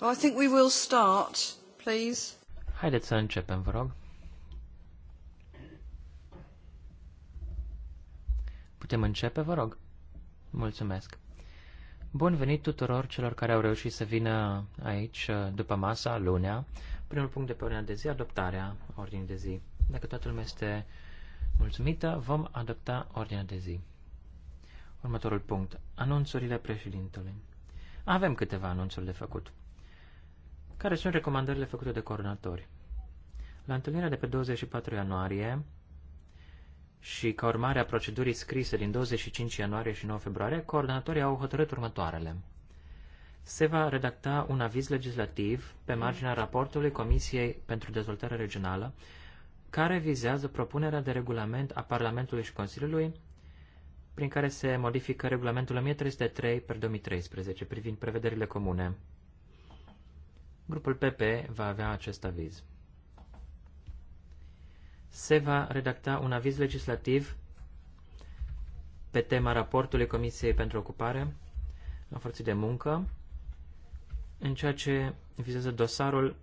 I think we will start, please. Haideți să începem, vă rog. Putem începe, vă rog? Mulțumesc. Bun venit tuturor celor care au reușit să vină aici uh, după masa, lunea. Primul punct de pe ordinea de zi, adoptarea ordinii de zi. Dacă toată lumea este mulțumită, vom adopta ordinea de zi. Următorul punct, anunțurile președintelui. Avem câteva anunțuri de făcut. Care sunt recomandările făcute de coordonatori? La întâlnirea de pe 24 ianuarie și ca urmare a procedurii scrise din 25 ianuarie și 9 februarie, coordonatorii au hotărât următoarele. Se va redacta un aviz legislativ pe marginea raportului Comisiei pentru Dezvoltare Regională, care vizează propunerea de regulament a Parlamentului și Consiliului prin care se modifică regulamentul 1303 per 2013 privind prevederile comune Grupul PP va avea acest aviz. Se va redacta un aviz legislativ pe tema raportului Comisiei pentru Ocupare a Forței de Muncă în ceea ce vizează dosarul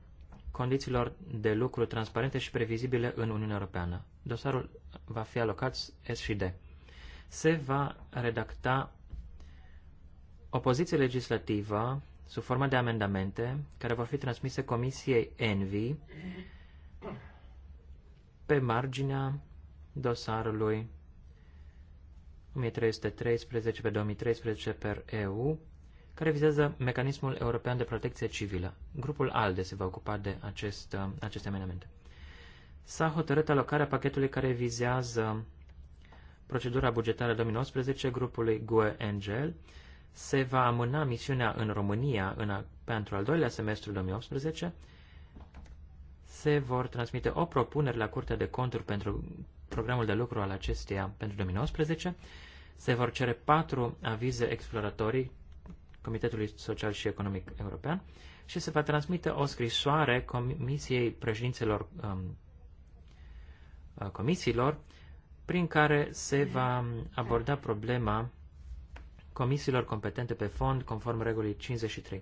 condițiilor de lucru transparente și previzibile în Uniunea Europeană. Dosarul va fi alocat S și D. Se va redacta o poziție legislativă sub formă de amendamente care vor fi transmise Comisiei ENVI pe marginea dosarului 1313 pe 2013 per EU, care vizează mecanismul european de protecție civilă. Grupul ALDE se va ocupa de acest, aceste amendamente. S-a hotărât alocarea pachetului care vizează procedura bugetară 2019 grupului GUE-NGL se va amâna misiunea în România în a, pentru al doilea semestru 2018, se vor transmite o propunere la Curtea de Conturi pentru programul de lucru al acesteia pentru 2019, se vor cere patru avize exploratorii Comitetului Social și Economic European și se va transmite o scrisoare Comisiei Președințelor um, Comisiilor prin care se va aborda problema comisiilor competente pe fond, conform regulii 53.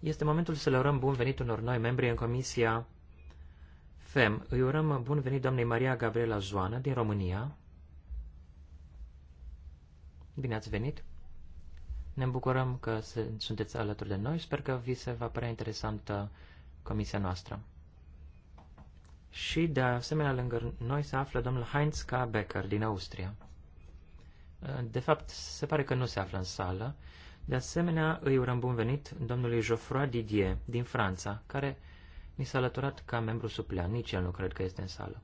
Este momentul să le urăm bun venit unor noi membri în Comisia FEM. Îi urăm bun venit doamnei Maria Gabriela Joana din România. Bine ați venit! Ne bucurăm că sunteți alături de noi. Sper că vi se va părea interesantă comisia noastră. Și, de asemenea, lângă noi se află domnul Heinz K. Becker din Austria de fapt, se pare că nu se află în sală. De asemenea, îi urăm bun venit domnului Geoffroy Didier din Franța, care mi s-a alăturat ca membru suplean. Nici el nu cred că este în sală.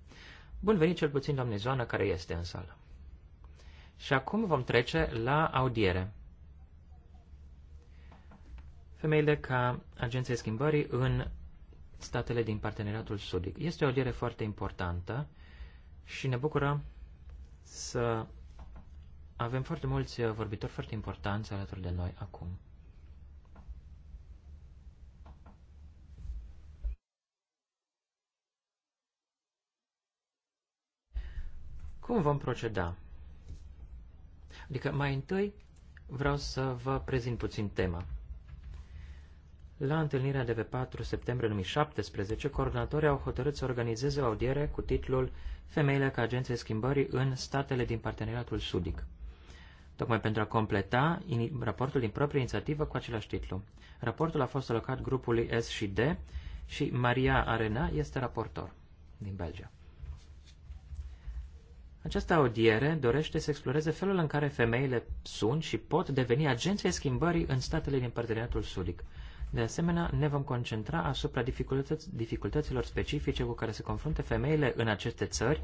Bun venit cel puțin doamnei Zoană, care este în sală. Și acum vom trece la audiere. Femeile ca agenție schimbării în statele din parteneriatul sudic. Este o audiere foarte importantă și ne bucură să avem foarte mulți uh, vorbitori foarte importanți alături de noi acum. Cum vom proceda? Adică mai întâi vreau să vă prezint puțin tema. La întâlnirea de pe 4 septembrie 2017, coordonatorii au hotărât să organizeze o audiere cu titlul Femeile ca agențe schimbării în statele din parteneriatul sudic tocmai pentru a completa raportul din proprie inițiativă cu același titlu. Raportul a fost alocat grupului S și D și Maria Arena este raportor din Belgia. Această audiere dorește să exploreze felul în care femeile sunt și pot deveni agenții schimbării în statele din parteneriatul sudic. De asemenea, ne vom concentra asupra dificultăților specifice cu care se confruntă femeile în aceste țări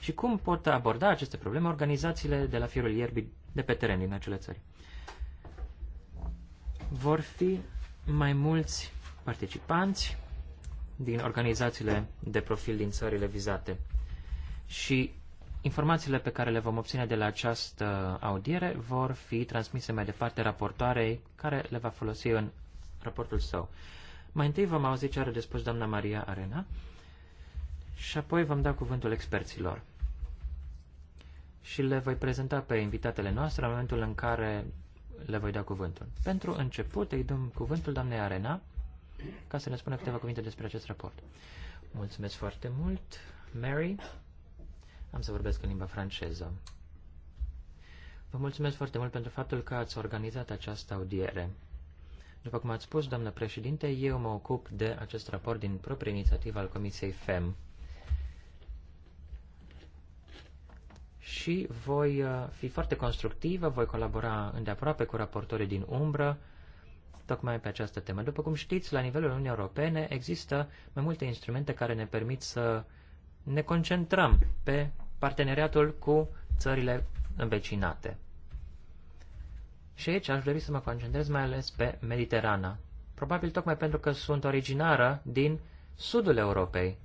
și cum pot aborda aceste probleme organizațiile de la firul ierbii de pe teren din acele țări. Vor fi mai mulți participanți din organizațiile de profil din țările vizate și informațiile pe care le vom obține de la această audiere vor fi transmise mai departe raportoarei care le va folosi în raportul său. Mai întâi vom auzi ce are de spus doamna Maria Arena, și apoi vom da cuvântul experților. Și le voi prezenta pe invitatele noastre în momentul în care le voi da cuvântul. Pentru început îi dăm cuvântul doamnei Arena ca să ne spună câteva cuvinte despre acest raport. Mulțumesc foarte mult, Mary. Am să vorbesc în limba franceză. Vă mulțumesc foarte mult pentru faptul că ați organizat această audiere. După cum ați spus, doamnă președinte, eu mă ocup de acest raport din proprie inițiativă al Comisiei FEM. și voi uh, fi foarte constructivă, voi colabora îndeaproape cu raportorii din umbră, tocmai pe această temă. După cum știți, la nivelul Uniunii Europene există mai multe instrumente care ne permit să ne concentrăm pe parteneriatul cu țările învecinate. Și aici aș dori să mă concentrez mai ales pe Mediterana. Probabil tocmai pentru că sunt originară din sudul Europei.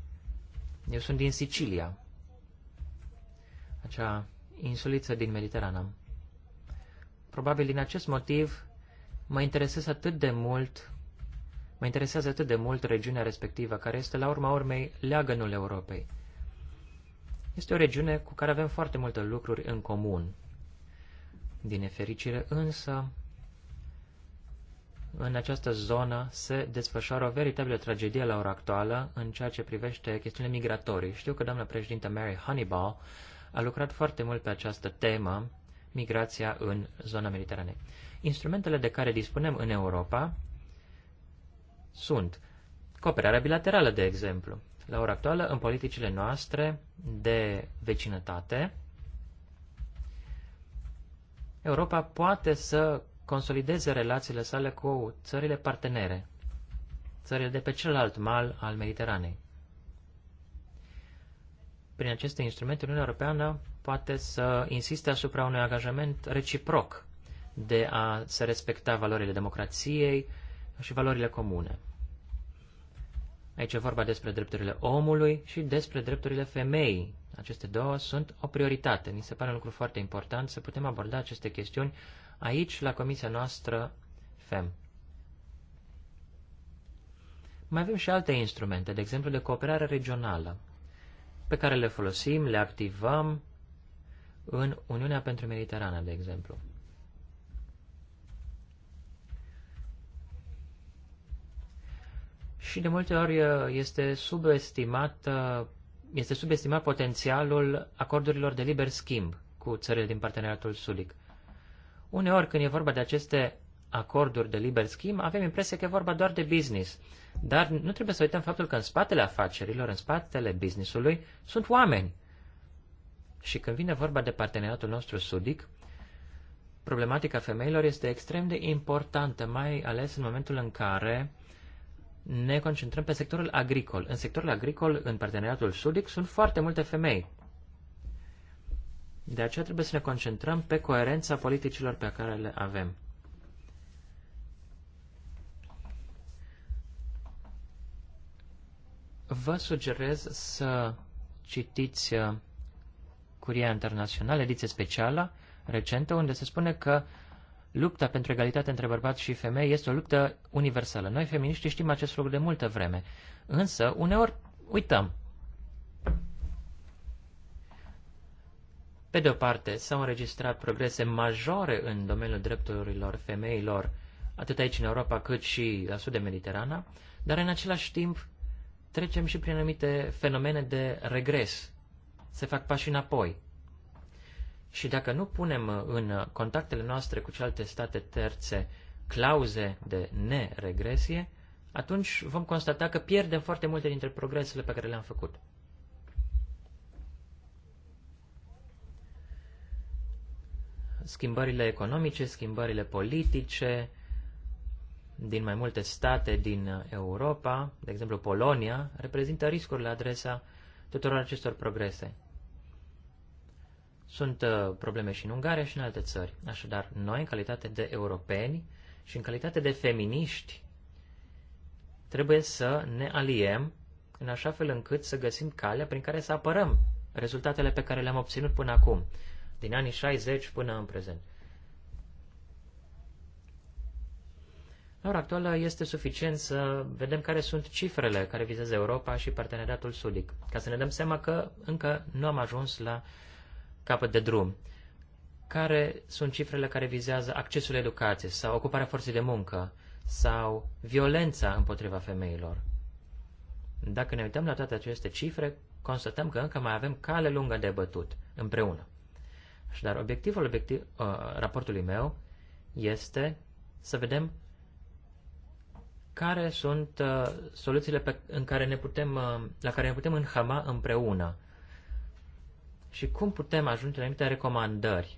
Eu sunt din Sicilia acea insuliță din Mediterana. Probabil din acest motiv mă interesează atât de mult mă interesează atât de mult regiunea respectivă, care este la urma urmei leagănul Europei. Este o regiune cu care avem foarte multe lucruri în comun. Din nefericire însă, în această zonă se desfășoară o veritabilă tragedie la ora actuală în ceea ce privește chestiunile migratorii. Știu că doamna președintă Mary Honeyball a lucrat foarte mult pe această temă, migrația în zona mediteranei. Instrumentele de care dispunem în Europa sunt cooperarea bilaterală, de exemplu. La ora actuală, în politicile noastre de vecinătate, Europa poate să consolideze relațiile sale cu țările partenere, țările de pe celălalt mal al Mediteranei prin aceste instrumente, Uniunea Europeană poate să insiste asupra unui angajament reciproc de a se respecta valorile democrației și valorile comune. Aici e vorba despre drepturile omului și despre drepturile femeii. Aceste două sunt o prioritate. Mi se pare un lucru foarte important să putem aborda aceste chestiuni aici, la comisia noastră FEM. Mai avem și alte instrumente, de exemplu de cooperare regională pe care le folosim, le activăm în Uniunea pentru Mediterană, de exemplu. Și de multe ori uh, este subestimat, uh, este subestimat potențialul acordurilor de liber schimb cu țările din parteneriatul sudic. Uneori, când e vorba de aceste acorduri de liber schimb, avem impresia că e vorba doar de business. Dar nu trebuie să uităm faptul că în spatele afacerilor, în spatele businessului, sunt oameni. Și când vine vorba de parteneriatul nostru sudic, problematica femeilor este extrem de importantă, mai ales în momentul în care ne concentrăm pe sectorul agricol. În sectorul agricol, în parteneriatul sudic, sunt foarte multe femei. De aceea trebuie să ne concentrăm pe coerența politicilor pe care le avem. Vă sugerez să citiți uh, Curia Internațională, ediție specială, recentă, unde se spune că lupta pentru egalitate între bărbați și femei este o luptă universală. Noi, feminiștii, știm acest lucru de multă vreme, însă uneori uităm. Pe de o parte, s-au înregistrat progrese majore în domeniul drepturilor femeilor, atât aici în Europa cât și la sud de Mediterana, dar în același timp trecem și prin anumite fenomene de regres. Se fac pași înapoi. Și dacă nu punem în contactele noastre cu celelalte state terțe clauze de neregresie, atunci vom constata că pierdem foarte multe dintre progresele pe care le-am făcut. Schimbările economice, schimbările politice, din mai multe state din uh, Europa, de exemplu Polonia, reprezintă riscuri la adresa tuturor acestor progrese. Sunt uh, probleme și în Ungaria și în alte țări. Așadar, noi, în calitate de europeni și în calitate de feminiști, trebuie să ne aliem în așa fel încât să găsim calea prin care să apărăm rezultatele pe care le-am obținut până acum, din anii 60 până în prezent. La ora actuală este suficient să vedem care sunt cifrele care vizează Europa și parteneriatul sudic, ca să ne dăm seama că încă nu am ajuns la capăt de drum. Care sunt cifrele care vizează accesul la educație sau ocuparea forței de muncă sau violența împotriva femeilor? Dacă ne uităm la toate aceste cifre, constatăm că încă mai avem cale lungă de bătut împreună. Așadar, obiectivul obiectiv, uh, raportului meu este să vedem care sunt uh, soluțiile pe, în care ne putem, uh, la care ne putem înhăma împreună și cum putem ajunge la anumite recomandări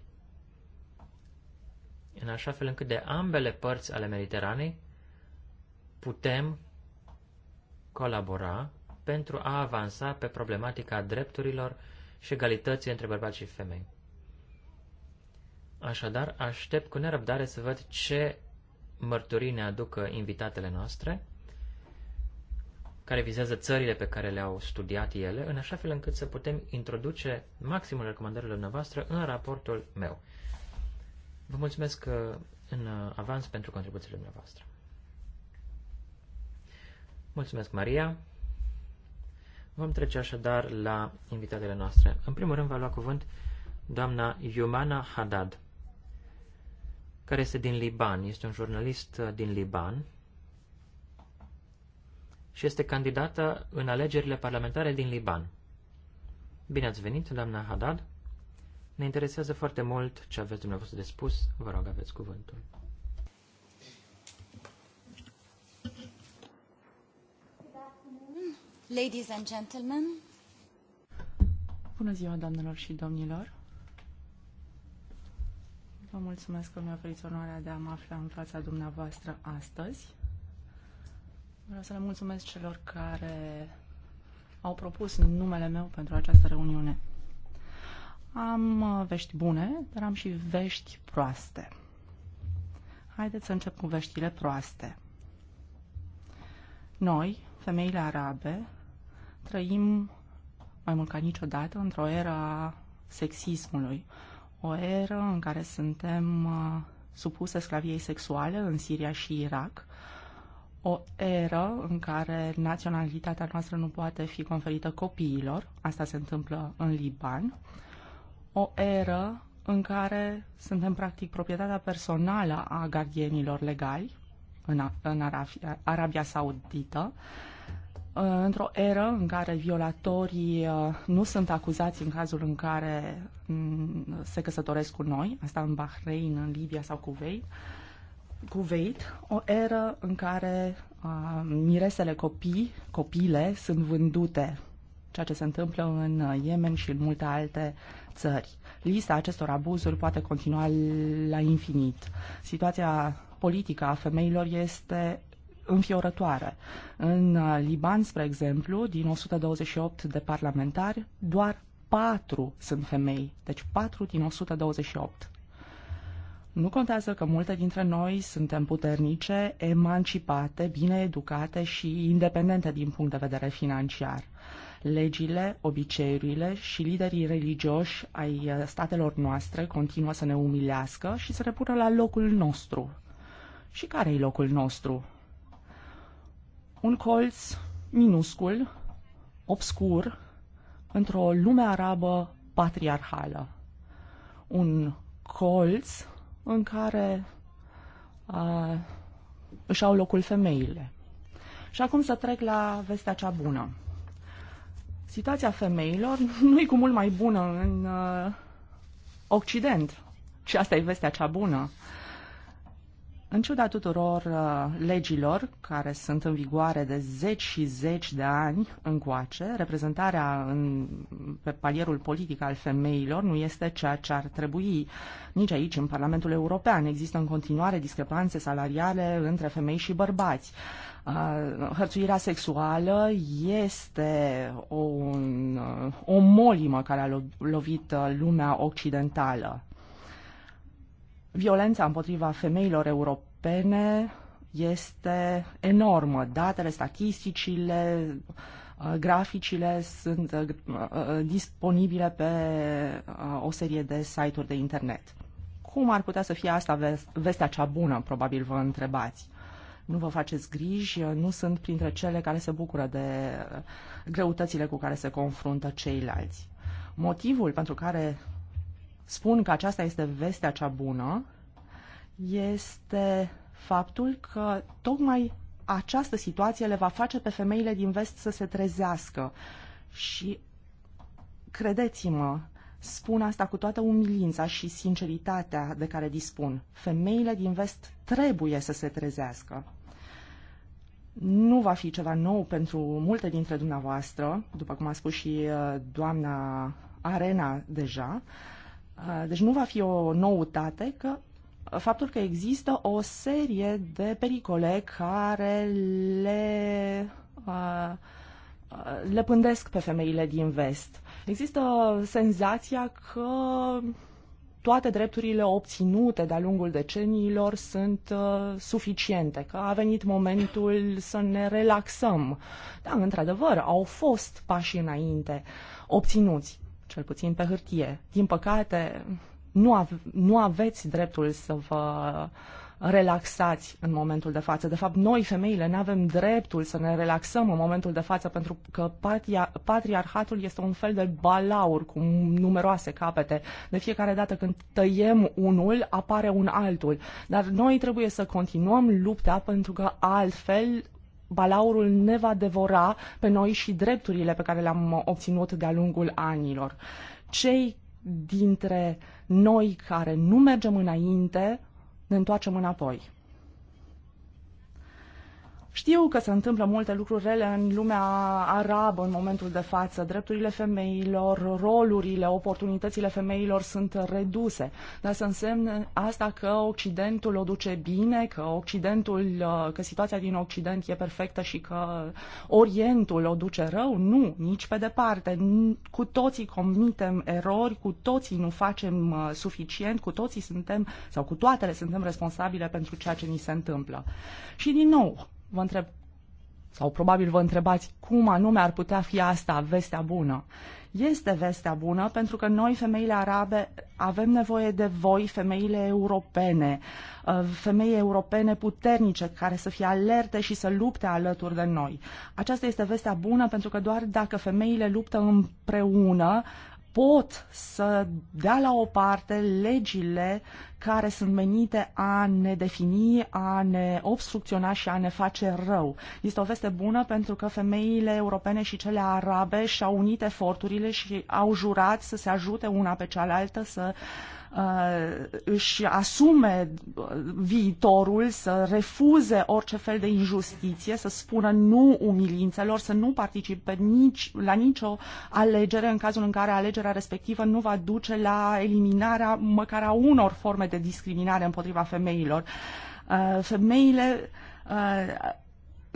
în așa fel încât de ambele părți ale Mediteranei putem colabora pentru a avansa pe problematica drepturilor și egalității între bărbați și femei. Așadar, aștept cu nerăbdare să văd ce mărturii ne aducă invitatele noastre, care vizează țările pe care le-au studiat ele, în așa fel încât să putem introduce maximul recomandărilor noastre în raportul meu. Vă mulțumesc uh, în avans pentru contribuțiile dumneavoastră. Mulțumesc, Maria. Vom trece așadar la invitatele noastre. În primul rând va lua cuvânt doamna Iumana Haddad care este din Liban. Este un jurnalist uh, din Liban și este candidată în alegerile parlamentare din Liban. Bine ați venit, doamna Haddad. Ne interesează foarte mult ce aveți dumneavoastră de spus. Vă rog, aveți cuvântul. Ladies and gentlemen. Bună ziua, doamnelor și domnilor. Vă mulțumesc că mi-a oferit onoarea de a mă afla în fața dumneavoastră astăzi. Vreau să le mulțumesc celor care au propus numele meu pentru această reuniune. Am uh, vești bune, dar am și vești proaste. Haideți să încep cu veștile proaste. Noi, femeile arabe, trăim mai mult ca niciodată într-o era sexismului o eră în care suntem uh, supuse sclaviei sexuale în Siria și Irak, o eră în care naționalitatea noastră nu poate fi conferită copiilor, asta se întâmplă în Liban, o eră în care suntem practic proprietatea personală a gardienilor legali în, în Arabia, Arabia Saudită, uh, Uh, într-o eră în care violatorii uh, nu sunt acuzați în cazul în care mm, se căsătoresc cu noi, asta în Bahrain, în Libia sau Kuwait, Kuwait, o eră în care uh, miresele copii, copile, sunt vândute, ceea ce se întâmplă în Yemen și în multe alte țări. Lista acestor abuzuri poate continua la infinit. Situația politică a femeilor este înfiorătoare. În uh, Liban, spre exemplu, din 128 de parlamentari, doar 4 sunt femei, deci 4 din 128. Nu contează că multe dintre noi suntem puternice, emancipate, bine educate și independente din punct de vedere financiar. Legile, obiceiurile și liderii religioși ai uh, statelor noastre continuă să ne umilească și să ne pună la locul nostru. Și care e locul nostru? un colț minuscul, obscur, într-o lume arabă patriarhală. Un colț în care a, își au locul femeile. Și acum să trec la vestea cea bună. Situația femeilor nu e cu mult mai bună în uh, Occident. Și asta e vestea cea bună. Uh, în ciuda tuturor uh, legilor care sunt în vigoare de zeci și zeci de ani încoace, reprezentarea în, pe palierul politic al femeilor nu este ceea ce ar trebui. Nici aici, în Parlamentul European, există în continuare discrepanțe salariale între femei și bărbați. Uh, hărțuirea sexuală este o, uh, o molimă care a lovit uh, lumea occidentală. Violența împotriva femeilor europene este enormă. Datele, statisticile, uh, graficile sunt uh, uh, disponibile pe o serie de site-uri de internet. Cum ar putea să fie asta vestea cea bună, probabil vă întrebați. Nu vă faceți griji, nu sunt printre cele care se bucură de greutățile cu care se confruntă ceilalți. Motivul pentru care spun că aceasta este vestea cea bună este faptul că tocmai această situație le va face pe femeile din vest să se trezească. Și credeți-mă, spun asta cu toată umilința și sinceritatea de care dispun. Femeile din vest trebuie să se trezească. Nu va fi ceva nou pentru multe dintre dumneavoastră, după cum a spus și uh, doamna Arena deja, uh, deci nu va fi o noutate că faptul că există o serie de pericole care le, le pândesc pe femeile din vest. Există senzația că toate drepturile obținute de-a lungul deceniilor sunt uh, suficiente, că a venit momentul să ne relaxăm. Da, într-adevăr, au fost pași înainte obținuți cel puțin pe hârtie. Din păcate, nu, ave- nu aveți dreptul să vă relaxați în momentul de față. De fapt, noi, femeile, nu avem dreptul să ne relaxăm în momentul de față pentru că patria, patriarhatul este un fel de balaur cu numeroase capete. De fiecare dată când tăiem unul, apare un altul. Dar noi trebuie să continuăm lupta pentru că altfel balaurul ne va devora pe noi și drepturile pe care le-am obținut de-a lungul anilor. Cei dintre noi care nu mergem înainte, ne întoarcem înapoi. Știu că se întâmplă multe lucruri rele în lumea arabă în momentul de față. Drepturile femeilor, rolurile, oportunitățile femeilor sunt reduse. Dar să însemne asta că Occidentul o duce bine, că Occidentul, uh, că situația din Occident e perfectă și că Orientul o duce rău? Nu, nici pe departe. Cu toții comitem erori, cu toții nu facem uh, suficient, cu toții suntem, sau cu toatele suntem responsabile pentru ceea ce ni se întâmplă. Și din nou, vă întreb, sau probabil vă întrebați cum anume ar putea fi asta vestea bună. Este vestea bună pentru că noi, femeile arabe, avem nevoie de voi, femeile europene, uh, femei europene puternice care să fie alerte și să lupte alături de noi. Aceasta este vestea bună pentru că doar dacă femeile luptă împreună, pot să dea la o parte legile care sunt menite a ne defini, a ne obstrucționa și a ne face rău. Este o veste bună pentru că femeile europene și cele arabe și-au unit eforturile și au jurat să se ajute una pe cealaltă să uh, Uh, își asume viitorul, să refuze orice fel de injustiție, să spună nu umilințelor, să nu participe nici, la nicio alegere în cazul în care alegerea respectivă nu va duce la eliminarea măcar a unor forme de discriminare împotriva femeilor. Uh, femeile uh,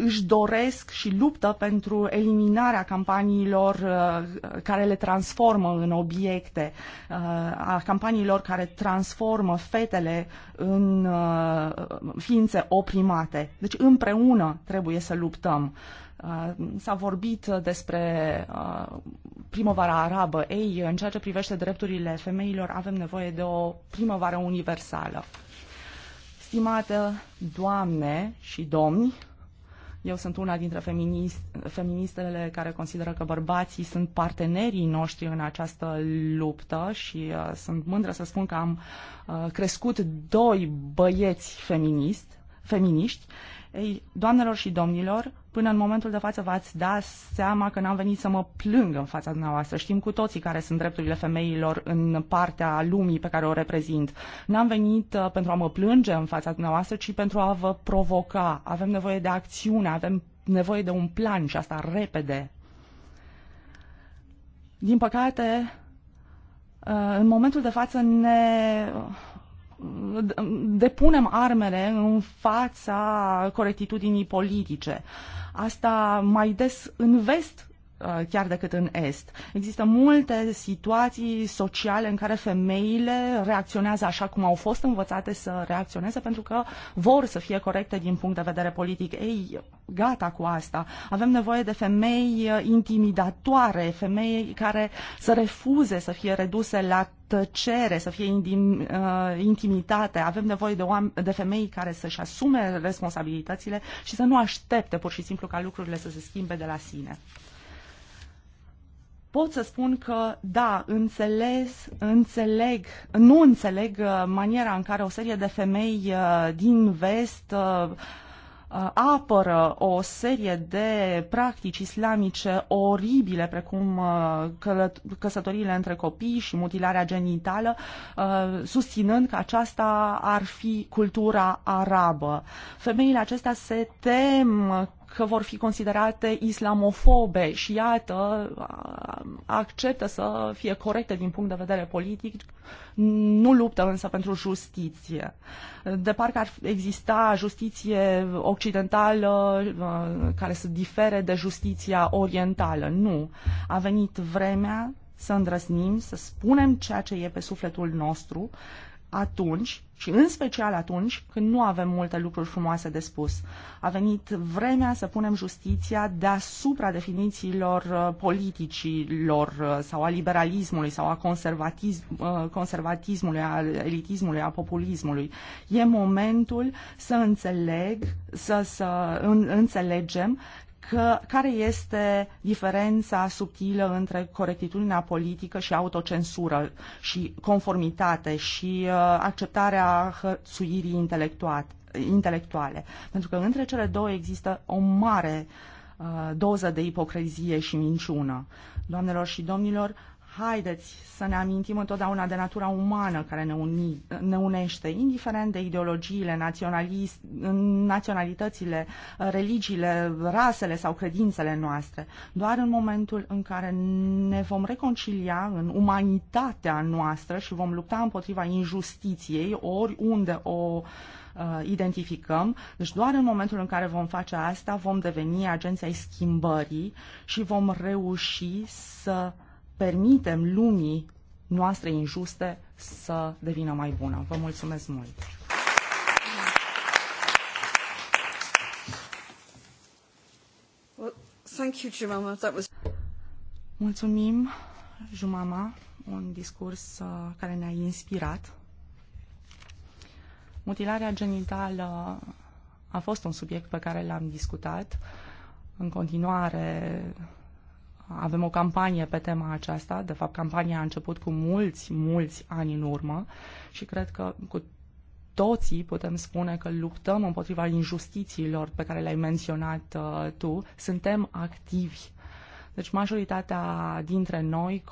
își doresc și luptă pentru eliminarea campaniilor uh, care le transformă în obiecte, uh, a campaniilor care transformă fetele în uh, ființe oprimate. Deci împreună trebuie să luptăm. S-a vorbit despre primăvara arabă. Ei, în ceea ce privește drepturile femeilor, avem nevoie de o primăvară universală. Stimată Doamne și Domni, eu sunt una dintre feminist, feministele care consideră că bărbații sunt partenerii noștri în această luptă și uh, sunt mândră să spun că am uh, crescut doi băieți feminist, feminiști ei, doamnelor și domnilor, până în momentul de față v-ați dat seama că n-am venit să mă plâng în fața dumneavoastră. Știm cu toții care sunt drepturile femeilor în partea lumii pe care o reprezint. N-am venit uh, pentru a mă plânge în fața dumneavoastră, ci pentru a vă provoca. Avem nevoie de acțiune, avem nevoie de un plan și asta repede. Din păcate, uh, în momentul de față ne depunem armele în fața corectitudinii politice. Asta mai des în vest Uh, chiar decât în Est. Există multe situații sociale în care femeile reacționează așa cum au fost învățate să reacționeze pentru că vor să fie corecte din punct de vedere politic. Ei, gata cu asta. Avem nevoie de femei uh, intimidatoare, femei care să refuze să fie reduse la tăcere, să fie intim, uh, intimitate. Avem nevoie de, oam- de femei care să-și asume responsabilitățile și să nu aștepte pur și simplu ca lucrurile să se schimbe de la sine pot să spun că, da, înțeles, înțeleg, nu înțeleg uh, maniera în care o serie de femei uh, din vest uh, apără o serie de practici islamice oribile, precum căsătoriile între copii și mutilarea genitală, susținând că aceasta ar fi cultura arabă. Femeile acestea se tem că vor fi considerate islamofobe și iată, acceptă să fie corecte din punct de vedere politic, nu luptă însă pentru justiție. De parcă ar exista justiție occidentală care să difere de justiția orientală. Nu. A venit vremea să îndrăznim, să spunem ceea ce e pe sufletul nostru, atunci și în special atunci când nu avem multe lucruri frumoase de spus. A venit vremea să punem justiția deasupra definițiilor uh, politicilor uh, sau a liberalismului sau a conservatism, uh, conservatismului, a elitismului, a populismului. E momentul să înțeleg, să, să înțelegem că, care este diferența subtilă între corectitudinea politică și autocensură și conformitate și uh, acceptarea hățuirii intelectuale. Pentru că între cele două există o mare uh, doză de ipocrizie și minciună. Doamnelor și domnilor, Haideți să ne amintim întotdeauna de natura umană care ne, uni, ne unește, indiferent de ideologiile, naționalitățile, religiile, rasele sau credințele noastre. Doar în momentul în care ne vom reconcilia în umanitatea noastră și vom lupta împotriva injustiției, oriunde o uh, identificăm. Deci doar în momentul în care vom face asta, vom deveni agenții schimbării și vom reuși să uh, permitem lumii noastre injuste să devină mai bună. Vă mulțumesc mult! Mulțumim, Jumama, un discurs uh, care ne-a inspirat. Mutilarea genitală a fost un subiect pe care l-am discutat. În continuare, avem o campanie pe tema aceasta, de fapt campania a început cu mulți, mulți ani în urmă și cred că cu toții putem spune că luptăm împotriva injustițiilor pe care le-ai menționat uh, tu, suntem activi. Deci majoritatea dintre noi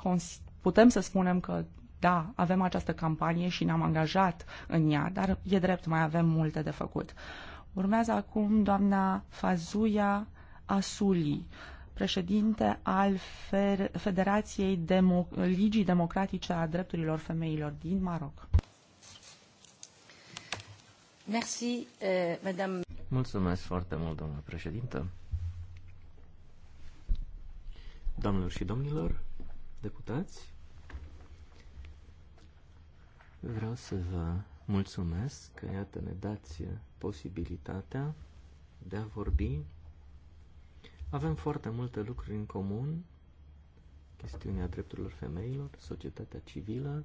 putem să spunem că da, avem această campanie și ne-am angajat în ea, dar e drept, mai avem multe de făcut. Urmează acum doamna Fazuia Asuli. Uh, președinte al Federației Demo- Ligii Democratice a Drepturilor Femeilor din Maroc. Merci, eh, madame. Mulțumesc foarte mult, doamnă președintă. Doamnelor și domnilor, deputați, vreau să vă mulțumesc că, iată, ne dați posibilitatea de a vorbi avem foarte multe lucruri în comun, chestiunea drepturilor femeilor, societatea civilă,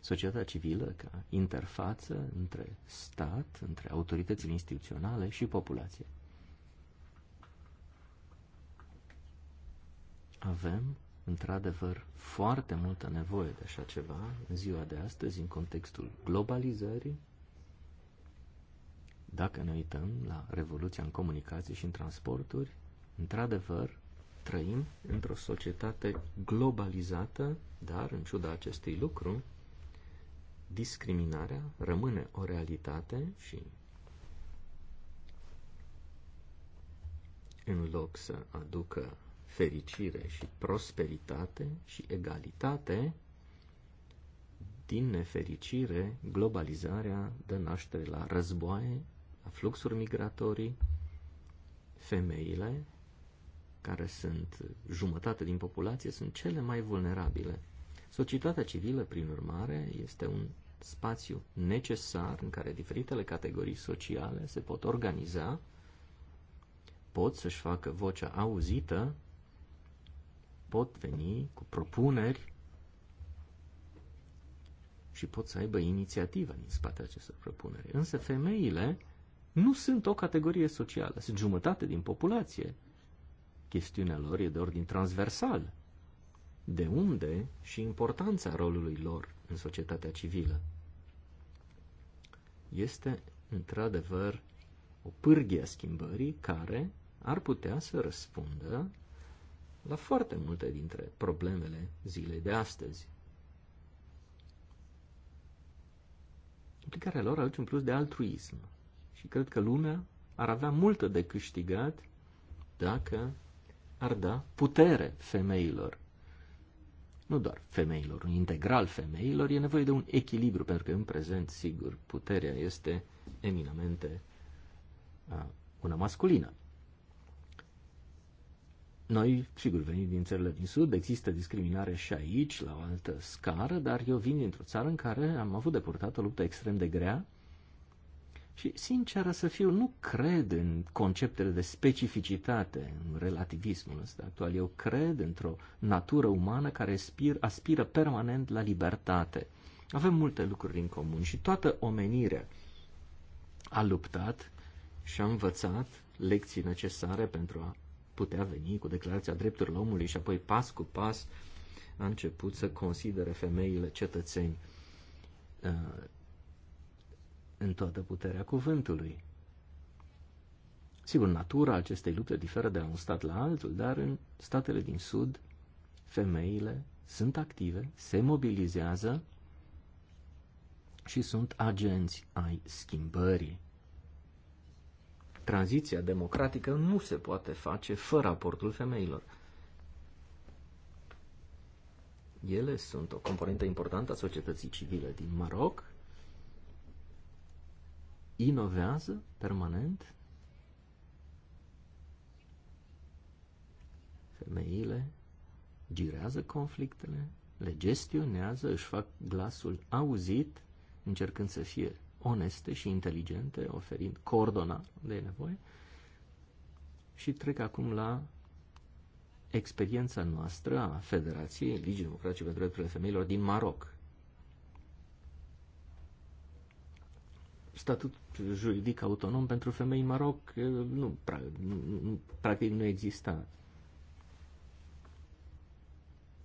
societatea civilă ca interfață între stat, între autoritățile instituționale și populație. Avem, într-adevăr, foarte multă nevoie de așa ceva în ziua de astăzi, în contextul globalizării, dacă ne uităm la revoluția în comunicații și în transporturi, într-adevăr, trăim într-o societate globalizată, dar, în ciuda acestui lucru, discriminarea rămâne o realitate și în loc să aducă fericire și prosperitate și egalitate, din nefericire, globalizarea dă naștere la războaie, a fluxuri migratorii, femeile, care sunt jumătate din populație, sunt cele mai vulnerabile. Societatea civilă, prin urmare, este un spațiu necesar în care diferitele categorii sociale se pot organiza, pot să-și facă vocea auzită, pot veni cu propuneri și pot să aibă inițiativă din spatele acestor propuneri. Însă femeile nu sunt o categorie socială, sunt jumătate din populație. Chestiunea lor e de ordin transversal. De unde și importanța rolului lor în societatea civilă. Este, într-adevăr, o pârghie a schimbării care ar putea să răspundă la foarte multe dintre problemele zilei de astăzi. Implicarea lor aduce un plus de altruism, și cred că lumea ar avea multă de câștigat dacă ar da putere femeilor. Nu doar femeilor, un integral femeilor, e nevoie de un echilibru, pentru că în prezent, sigur, puterea este eminamente una masculină. Noi, sigur, venim din țările din Sud, există discriminare și aici, la o altă scară, dar eu vin dintr-o țară în care am avut de purtat o luptă extrem de grea și, sinceră să fiu, nu cred în conceptele de specificitate, în relativismul ăsta actual. Eu cred într-o natură umană care aspir, aspiră permanent la libertate. Avem multe lucruri în comun și toată omenirea a luptat și a învățat lecții necesare pentru a putea veni cu Declarația Drepturilor Omului și apoi pas cu pas a început să considere femeile cetățeni uh, în toată puterea cuvântului. Sigur, natura acestei lupte diferă de la un stat la altul, dar în statele din Sud, femeile sunt active, se mobilizează și sunt agenți ai schimbării. Tranziția democratică nu se poate face fără aportul femeilor. Ele sunt o componentă importantă a societății civile din Maroc inovează permanent. Femeile girează conflictele, le gestionează, își fac glasul auzit, încercând să fie oneste și inteligente, oferind coordonat unde e nevoie. Și trec acum la experiența noastră a Federației Ligii Democratice pentru Drepturile Femeilor din Maroc. statut juridic autonom pentru femei în Maroc nu, pra, nu, practic nu exista.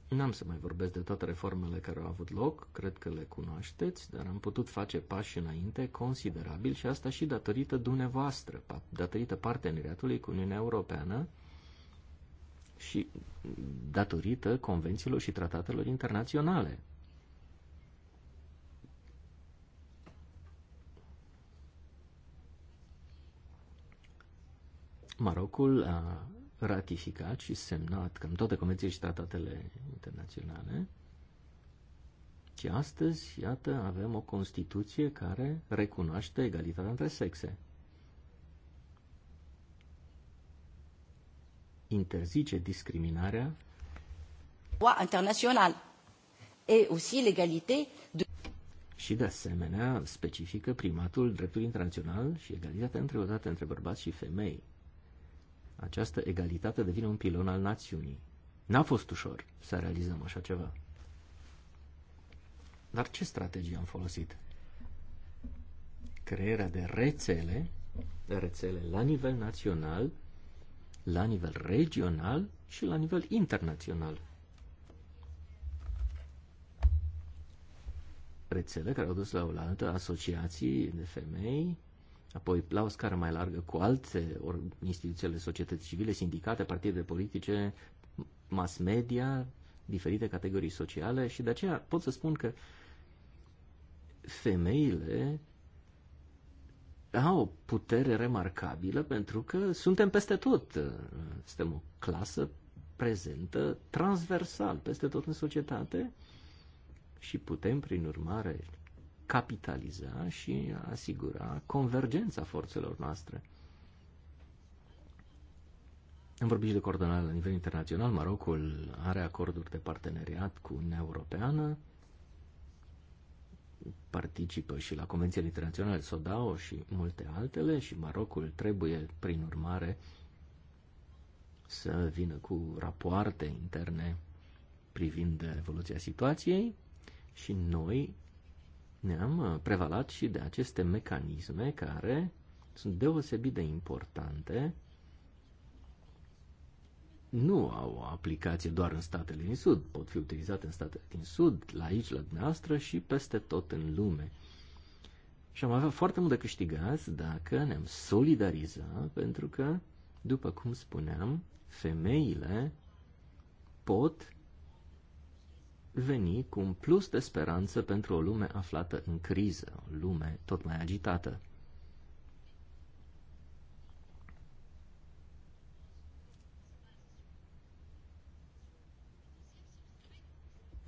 N-am să mai vorbesc de toate reformele care au avut loc, cred că le cunoașteți, dar am putut face pași înainte considerabil și asta și datorită dumneavoastră, datorită parteneriatului cu Uniunea Europeană și datorită convențiilor și tratatelor internaționale. Marocul a ratificat și semnat cam toate convențiile și tratatele internaționale. Și astăzi, iată, avem o Constituție care recunoaște egalitatea între sexe. Interzice discriminarea. Droit internațional. E aussi l'égalité de... Și de asemenea specifică primatul dreptului internațional și egalitatea între odată între bărbați și femei această egalitate devine un pilon al națiunii. N-a fost ușor să realizăm așa ceva. Dar ce strategie am folosit? Crearea de rețele, de rețele la nivel național, la nivel regional și la nivel internațional. Rețele care au dus la o altă asociații de femei, apoi la o scară mai largă cu alte eh, instituțiile societății civile, sindicate, partide politice, mass media, diferite categorii sociale și de aceea pot să spun că femeile au o putere remarcabilă pentru că suntem peste tot. Eh, suntem o clasă prezentă transversal peste tot în societate și putem, prin urmare, capitaliza și a asigura convergența forțelor noastre. Am vorbit și de coordonare la nivel internațional. Marocul are acorduri de parteneriat cu Uniunea Europeană, participă și la convențiile internaționale SODAO și multe altele și Marocul trebuie, prin urmare, să vină cu rapoarte interne privind evoluția situației și noi ne-am uh, prevalat și de aceste mecanisme care sunt deosebit de importante, nu au o aplicație doar în statele din Sud, pot fi utilizate în statele din Sud, la aici, la dumneavoastră și peste tot în lume. Și am avea foarte mult de câștigat dacă ne-am solidariza, pentru că, după cum spuneam, femeile pot veni cu un plus de speranță pentru o lume aflată în criză, o lume tot mai agitată.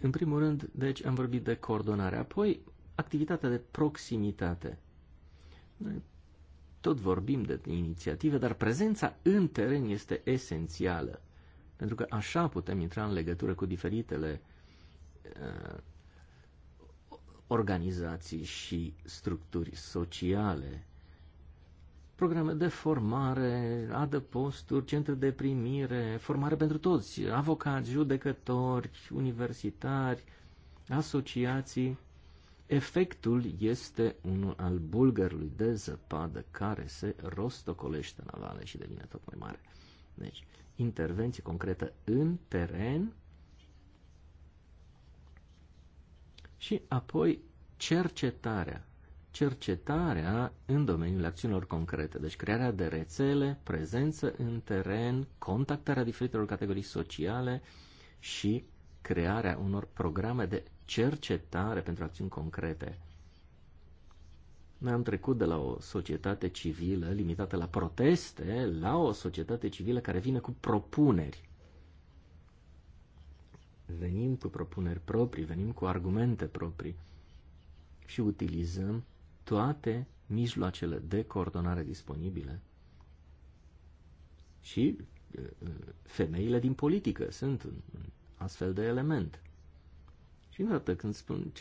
În primul rând, deci am vorbit de coordonare, apoi activitatea de proximitate. Noi tot vorbim de inițiative, dar prezența în teren este esențială, pentru că așa putem intra în legătură cu diferitele Uh, organizații și structuri sociale. Programe de formare, adăposturi, centre de primire, formare pentru toți, avocați, judecători, universitari, asociații. Efectul este unul al bulgărului de zăpadă care se rostocolește în avale și devine tot mai mare. Deci, intervenție concretă în teren Și apoi cercetarea. Cercetarea în domeniul acțiunilor concrete, deci crearea de rețele, prezență în teren, contactarea diferitelor categorii sociale și crearea unor programe de cercetare pentru acțiuni concrete. Noi am trecut de la o societate civilă limitată la proteste la o societate civilă care vine cu propuneri venim cu propuneri proprii, venim cu argumente proprii și utilizăm toate mijloacele de coordonare disponibile. Și femeile din politică sunt un astfel de element. Și în dată când spun,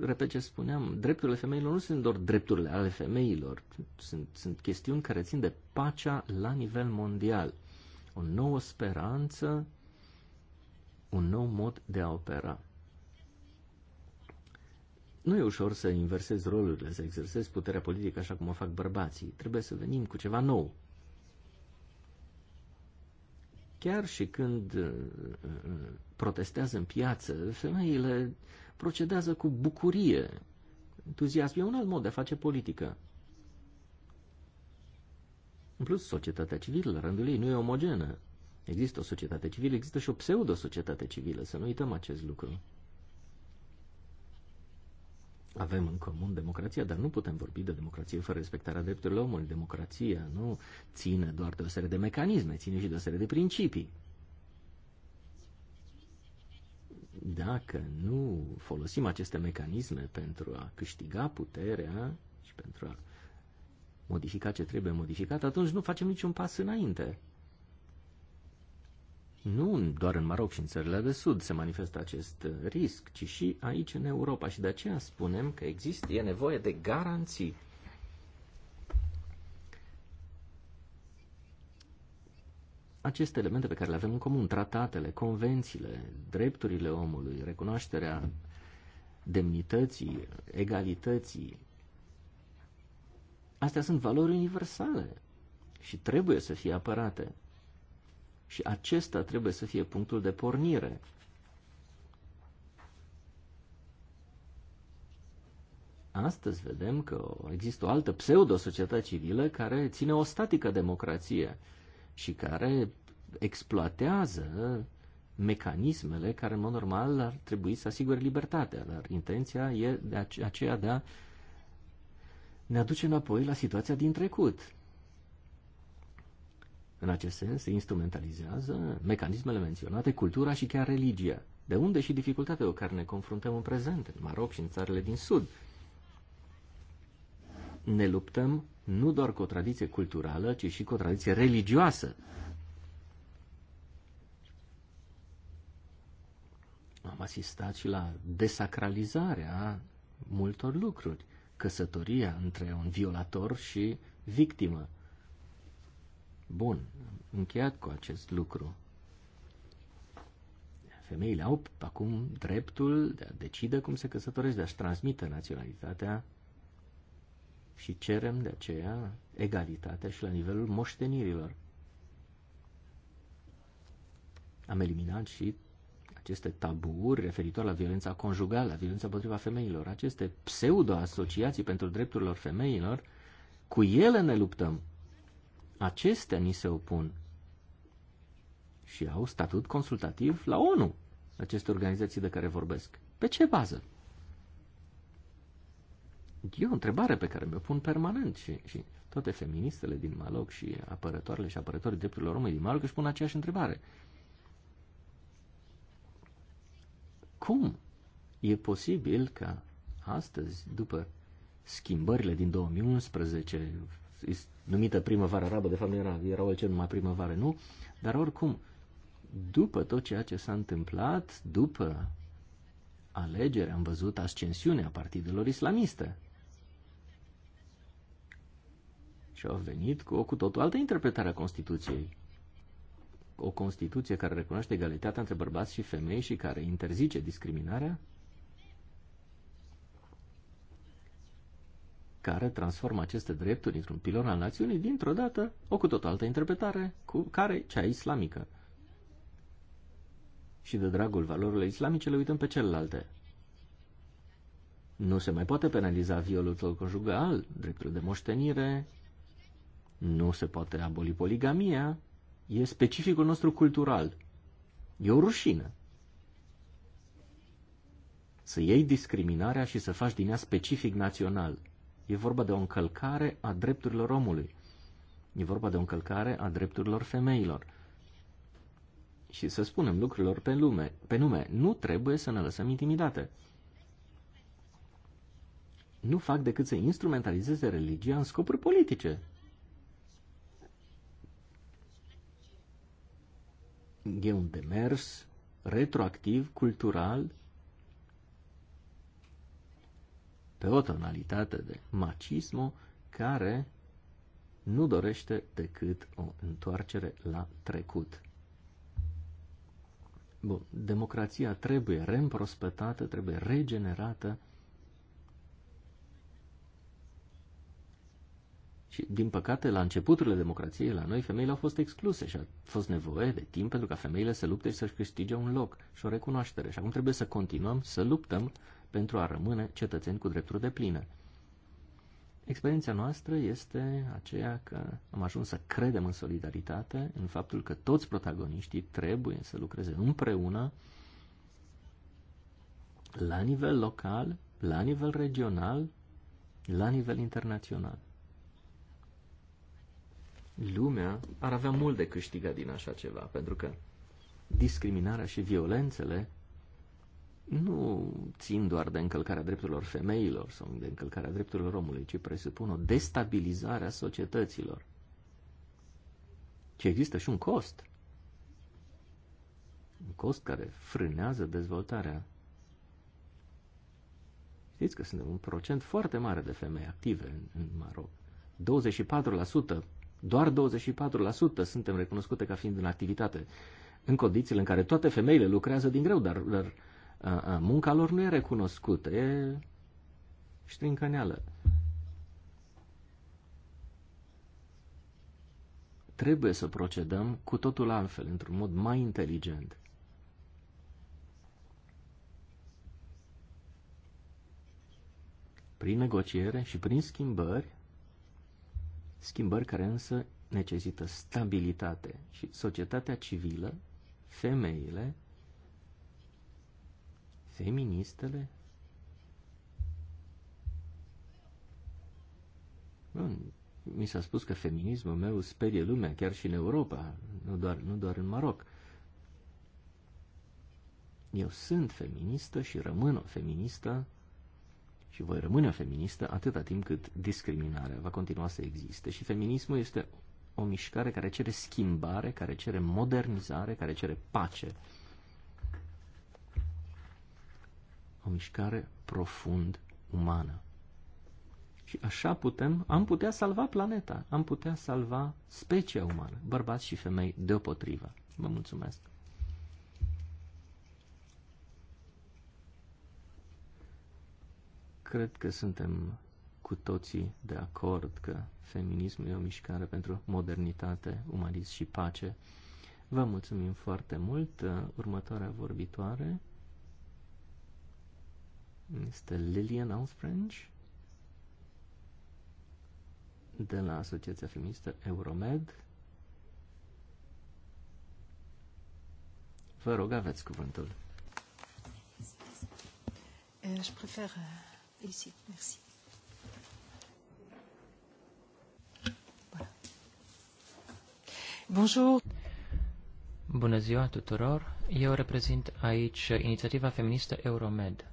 repet ce spuneam, drepturile femeilor nu sunt doar drepturile ale femeilor, sunt, sunt chestiuni care țin de pacea la nivel mondial. O nouă speranță un nou mod de a opera. Nu e ușor să inversezi rolurile, să exersezi puterea politică așa cum o fac bărbații. Trebuie să venim cu ceva nou. Chiar și când uh, uh, protestează în piață, femeile procedează cu bucurie. Entuziasm e un alt mod de a face politică. În plus, societatea civilă, la rândul ei, nu e omogenă. Există o societate civilă, există și o pseudo-societate civilă, să nu uităm acest lucru. Avem în comun democrația, dar nu putem vorbi de democrație fără respectarea drepturilor omului. Democrația nu ține doar de o serie de mecanisme, ține și de o serie de principii. Dacă nu folosim aceste mecanisme pentru a câștiga puterea și pentru a modifica ce trebuie modificat, atunci nu facem niciun pas înainte nu doar în Maroc și în țările de sud se manifestă acest uh, risc, ci și aici în Europa și de aceea spunem că există, e nevoie de garanții. Aceste elemente pe care le avem în comun, tratatele, convențiile, drepturile omului, recunoașterea demnității, egalității, astea sunt valori universale și trebuie să fie apărate. Și acesta trebuie să fie punctul de pornire. Astăzi vedem că există o altă pseudo-societate civilă care ține o statică democrație și care exploatează mecanismele care, în mod normal, ar trebui să asigure libertatea, dar intenția e de aceea de a ne aduce înapoi la situația din trecut. În acest sens se instrumentalizează mecanismele menționate, cultura și chiar religia, de unde și dificultatea cu care ne confruntăm în prezent, în Maroc și în țările din Sud. Ne luptăm nu doar cu o tradiție culturală, ci și cu o tradiție religioasă. Am asistat și la desacralizarea multor lucruri. Căsătoria între un violator și victimă Bun, încheiat cu acest lucru. Femeile au acum dreptul de a decide cum se căsătorește, de a-și transmite naționalitatea și cerem de aceea egalitatea și la nivelul moștenirilor. Am eliminat și aceste taburi referitor la violența conjugală, la violența împotriva femeilor, aceste pseudo-asociații pentru drepturilor femeilor, cu ele ne luptăm. Acestea ni se opun și au statut consultativ la ONU, aceste organizații de care vorbesc. Pe ce bază? E o întrebare pe care mi-o pun permanent și, și toate feministele din Maloc și apărătoarele și apărătorii drepturilor omului din Maloc își pun aceeași întrebare. Cum e posibil ca astăzi, după schimbările din 2011, numită primăvară arabă, de fapt nu era, era altceva numai primăvară, nu? Dar oricum, după tot ceea ce s-a întâmplat, după alegere, am văzut ascensiunea partidelor islamiste. Și au venit cu o cu totul altă interpretare a Constituției. O Constituție care recunoaște egalitatea între bărbați și femei și care interzice discriminarea care transformă aceste drepturi dintr-un pilon al națiunii dintr-o dată o cu tot altă interpretare, cu care cea islamică. Și de dragul valorilor islamice le uităm pe celelalte. Nu se mai poate penaliza violul conjugal, dreptul de moștenire, nu se poate aboli poligamia, e specificul nostru cultural. E o rușină. Să iei discriminarea și să faci din ea specific național – E vorba de o încălcare a drepturilor omului. E vorba de o încălcare a drepturilor femeilor. Și să spunem lucrurilor pe, lume, pe nume, nu trebuie să ne lăsăm intimidate. Nu fac decât să instrumentalizeze religia în scopuri politice. E un demers retroactiv, cultural, pe o tonalitate de macismo care nu dorește decât o întoarcere la trecut. Bun, democrația trebuie reîmprospătată, trebuie regenerată Și, din păcate, la începuturile democrației, la noi, femeile au fost excluse și a fost nevoie de timp pentru ca femeile să lupte și să-și câștige un loc și o recunoaștere. Și acum trebuie să continuăm să luptăm pentru a rămâne cetățeni cu drepturi de plină. Experiența noastră este aceea că am ajuns să credem în solidaritate, în faptul că toți protagoniștii trebuie să lucreze împreună la nivel local, la nivel regional, la nivel internațional. Lumea ar avea mult de câștigat din așa ceva, pentru că discriminarea și violențele nu țin doar de încălcarea drepturilor femeilor sau de încălcarea drepturilor omului, ci presupun o destabilizare a societăților. Ci există și un cost. Un cost care frânează dezvoltarea. Știți că suntem un procent foarte mare de femei active în, în Maroc. 24%, doar 24% suntem recunoscute ca fiind în activitate, în condițiile în care toate femeile lucrează din greu, dar, dar munca lor nu e recunoscută, e ștrincăneală. Trebuie să procedăm cu totul altfel, într-un mod mai inteligent. Prin negociere și prin schimbări, schimbări care însă necesită stabilitate și societatea civilă, femeile, feministele. Nu, Mi s-a spus că feminismul meu sperie lumea, chiar și în Europa, nu doar, nu doar în Maroc. Eu sunt feministă și rămân o feministă și voi rămâne o feministă atâta timp cât discriminarea va continua să existe. Și feminismul este o mișcare care cere schimbare, care cere modernizare, care cere pace. o mișcare profund umană. Și așa putem, am putea salva planeta, am putea salva specia umană, bărbați și femei deopotrivă. Vă mulțumesc! Cred că suntem cu toții de acord că feminismul e o mișcare pentru modernitate, umanism și pace. Vă mulțumim foarte mult. Următoarea vorbitoare este Lillian Alfrange de la Asociația Feministă Euromed. Vă rog, aveți cuvântul. Euh, je préfère euh, ici. Merci. Voilà. Bonjour. Bună ziua tuturor! Eu reprezint aici inițiativa feministă Euromed.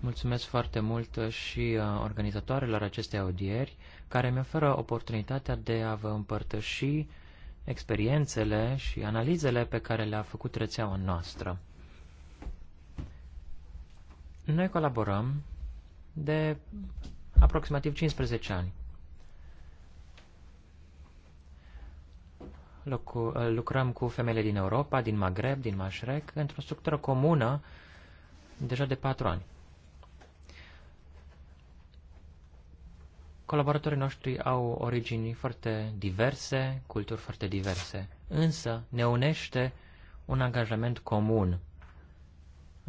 Mulțumesc foarte mult uh, și uh, organizatoarelor acestei audieri, care mi oferă oportunitatea de a vă împărtăși experiențele și analizele pe care le-a făcut rețeaua noastră. Noi colaborăm de aproximativ 15 ani. Uh, lucrăm cu femeile din Europa, din Maghreb, din Mașrec, într-o structură comună deja de 4 ani. Colaboratorii noștri au origini foarte diverse, culturi foarte diverse, însă ne unește un angajament comun,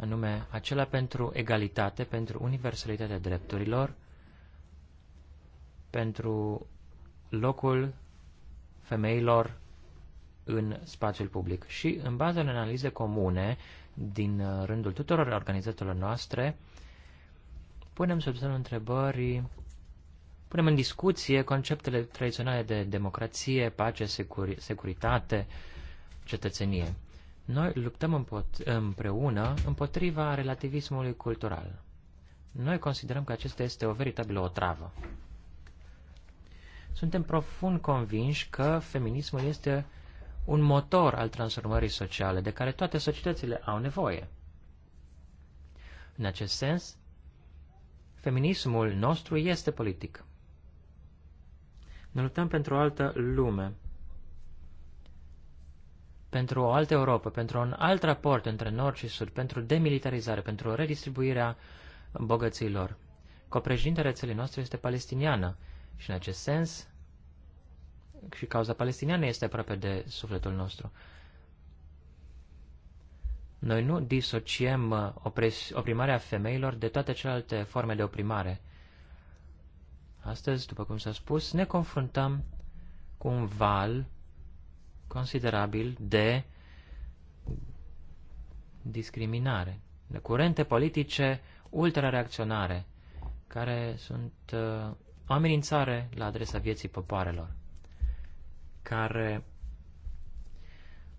anume acela pentru egalitate, pentru universalitatea drepturilor, pentru locul femeilor în spațiul public. Și în baza unei analize comune din rândul tuturor organizațiilor noastre, punem sub semnul întrebării punem în discuție conceptele tradiționale de democrație, pace, securi- securitate, cetățenie. Noi luptăm împreună împotriva relativismului cultural. Noi considerăm că acesta este o veritabilă otravă. Suntem profund convinși că feminismul este un motor al transformării sociale de care toate societățile au nevoie. În acest sens, feminismul nostru este politic. Ne luptăm pentru o altă lume, pentru o altă Europa, pentru un alt raport între Nord și Sud, pentru demilitarizare, pentru redistribuirea bogăților. Copreșintele țării noastre este palestiniană și în acest sens și cauza palestiniană este aproape de sufletul nostru. Noi nu disociem uh, opres, oprimarea femeilor de toate celelalte forme de oprimare. Astăzi, după cum s-a spus, ne confruntăm cu un val considerabil de discriminare, de curente politice ultra ultra-reacționare, care sunt uh, o amenințare la adresa vieții popoarelor, care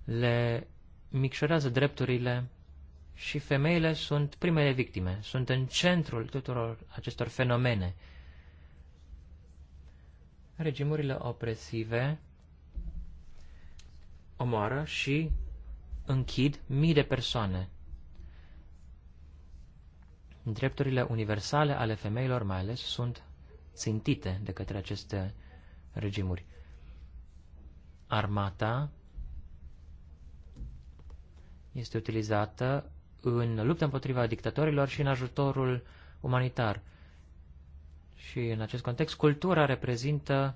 le micșorează drepturile și femeile sunt primele victime, sunt în centrul tuturor acestor fenomene regimurile opresive omoară și închid mii de persoane. Drepturile universale ale femeilor mai ales sunt țintite de către aceste regimuri. Armata este utilizată în lupta împotriva dictatorilor și în ajutorul umanitar. Și în acest context, cultura reprezintă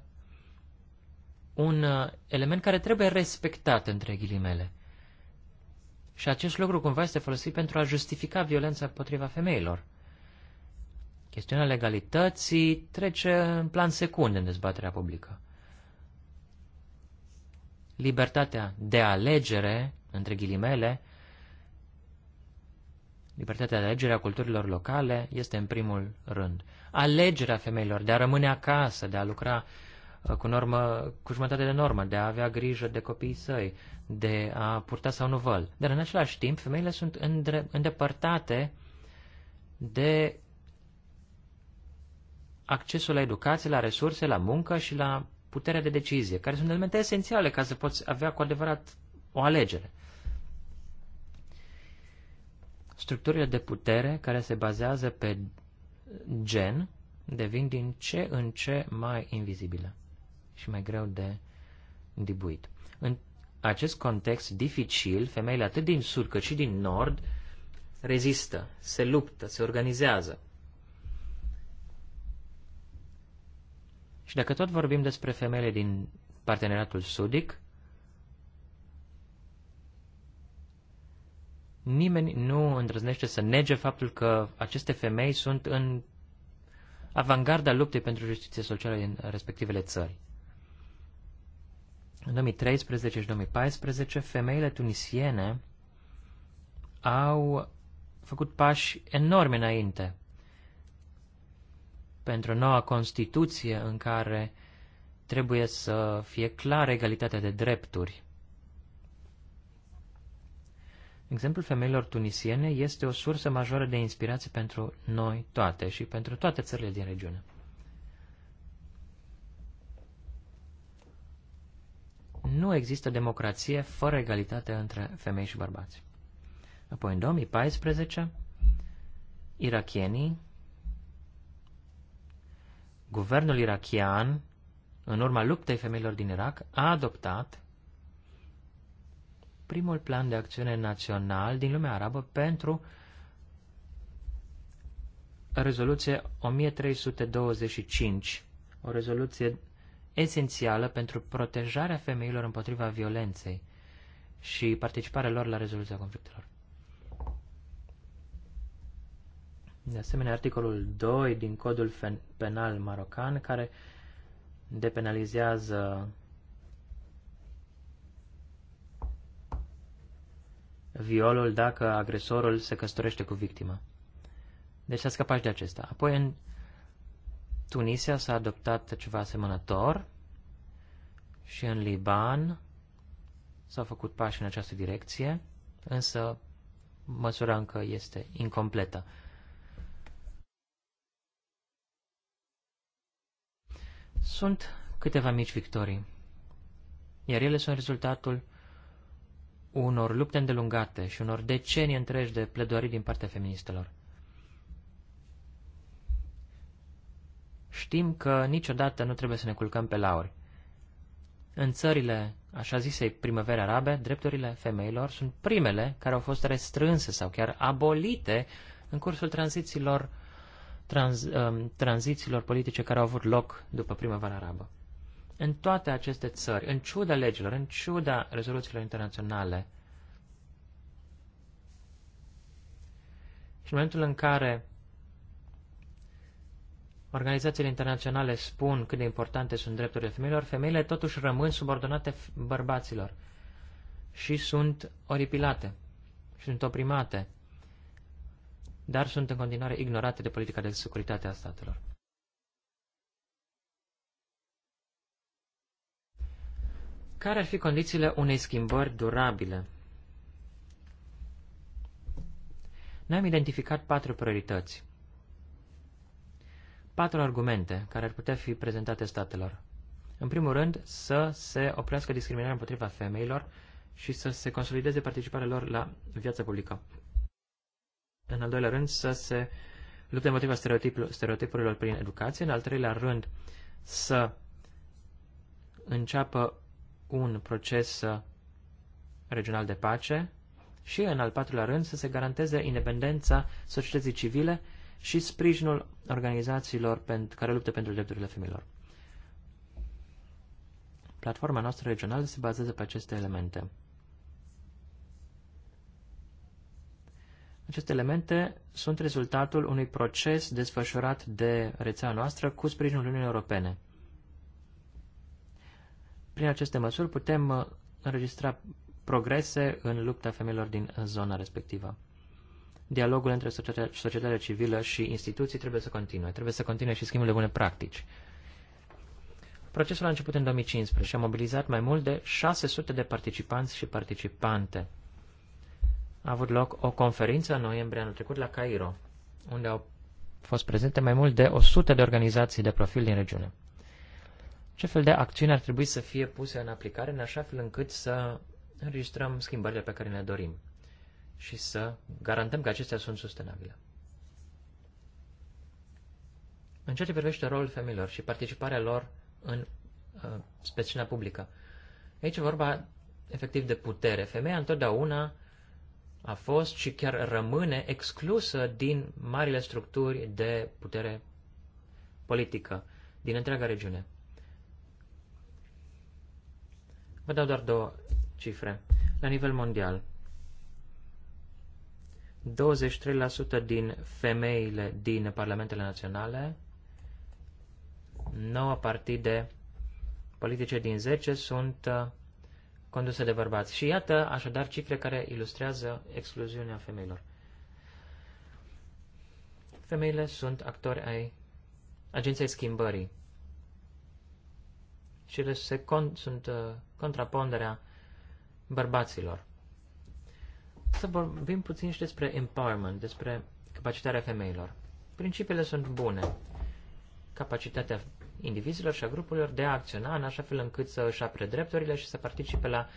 un uh, element care trebuie respectat, între ghilimele. Și acest lucru cumva este folosit pentru a justifica violența împotriva femeilor. Chestiunea legalității trece în plan secund în dezbaterea publică. Libertatea de alegere, între ghilimele, libertatea de alegere a culturilor locale este în primul rând alegerea femeilor de a rămâne acasă, de a lucra uh, cu, normă, cu jumătate de normă, de a avea grijă de copiii săi, de a purta sau nu văl. Dar în același timp, femeile sunt îndre- îndepărtate de accesul la educație, la resurse, la muncă și la puterea de decizie, care sunt elemente esențiale ca să poți avea cu adevărat o alegere. Structurile de putere care se bazează pe gen devin din ce în ce mai invizibile și mai greu de dibuit. În acest context dificil, femeile atât din sud cât și din nord rezistă, se luptă, se organizează. Și dacă tot vorbim despre femeile din parteneriatul sudic, Nimeni nu îndrăznește să nege faptul că aceste femei sunt în avangarda luptei pentru justiție socială din respectivele țări. În 2013 și 2014, femeile tunisiene au făcut pași enormi înainte pentru noua Constituție în care trebuie să fie clară egalitatea de drepturi. Exemplul femeilor tunisiene este o sursă majoră de inspirație pentru noi toate și pentru toate țările din regiune. Nu există democrație fără egalitate între femei și bărbați. Apoi, în 2014, irachienii, guvernul irachian, în urma luptei femeilor din Irak, a adoptat primul plan de acțiune național din lumea arabă pentru rezoluție 1325, o rezoluție esențială pentru protejarea femeilor împotriva violenței și participarea lor la rezoluția conflictelor. De asemenea, articolul 2 din codul penal marocan, care depenalizează violul dacă agresorul se căsătorește cu victima. Deci s-a scăpat de acesta. Apoi în Tunisia s-a adoptat ceva asemănător și în Liban s-au făcut pași în această direcție, însă măsura încă este incompletă. Sunt câteva mici victorii, iar ele sunt rezultatul unor lupte îndelungate și unor decenii întregi de pledoarii din partea feministelor. Știm că niciodată nu trebuie să ne culcăm pe lauri. În țările, așa zisei, primăveri arabe, drepturile femeilor sunt primele care au fost restrânse sau chiar abolite în cursul tranzițiilor, tranz, um, tranzițiilor politice care au avut loc după primăvara arabă în toate aceste țări, în ciuda legilor, în ciuda rezoluțiilor internaționale, și în momentul în care organizațiile internaționale spun cât de importante sunt drepturile femeilor, femeile totuși rămân subordonate bărbaților și sunt oripilate și sunt oprimate, dar sunt în continuare ignorate de politica de securitate a statelor. Care ar fi condițiile unei schimbări durabile? Ne-am identificat patru priorități. Patru argumente care ar putea fi prezentate statelor. În primul rând, să se oprească discriminarea împotriva femeilor și să se consolideze participarea lor la viața publică. În al doilea rând, să se lupte împotriva stereotipurilor prin educație. În al treilea rând, să înceapă un proces uh, regional de pace și, în al patrulea rând, să se garanteze independența societății civile și sprijinul organizațiilor pentru, care luptă pentru drepturile femeilor. Platforma noastră regională se bazează pe aceste elemente. Aceste elemente sunt rezultatul unui proces desfășurat de rețea noastră cu sprijinul Uniunii Europene. Prin aceste măsuri putem uh, înregistra progrese în lupta femeilor din uh, zona respectivă. Dialogul între societatea civilă și instituții trebuie să continue. Trebuie să continue și schimbul de bune practici. Procesul a început în 2015 și a mobilizat mai mult de 600 de participanți și participante. A avut loc o conferință în noiembrie anul trecut la Cairo, unde au fost prezente mai mult de 100 de organizații de profil din regiune ce fel de acțiuni ar trebui să fie puse în aplicare în așa fel încât să înregistrăm schimbările pe care ne dorim și să garantăm că acestea sunt sustenabile. În ceea ce privește rolul femeilor și participarea lor în uh, specina publică, aici e vorba efectiv de putere. Femeia întotdeauna a fost și chiar rămâne exclusă din marile structuri de putere politică din întreaga regiune. Vă dau doar două cifre. La nivel mondial, 23% din femeile din parlamentele naționale, 9 partide politice din 10 sunt uh, conduse de bărbați. Și iată, așadar, cifre care ilustrează excluziunea femeilor. Femeile sunt actori ai agenției schimbării și ele se con- sunt uh, contraponderea bărbaților. Să vorbim puțin și despre empowerment, despre capacitatea femeilor. Principiile sunt bune. Capacitatea indivizilor și a grupurilor de a acționa în așa fel încât să își apre drepturile și să participe la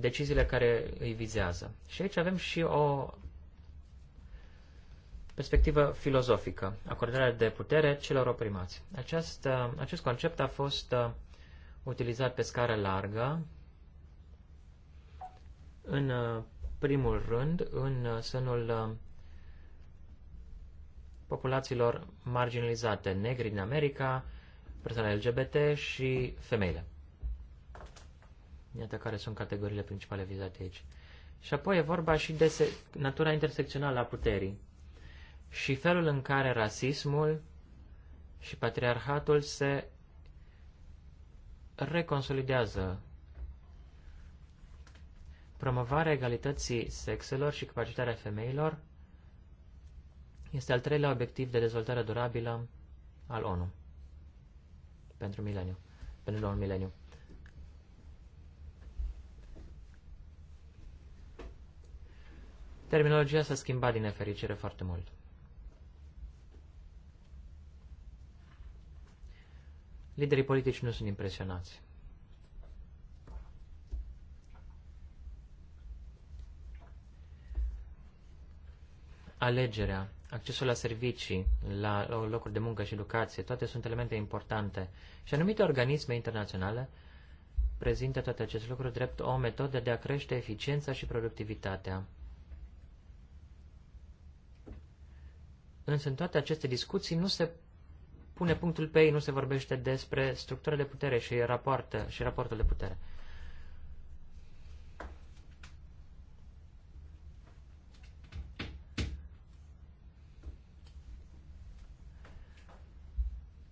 deciziile care îi vizează. Și aici avem și o perspectivă filozofică, acordarea de putere celor oprimați. Acest, acest concept a fost uh, utilizat pe scară largă, în uh, primul rând, în uh, sânul populațiilor marginalizate, negri din America, persoanele LGBT și femeile. Iată care sunt categoriile principale vizate aici. Și apoi e vorba și de natura intersecțională a puterii și felul în care rasismul și patriarhatul se reconsolidează. Promovarea egalității sexelor și capacitarea femeilor este al treilea obiectiv de dezvoltare durabilă al ONU pentru mileniu, pentru un mileniu. Terminologia s-a schimbat din nefericire foarte mult. Liderii politici nu sunt impresionați. Alegerea, accesul la servicii, la locuri de muncă și educație, toate sunt elemente importante. Și anumite organisme internaționale prezintă toate aceste lucruri drept o metodă de a crește eficiența și productivitatea. Însă în toate aceste discuții nu se pune punctul pe ei, nu se vorbește despre structura de putere și, rapoartă, și raportul de putere.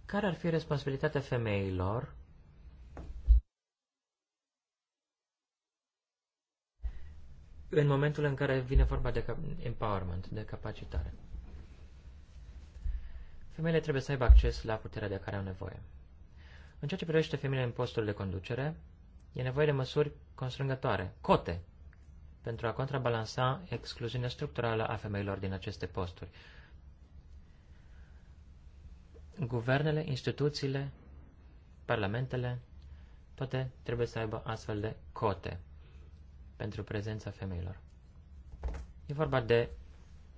Care ar fi responsabilitatea femeilor în momentul în care vine vorba de empowerment, de capacitare? Femeile trebuie să aibă acces la puterea de care au nevoie. În ceea ce privește femeile în postul de conducere, e nevoie de măsuri constrângătoare, cote, pentru a contrabalansa excluziunea structurală a femeilor din aceste posturi. Guvernele, instituțiile, parlamentele, toate trebuie să aibă astfel de cote pentru prezența femeilor. E vorba de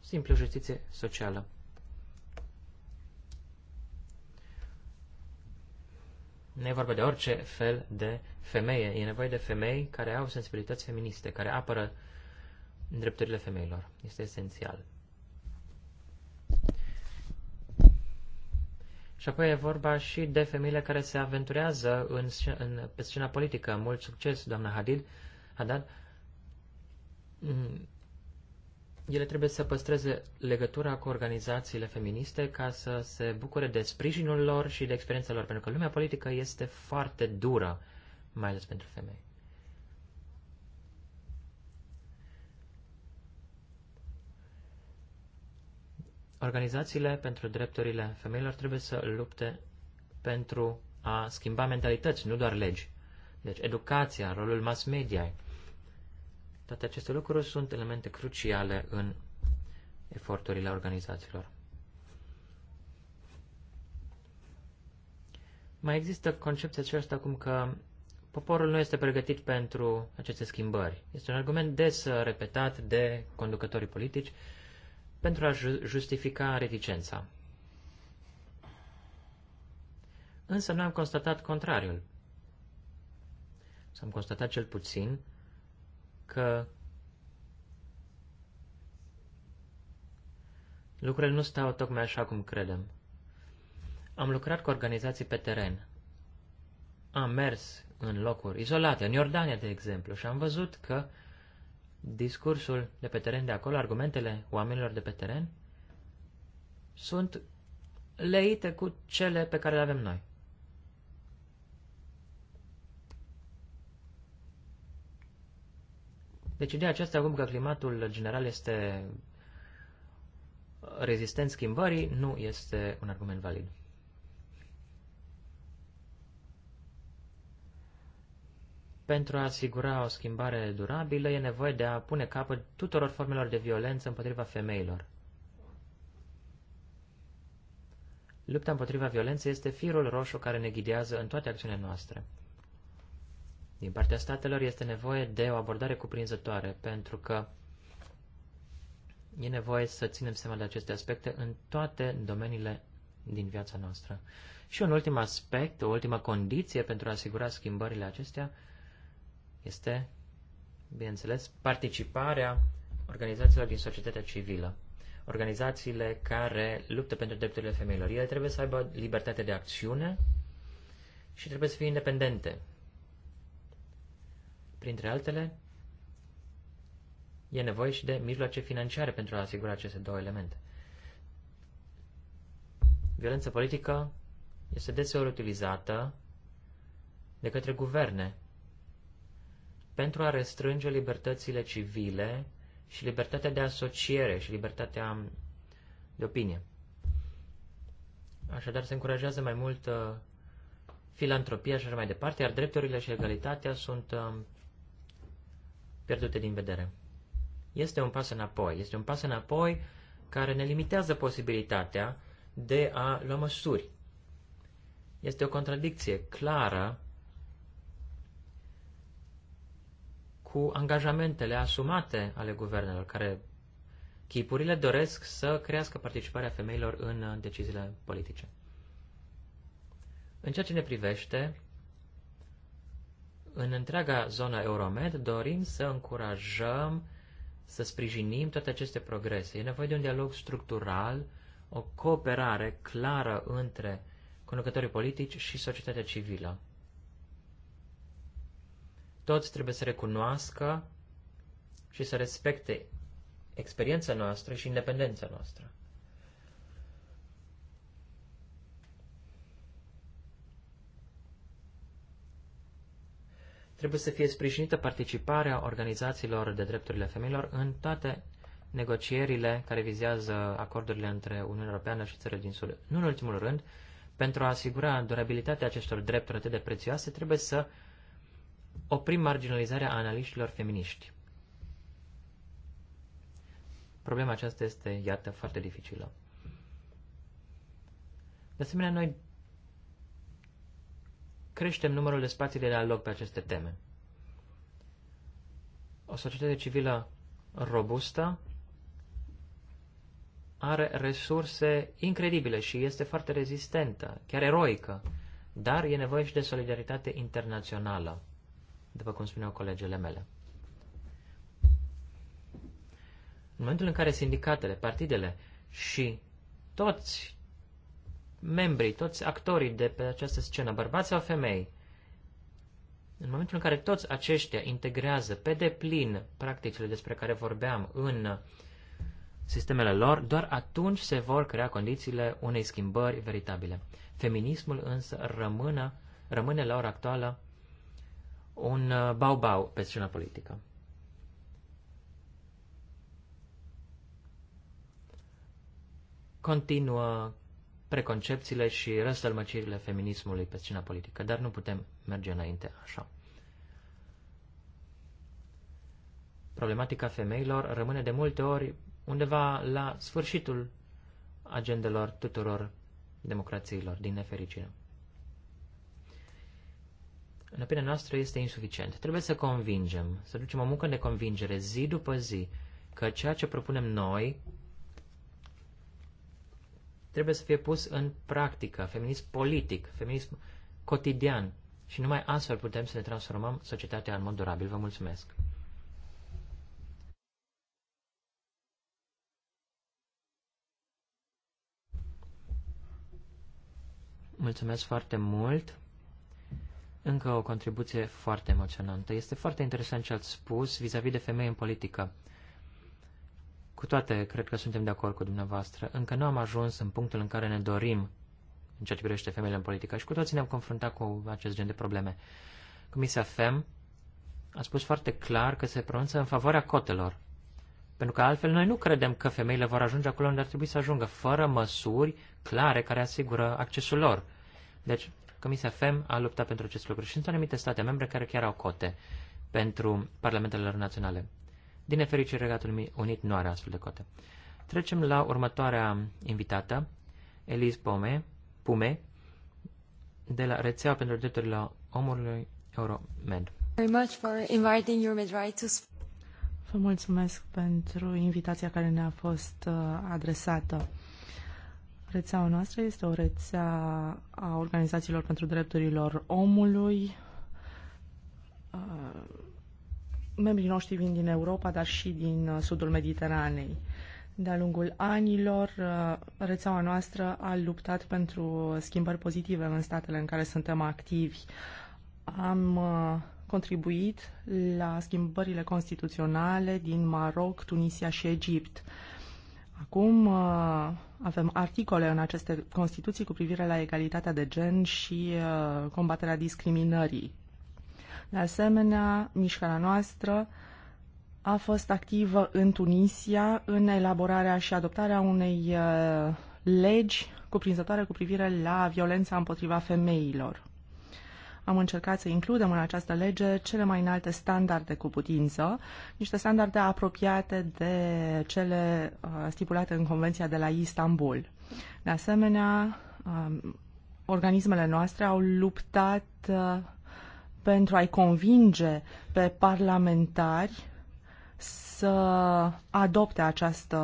simplu justiție socială. Nu e vorba de orice fel de femeie. E nevoie de femei care au sensibilități feministe, care apără drepturile femeilor. Este esențial. Și apoi e vorba și de femeile care se aventurează în, în, pe scena politică. Mult succes, doamna Hadid, dat ele trebuie să păstreze legătura cu organizațiile feministe ca să se bucure de sprijinul lor și de experiența lor, pentru că lumea politică este foarte dură, mai ales pentru femei. Organizațiile pentru drepturile femeilor trebuie să lupte pentru a schimba mentalități, nu doar legi. Deci educația, rolul mass media, toate aceste lucruri sunt elemente cruciale în eforturile organizațiilor. Mai există concepția aceasta acum că poporul nu este pregătit pentru aceste schimbări. Este un argument des repetat de conducătorii politici pentru a justifica reticența. Însă noi am constatat contrariul. S-am constatat cel puțin că lucrurile nu stau tocmai așa cum credem. Am lucrat cu organizații pe teren. Am mers în locuri izolate, în Iordania, de exemplu, și am văzut că discursul de pe teren de acolo, argumentele oamenilor de pe teren, sunt leite cu cele pe care le avem noi. Deci ideea aceasta acum că climatul general este rezistent schimbării nu este un argument valid. Pentru a asigura o schimbare durabilă, e nevoie de a pune capăt tuturor formelor de violență împotriva femeilor. Lupta împotriva violenței este firul roșu care ne ghidează în toate acțiunile noastre. Din partea statelor este nevoie de o abordare cuprinzătoare, pentru că e nevoie să ținem seama de aceste aspecte în toate domeniile din viața noastră. Și un ultim aspect, o ultimă condiție pentru a asigura schimbările acestea este, bineînțeles, participarea organizațiilor din societatea civilă. Organizațiile care luptă pentru drepturile femeilor. Ele trebuie să aibă libertate de acțiune și trebuie să fie independente. Printre altele, e nevoie și de mijloace financiare pentru a asigura aceste două elemente. Violența politică este deseori utilizată de către guverne pentru a restrânge libertățile civile și libertatea de asociere și libertatea de opinie. Așadar, se încurajează mai mult uh, filantropia și așa mai departe, iar drepturile și egalitatea sunt um, pierdute din vedere. Este un pas înapoi. Este un pas înapoi care ne limitează posibilitatea de a lua măsuri. Este o contradicție clară cu angajamentele asumate ale guvernelor, care chipurile doresc să crească participarea femeilor în deciziile politice. În ceea ce ne privește, în întreaga zonă Euromed dorim să încurajăm, să sprijinim toate aceste progrese. E nevoie de un dialog structural, o cooperare clară între conducătorii politici și societatea civilă. Toți trebuie să recunoască și să respecte experiența noastră și independența noastră. Trebuie să fie sprijinită participarea organizațiilor de drepturile femeilor în toate negocierile care vizează acordurile între Uniunea Europeană și țările din Sud. Nu în ultimul rând, pentru a asigura durabilitatea acestor drepturi atât de prețioase, trebuie să oprim marginalizarea analiștilor feminiști. Problema aceasta este, iată, foarte dificilă. De asemenea, noi creștem numărul de spații de dialog pe aceste teme. O societate civilă robustă are resurse incredibile și este foarte rezistentă, chiar eroică, dar e nevoie și de solidaritate internațională, după cum spuneau colegele mele. În momentul în care sindicatele, partidele și toți membrii, toți actorii de pe această scenă, bărbați sau femei, în momentul în care toți aceștia integrează pe deplin practicile despre care vorbeam în sistemele lor, doar atunci se vor crea condițiile unei schimbări veritabile. Feminismul însă rămână, rămâne la ora actuală un uh, bau-bau pe scena politică. Continuă preconcepțiile și răstălmăcirile feminismului pe scena politică, dar nu putem merge înainte așa. Problematica femeilor rămâne de multe ori undeva la sfârșitul agendelor tuturor democrațiilor, din nefericire. În opinia noastră este insuficient. Trebuie să convingem, să ducem o muncă de convingere zi după zi, că ceea ce propunem noi trebuie să fie pus în practică, feminism politic, feminism cotidian și numai astfel putem să ne transformăm societatea în mod durabil. Vă mulțumesc! Mulțumesc foarte mult! Încă o contribuție foarte emoționantă. Este foarte interesant ce ați spus vis-a-vis -vis de femei în politică. Cu toate, cred că suntem de acord cu dumneavoastră. Încă nu am ajuns în punctul în care ne dorim în ceea ce privește femeile în politică și cu toții ne-am confruntat cu acest gen de probleme. Comisia FEM a spus foarte clar că se pronunță în favoarea cotelor. Pentru că altfel noi nu credem că femeile vor ajunge acolo unde ar trebui să ajungă, fără măsuri clare care asigură accesul lor. Deci, Comisia FEM a luptat pentru acest lucru și sunt anumite state membre care chiar au cote pentru parlamentele naționale. Din nefericire, Regatul Unit nu are astfel de cote. Trecem la următoarea invitată, Elise Pome, Pume, de la Rețeaua pentru Drepturile Omului Euromed. Very much for inviting your Right to Vă mulțumesc pentru invitația care ne-a fost uh, adresată. Rețeaua noastră este o rețea a organizațiilor pentru drepturile omului, uh, Membrii noștri vin din Europa, dar și din uh, sudul Mediteranei. De-a lungul anilor, uh, rețeaua noastră a luptat pentru schimbări pozitive în statele în care suntem activi. Am uh, contribuit la schimbările constituționale din Maroc, Tunisia și Egipt. Acum avem articole în aceste Constituții cu privire la egalitatea de gen și combaterea discriminării. De asemenea, mișcarea noastră a fost activă în Tunisia în elaborarea și adoptarea unei uh, legi cuprinzătoare cu privire la violența împotriva femeilor. Am încercat să includem în această lege cele mai înalte standarde cu putință, niște standarde apropiate de cele uh, stipulate în Convenția de la Istanbul. De asemenea, um, organismele noastre au luptat uh, pentru a-i convinge pe parlamentari să adopte această,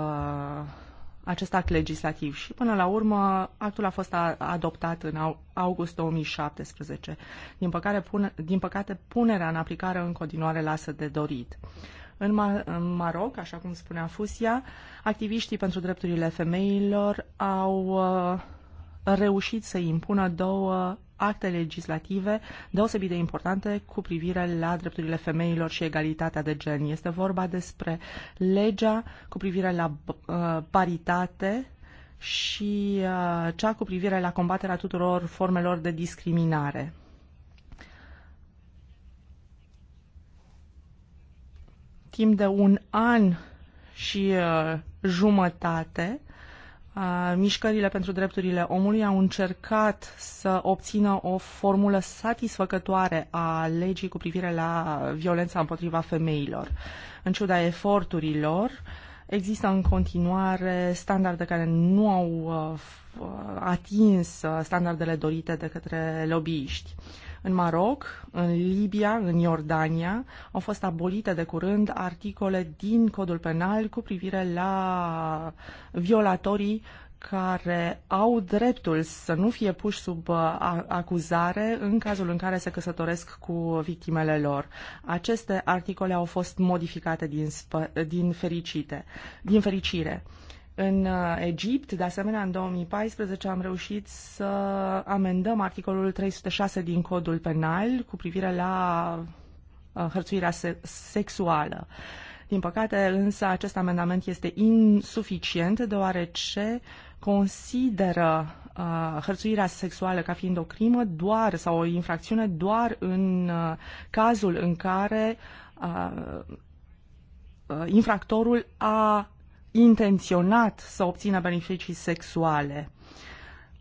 acest act legislativ și până la urmă actul a fost adoptat în august 2017. Din, păcate, pune, din păcate, punerea în aplicare în continuare lasă de dorit. În, Mar- în Maroc, așa cum spunea Fusia, activiștii pentru drepturile femeilor au uh, reușit să impună două acte legislative deosebit de importante cu privire la drepturile femeilor și egalitatea de gen. Este vorba despre legea cu privire la uh, paritate și uh, cea cu privire la combaterea tuturor formelor de discriminare. Timp de un an și uh, jumătate, mișcările pentru drepturile omului au încercat să obțină o formulă satisfăcătoare a legii cu privire la violența împotriva femeilor. În ciuda eforturilor, există în continuare standarde care nu au uh, atins uh, standardele dorite de către lobbyiști. În Maroc, în Libia, în Iordania au fost abolite de curând articole din codul penal cu privire la violatorii care au dreptul să nu fie puși sub uh, acuzare în cazul în care se căsătoresc cu victimele lor. Aceste articole au fost modificate din, din, fericite, din fericire. În uh, Egipt, de asemenea, în 2014 am reușit să amendăm articolul 306 din codul penal cu privire la uh, hărțuirea sexuală. Din păcate, însă, acest amendament este insuficient deoarece consideră uh, hărțuirea sexuală ca fiind o crimă doar sau o infracțiune doar în uh, cazul în care uh, uh infractorul a intenționat să obțină beneficii sexuale.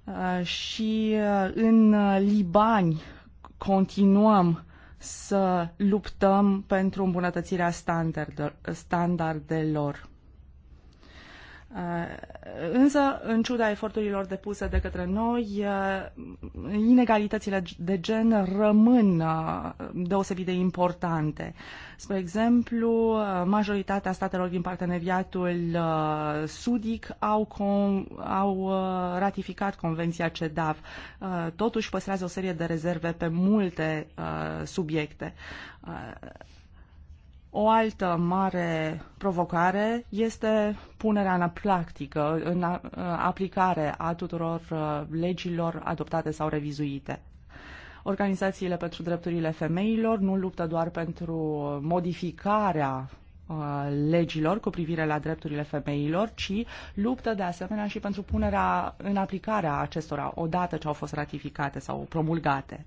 Uh, și uh, în uh, Libani continuăm să luptăm pentru îmbunătățirea standardelor. Uh, însă, în ciuda eforturilor depuse de către noi, uh, inegalitățile de gen rămân uh, deosebit de importante. Spre exemplu, majoritatea statelor din parteneriatul sudic au, com, au ratificat Convenția CEDAV. Totuși, păstrează o serie de rezerve pe multe subiecte o altă mare provocare este punerea în practică, în uh, aplicare a tuturor uh, legilor adoptate sau revizuite. Organizațiile pentru drepturile femeilor nu luptă doar pentru modificarea uh, legilor cu privire la drepturile femeilor, ci luptă de asemenea și pentru punerea în aplicare a acestora odată ce au fost ratificate sau promulgate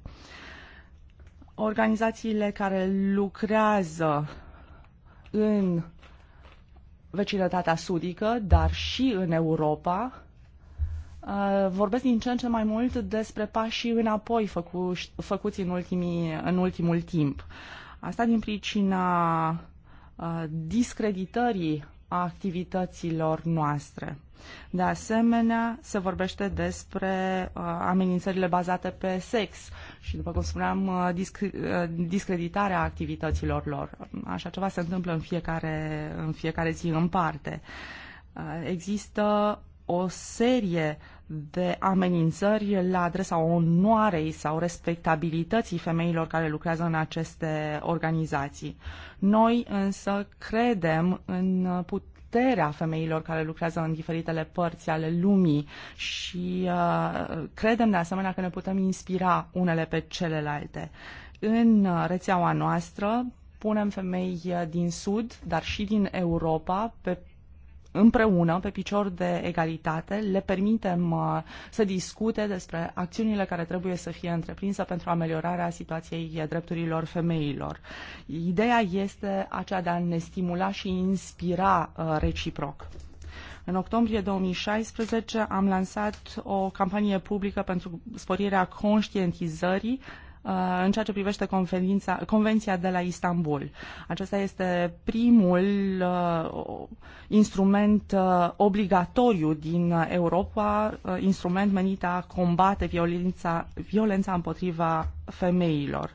organizațiile care lucrează în vecinătatea sudică, dar și în Europa, uh, vorbesc din ce în ce mai mult despre pașii înapoi făcu, făcuți în, ultimii, în ultimul timp. Asta din pricina uh, discreditării activităților noastre. De asemenea, se vorbește despre uh, amenințările bazate pe sex și, după cum spuneam, uh, uh, discreditarea activităților lor. Așa ceva se întâmplă în fiecare, în fiecare zi în parte. Există o serie de amenințări la adresa onoarei sau respectabilității femeilor care lucrează în aceste organizații. Noi însă credem în put- puterea femeilor care lucrează în diferitele părți ale lumii și uh, credem de asemenea că ne putem inspira unele pe celelalte. În uh, rețeaua noastră punem femei uh, din Sud, dar și din Europa, pe împreună, pe picior de egalitate, le permitem uh, să discute despre acțiunile care trebuie să fie întreprinse pentru ameliorarea situației drepturilor femeilor. Ideea este aceea de a ne stimula și inspira uh, reciproc. În octombrie 2016 am lansat o campanie publică pentru sporirea conștientizării Uh, în ceea ce privește Convenția de la Istanbul. Acesta este primul uh, instrument uh, obligatoriu din Europa, instrument menit a combate violența, violența împotriva femeilor.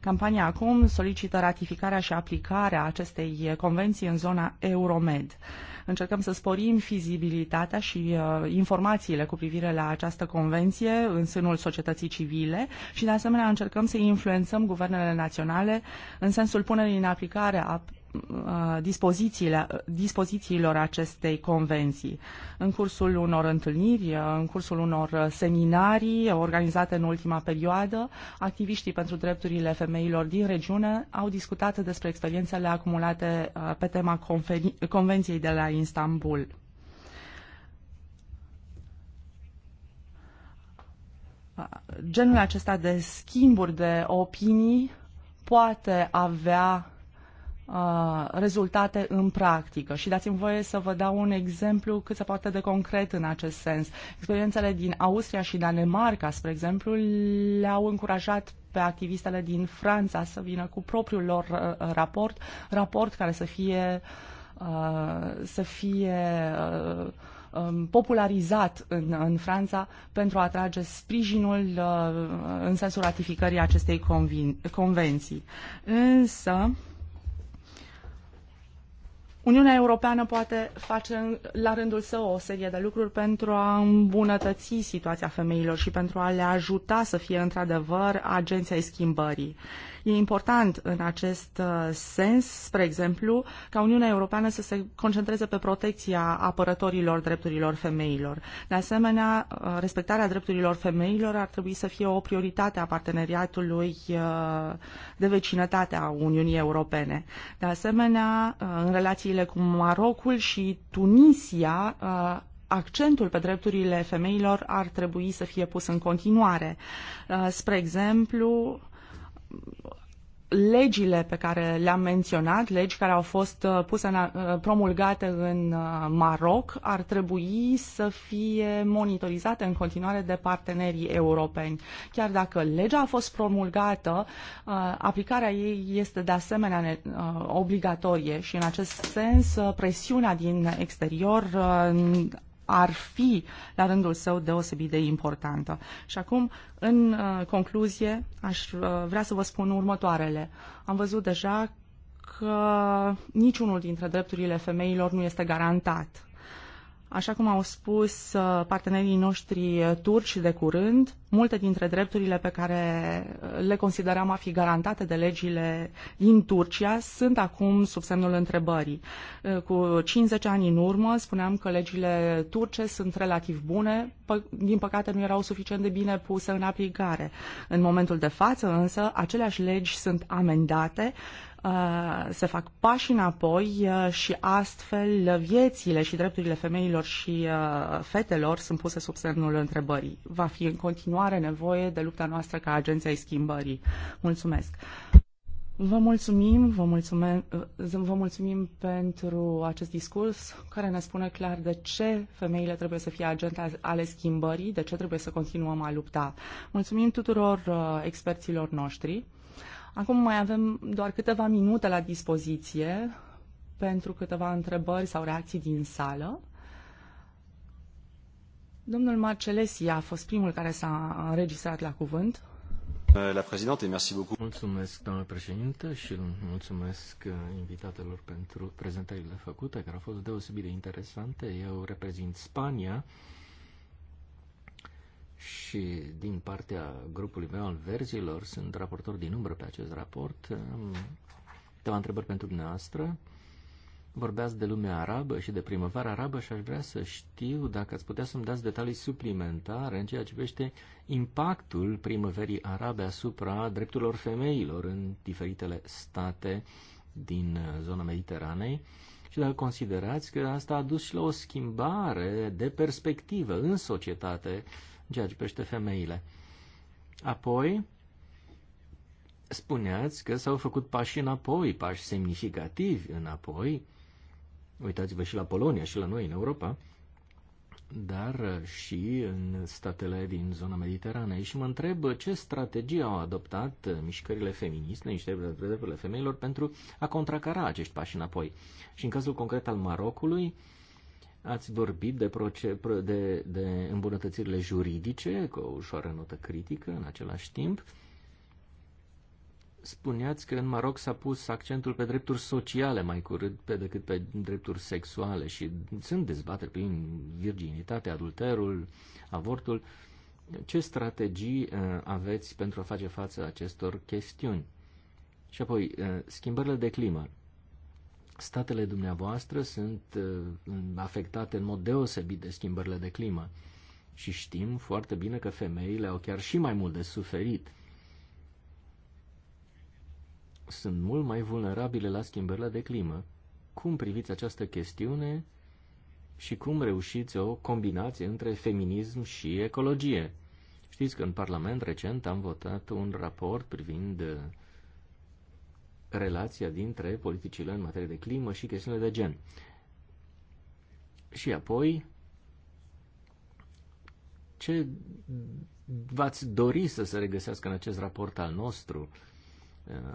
Campania acum solicită ratificarea și aplicarea acestei convenții în zona Euromed. Uh, Încercăm să sporim fizibilitatea și uh, informațiile cu privire la această convenție în sânul societății civile și, de asemenea, încercăm să influențăm guvernele naționale în sensul punerii în aplicare a Uh, uh, dispozițiilor acestei convenții. În cursul unor întâlniri, uh, în cursul unor seminarii organizate în ultima perioadă, activiștii pentru drepturile femeilor din regiune au discutat despre experiențele acumulate pe tema Convenției de la Istanbul. Genul acesta de schimburi de opinii poate avea Uh, rezultate în practică. Și dați-mi voie să vă dau un exemplu cât se poate de concret în acest sens. Experiențele din Austria și Danemarca, spre exemplu, le-au încurajat pe activistele din Franța să vină cu propriul lor uh, raport, raport care să fie, uh, să fie um, popularizat în, în Franța pentru a atrage sprijinul în sensul ratificării acestei convenții. Însă, Uniunea Europeană poate face la rândul său o serie de lucruri pentru a îmbunătăți situația femeilor și pentru a le ajuta să fie într-adevăr agenții ai schimbării. E important în acest uh, sens, spre exemplu, ca Uniunea Europeană să se concentreze pe protecția apărătorilor drepturilor femeilor. De asemenea, uh, respectarea drepturilor femeilor ar trebui să fie o prioritate a parteneriatului uh, de vecinătate a Uniunii Europene. De asemenea, în relațiile cu Marocul și Tunisia, accentul pe drepturile femeilor ar trebui să fie pus în continuare. Spre exemplu, legile pe care le-am menționat, legi care au fost uh, puse în, uh, promulgate în uh, Maroc, ar trebui să fie monitorizate în continuare de partenerii europeni. Chiar dacă legea a fost promulgată, aplicarea ei este de asemenea obligatorie și în acest sens presiunea din exterior ar fi la rândul său deosebit de importantă. Și acum, în uh, concluzie, aș uh, vrea să vă spun următoarele. Am văzut deja că niciunul dintre drepturile femeilor nu este garantat Așa cum au spus uh, partenerii noștri uh, turci de curând, multe dintre drepturile pe care uh, le consideram a fi garantate de legile din Turcia sunt acum sub semnul întrebării. Cu 50 ani în urmă spuneam că legile turce sunt relativ bune, din păcate nu erau suficient de bine puse în aplicare. În momentul de față însă aceleași legi sunt amendate Uh, se fac pași înapoi uh, și astfel viețile și drepturile femeilor și uh, fetelor sunt puse sub semnul întrebării. Va fi în continuare nevoie de lupta noastră ca agenția ai schimbării. Mulțumesc! Vă mulțumim, vă mulțumim, vă mulțumim pentru acest discurs care ne spune clar de ce femeile trebuie să fie agente ale schimbării, de ce trebuie să continuăm a lupta. Mulțumim tuturor experților noștri. Acum mai avem doar câteva minute la dispoziție pentru câteva întrebări sau reacții din sală. Domnul Marcelesi a fost primul care s-a înregistrat la cuvânt. La președinte, merci beaucoup. Mulțumesc, doamnă președinte, și mulțumesc uh, invitatelor pentru prezentările făcute, care au fost deosebit de interesante. Eu reprezint Spania și din partea grupului meu al verzilor, sunt raportor din umbră pe acest raport, am câteva întrebări pentru dumneavoastră. Vorbeați de lumea arabă și de primăvara arabă și aș vrea să știu dacă ați putea să-mi dați detalii suplimentare în ceea ce privește impactul primăverii arabe asupra drepturilor femeilor în diferitele state din zona Mediteranei și dacă considerați că asta a dus și la o schimbare de perspectivă în societate ceea ce privește femeile. Apoi, spuneați că s-au făcut pași înapoi, pași semnificativi înapoi. Uitați-vă și la Polonia și la noi în Europa, dar și în statele din zona mediteranei. Și mă întreb ce strategie au adoptat mișcările feministe, niște drepturile femeilor, pentru a contracara acești pași înapoi. Și în cazul concret al Marocului, uh, Ați vorbit de, proce- de, de îmbunătățirile juridice, cu o ușoară notă critică în același timp. Spuneați că în Maroc s-a pus accentul pe drepturi sociale mai curând pe decât pe drepturi sexuale și sunt dezbateri prin virginitate, adulterul, avortul. Ce strategii uh, aveți pentru a face față acestor chestiuni? Și apoi, uh, schimbările de climă statele dumneavoastră sunt uh, afectate în mod deosebit de schimbările de climă. Și știm foarte bine că femeile au chiar și mai mult de suferit. Sunt mult mai vulnerabile la schimbările de climă. Cum priviți această chestiune și cum reușiți o combinație între feminism și ecologie? Știți că în Parlament recent am votat un raport privind uh, relația dintre politicile în materie de climă și chestiunile de gen. Și apoi, ce v-ați dori să se regăsească în acest raport al nostru?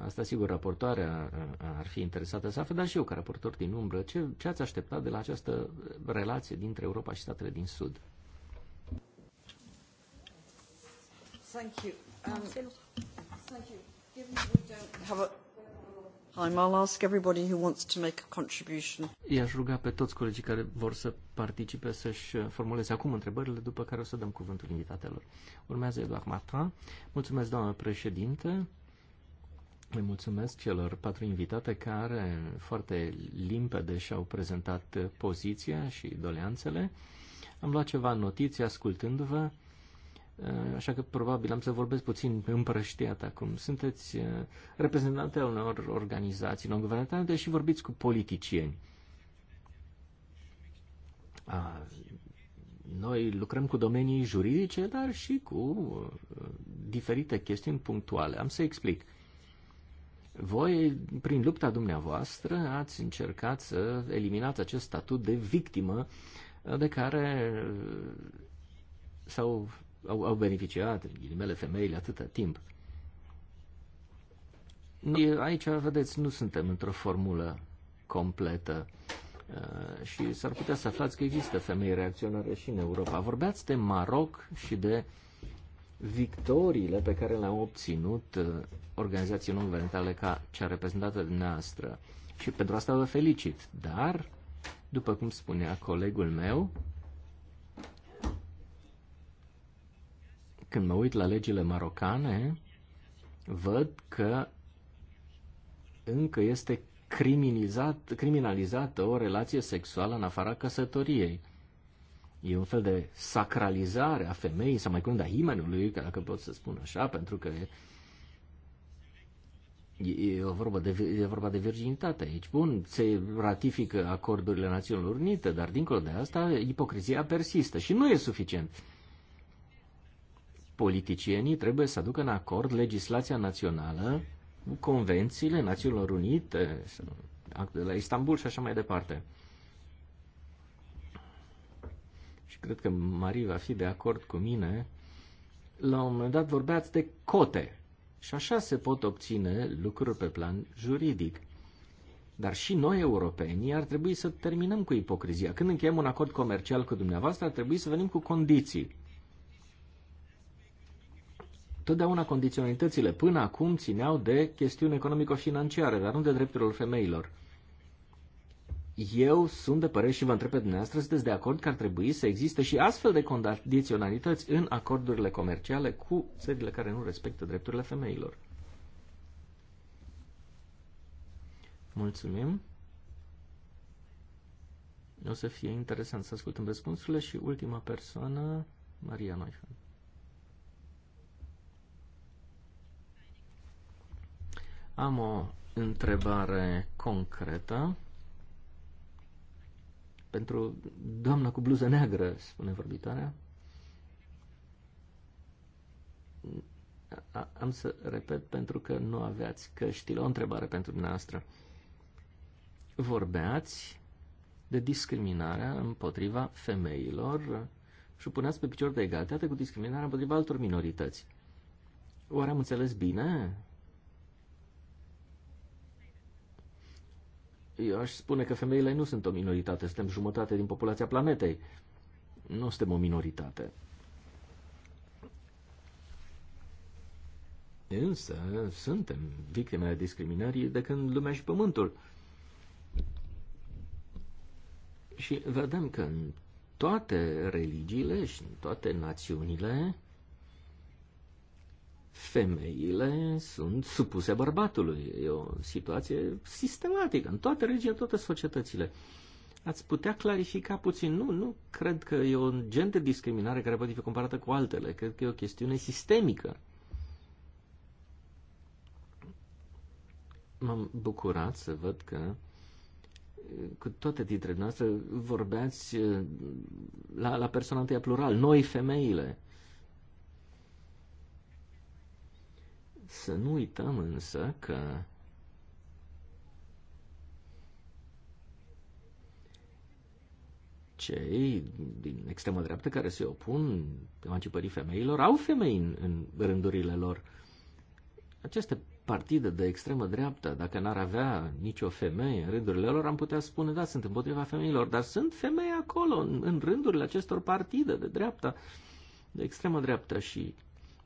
Asta, sigur, raportoarea uh, ar fi interesată să afle, dar și eu, ca raportor din umbră, ce, ce ați așteptat de la această relație dintre Europa și statele din Sud? Thank you. Um, thank you. Given we don't have a I-aș ruga pe toți colegii care vor să participe să-și uh, formuleze acum întrebările, după care o să dăm cuvântul invitatelor. Urmează Eduard Martin. Mulțumesc, doamnă președinte. Le mulțumesc celor patru invitate care foarte limpede și-au prezentat poziția și doleanțele. Am luat ceva notiții ascultându-vă Ehm, așa că probabil am să vorbesc puțin împrăștiat acum. Sunteți eh, reprezentante al unor organizații non-guvernamentale și vorbiți cu politicieni. Noi lucrăm cu domenii juridice, dar și cu eh, diferite chestiuni punctuale. Am să explic. Voi, prin lupta dumneavoastră, ați încercat să eliminați acest statut de victimă eh, de care sau au, au beneficiat, ghilimele, femeile, atâta timp. Noi, aici, vedeți, nu suntem într-o formulă completă uh, și s-ar putea să aflați că există femei reacționare și în Europa. Vorbeați de Maroc și de victoriile pe care le-au obținut uh, organizații non-guvernamentale ca cea reprezentată de noastră. Și pentru asta vă felicit. Dar, după cum spunea colegul meu, Când mă uit la legile marocane, văd că încă este criminalizat, criminalizată o relație sexuală în afara căsătoriei. E un fel de sacralizare a femeii, sau mai curând a himenului, dacă pot să spun așa, pentru că e, e, o vorbă de, e vorba de virginitate aici. Bun, se ratifică acordurile Națiunilor Unite, dar dincolo de asta, ipocrizia persistă și nu e suficient politicienii trebuie să aducă în acord legislația națională convențiile Națiunilor Unite, actul de la Istanbul și așa mai departe. Și cred că Marie va fi de acord cu mine. La un moment dat vorbeați de cote. Și așa se pot obține lucruri pe plan juridic. Dar și noi, europenii, ar trebui să terminăm cu ipocrizia. Când încheiem un acord comercial cu dumneavoastră, ar trebui să venim cu condiții. Totdeauna condiționalitățile până acum țineau de chestiuni economico-financiare, dar nu de drepturile femeilor. Eu sunt de părere și vă întreb pe dumneavoastră, sunteți de acord că ar trebui să existe și astfel de condiționalități în acordurile comerciale cu țările care nu respectă drepturile femeilor? Mulțumim. O să fie interesant să ascultăm răspunsurile și ultima persoană, Maria Noifan. Am o întrebare concretă. Pentru doamna cu bluză neagră, spune vorbitoarea. Am să repet pentru că nu aveați căștile. O întrebare pentru dumneavoastră. Vorbeați de discriminarea împotriva femeilor și puneați pe picior de egalitate cu discriminarea împotriva altor minorități. Oare am înțeles bine? eu aș spune că femeile nu sunt o minoritate, suntem jumătate din populația planetei. Nu suntem o minoritate. Însă suntem victime ale discriminării de când lumea și pământul. Și vedem că în toate religiile și în toate națiunile femeile sunt supuse bărbatului. E o situație sistematică în toată regia, toate societățile. Ați putea clarifica puțin? Nu, nu cred că e un gen de discriminare care poate fi comparată cu altele. Cred că e o chestiune sistemică. M-am bucurat să văd că cu toate dintre noastre vorbeați eh, la, la persoana întâia plural, noi femeile. Să nu uităm însă că cei din extremă dreaptă care se opun emancipării femeilor au femei în, în rândurile lor. Aceste partide de extremă dreaptă, dacă n-ar avea nicio femeie în rândurile lor, am putea spune, da, sunt împotriva femeilor, dar sunt femei acolo, în, în rândurile acestor partide de dreapta, de extremă dreaptă și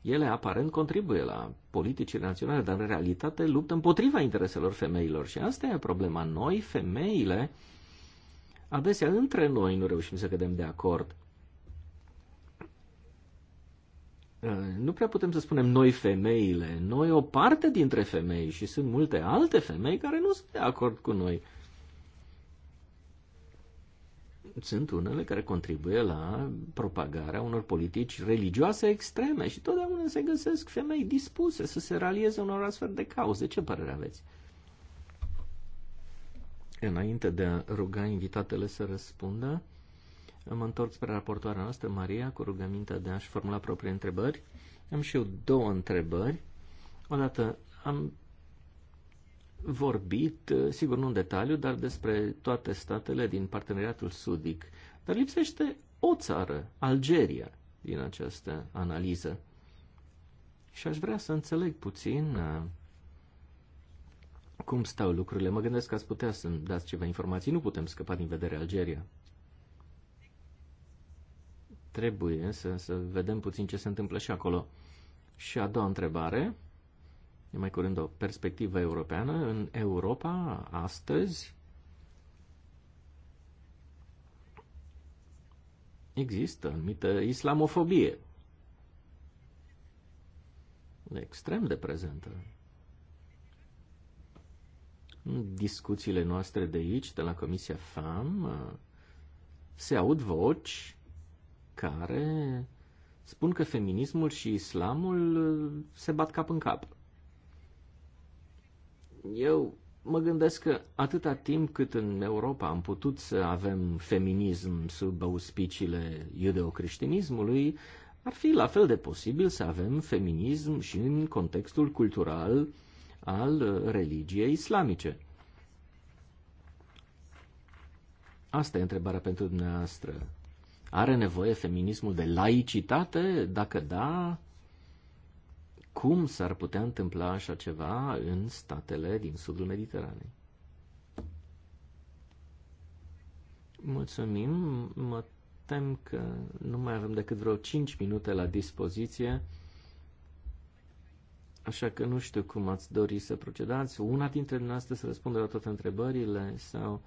ele aparent contribuie la politicile naționale, dar în realitate luptă împotriva intereselor femeilor și asta e problema. Noi, femeile, adesea între noi nu reușim să cădem de acord. Uh, nu prea putem să spunem noi femeile, noi o parte dintre femei și sunt multe alte femei care nu sunt de acord cu noi sunt unele care contribuie la propagarea unor politici religioase extreme și totdeauna se găsesc femei dispuse să se ralieze unor astfel de cauze. Ce părere aveți? Înainte de a ruga invitatele să răspundă, mă întorc spre raportoarea noastră, Maria, cu rugămintea de a-și formula proprie întrebări. Am și eu două întrebări. Odată, am vorbit, eh, sigur nu în detaliu, dar despre toate statele din parteneriatul sudic. Dar lipsește o țară, Algeria, din această analiză. Și aș vrea să înțeleg puțin eh, cum stau lucrurile. Mă gândesc că ați putea să-mi dați ceva informații. Nu putem scăpa din vedere Algeria. Trebuie să, să vedem puțin ce se întâmplă și acolo. Și a doua întrebare e mai curând o perspectivă europeană, în Europa, astăzi, există anumită islamofobie. Extrem de prezentă. În discuțiile noastre de aici, de la Comisia FAM, se aud voci care spun că feminismul și islamul se bat cap în cap. Eu mă gândesc că atâta timp cât în Europa am putut să avem feminism sub auspiciile iudeocreștinismului, ar fi la fel de posibil să avem feminism și în contextul cultural al uh, religiei islamice. Asta e întrebarea pentru dumneavoastră. Are nevoie feminismul de laicitate? Dacă da, cum s-ar putea întâmpla așa ceva în statele din sudul Mediteranei? Mulțumim. Mă tem că nu mai avem decât vreo 5 minute la dispoziție, așa că nu știu cum ați dori să procedați. Una dintre dumneavoastră să răspundă la toate întrebările sau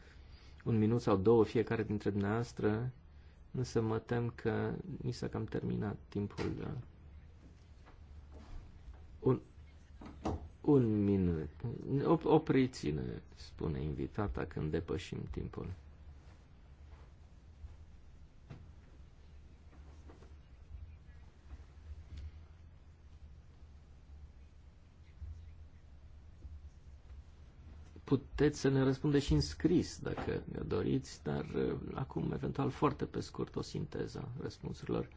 un minut sau două fiecare dintre dumneavoastră, însă mă tem că mi s-a cam terminat timpul da. Un, un minut. Opriți-ne, spune invitata, când depășim timpul. puteți să ne răspundeți și în scris, dacă doriți, dar eh, acum, eventual, foarte pe scurt, o sinteză răspunsurilor.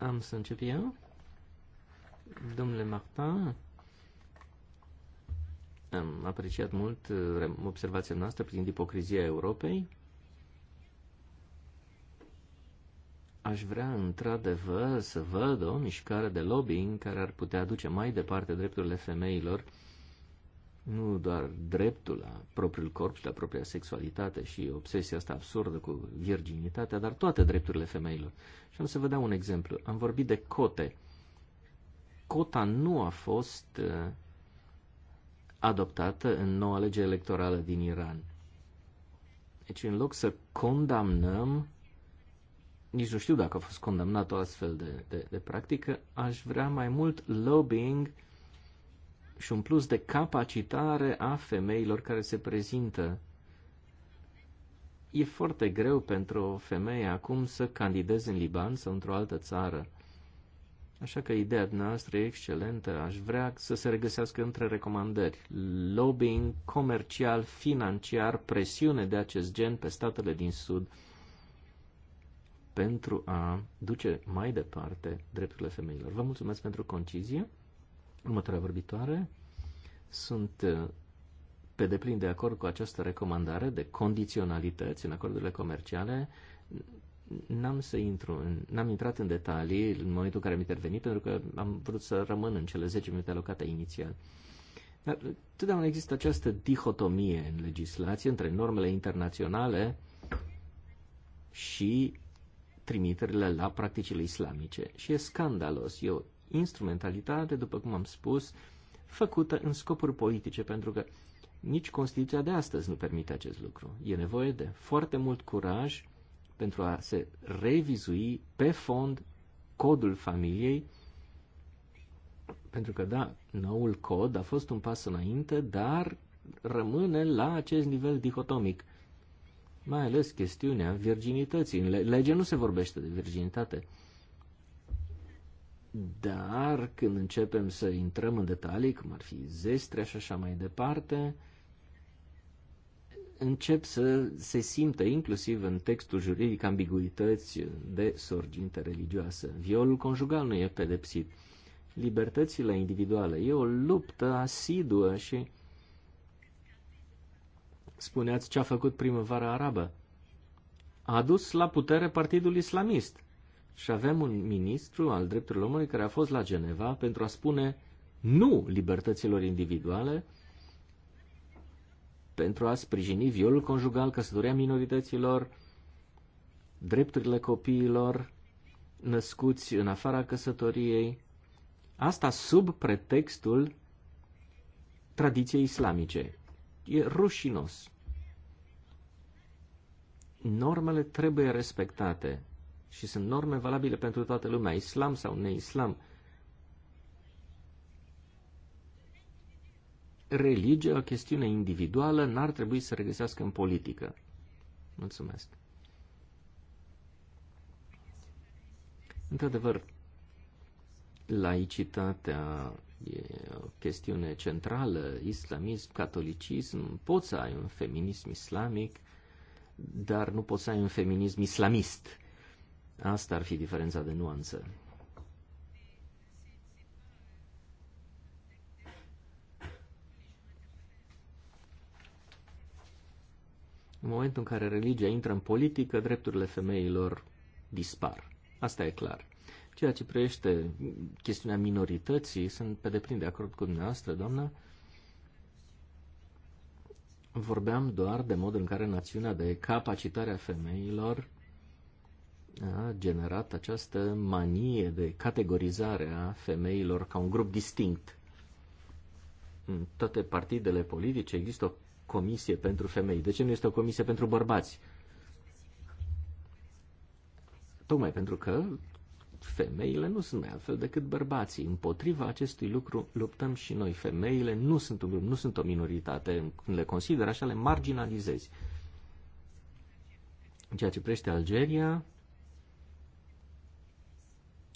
Am să încep eu. Domnule Martin, am apreciat mult observația noastră privind ipocrizia Europei. Aș vrea într-adevăr să văd o mișcare de lobbying care ar putea duce mai departe drepturile femeilor nu doar dreptul la propriul corp și la propria sexualitate și obsesia asta absurdă cu virginitatea, dar toate drepturile femeilor. Și am să vă dau un exemplu. Am vorbit de cote. Cota nu a fost uh, adoptată în noua lege electorală din Iran. Deci, în loc să condamnăm, nici nu știu dacă a fost condamnat o astfel de, de, de practică, aș vrea mai mult lobbying uh, și un plus de capacitare a femeilor care se prezintă. E foarte greu pentru o femeie acum să candideze în Liban sau într-o altă țară. Așa că ideea noastră e excelentă. Aș vrea să se regăsească între recomandări. Lobbying comercial, financiar, presiune de acest gen pe statele din Sud pentru a duce mai departe drepturile femeilor. Vă mulțumesc pentru concizie. Următoarea vorbitoare. Sunt uh, pe deplin de acord cu această recomandare de condiționalități în acordurile comerciale. N-am să intru, n-am intrat în detalii în momentul în care am intervenit, pentru că am vrut să rămân în cele 10 minute alocate inițial. Dar uh, totdeauna există această dihotomie în legislație între normele internaționale și trimiterile la practicile islamice. Și e scandalos. E o instrumentalitate, după cum am spus, făcută în scopuri politice, pentru că nici Constituția de astăzi nu permite acest lucru. E nevoie de foarte mult curaj pentru a se revizui pe fond codul familiei, pentru că, da, noul cod a fost un pas înainte, dar rămâne la acest nivel dihotomic. Mai ales chestiunea virginității. În lege nu se vorbește de virginitate. Dar când începem să intrăm în detalii, cum ar fi zestre și așa mai departe, încep să se simtă inclusiv în textul juridic ambiguități de sorginte religioasă. Violul conjugal nu e pedepsit. Libertățile individuale e o luptă asiduă și spuneați ce a făcut primăvara arabă. A adus la putere Partidul Islamist și avem un ministru al drepturilor omului care a fost la Geneva pentru a spune nu libertăților individuale, pentru a sprijini violul conjugal, căsătoria minorităților, drepturile copiilor născuți în afara căsătoriei, asta sub pretextul tradiției islamice. E rușinos. Normele trebuie respectate și sunt norme valabile pentru toată lumea, islam sau neislam. Religia, o chestiune individuală, n-ar trebui să regăsească în politică. Mulțumesc. Într-adevăr, laicitatea e o chestiune centrală, islamism, catolicism, poți să ai un feminism islamic, dar nu poți să ai un feminism islamist. Asta ar fi diferența de nuanță. În momentul în care religia intră în politică, drepturile femeilor dispar. Asta e clar. Ceea ce privește chestiunea minorității, sunt pe deplin de acord cu dumneavoastră, doamnă. Vorbeam doar de modul în care națiunea de capacitare a femeilor a generat această manie de categorizare a femeilor ca un grup distinct. În toate partidele politice există o comisie pentru femei. De ce nu este o comisie pentru bărbați? Tocmai pentru că femeile nu sunt mai altfel decât bărbații. Împotriva acestui lucru luptăm și noi. Femeile nu sunt un grup, nu sunt o minoritate. Când le consider așa, le marginalizezi. În ceea ce privește Algeria,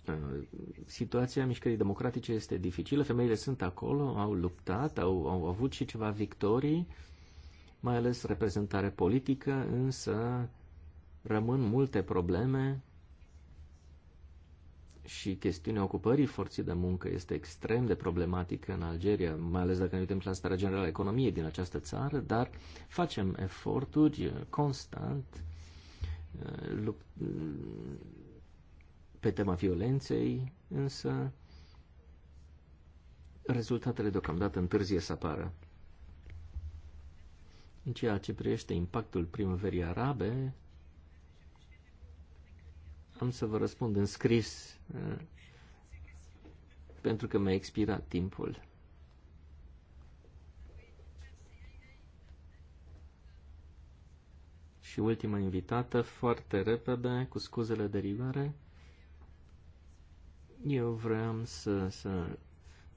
Uh, situația mișcării democratice este dificilă, femeile sunt acolo, au luptat, au, au avut și ceva victorii, mai ales reprezentare politică, însă rămân multe probleme și chestiunea ocupării forții de muncă este extrem de problematică în Algeria, mai ales dacă ne uităm la starea generală a economiei din această țară, dar facem eforturi constant, uh, lupt, pe tema violenței, însă rezultatele deocamdată întârzie să apară. În ceea ce privește impactul primăverii arabe, am să vă răspund în scris eh, pentru că mi-a expirat timpul. Și ultima invitată, foarte repede, cu scuzele de rigoare. Eu vreau să, să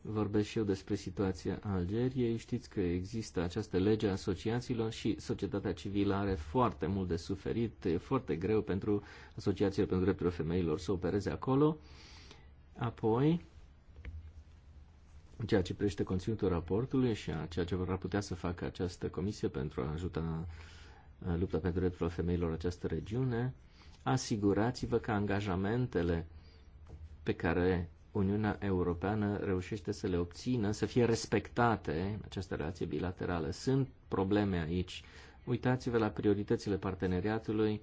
vorbesc și eu despre situația Algeriei. Știți că există această lege a asociațiilor și societatea civilă are foarte mult de suferit. E foarte greu pentru asociațiile pentru drepturile femeilor să opereze acolo. Apoi, ceea ce privește conținutul raportului și a ceea ce vor putea să facă această comisie pentru a ajuta lupta pentru drepturile femeilor în această regiune, asigurați-vă că angajamentele pe care Uniunea Europeană reușește să le obțină, să fie respectate în această relație bilaterală. Sunt probleme aici. Uitați-vă la prioritățile parteneriatului,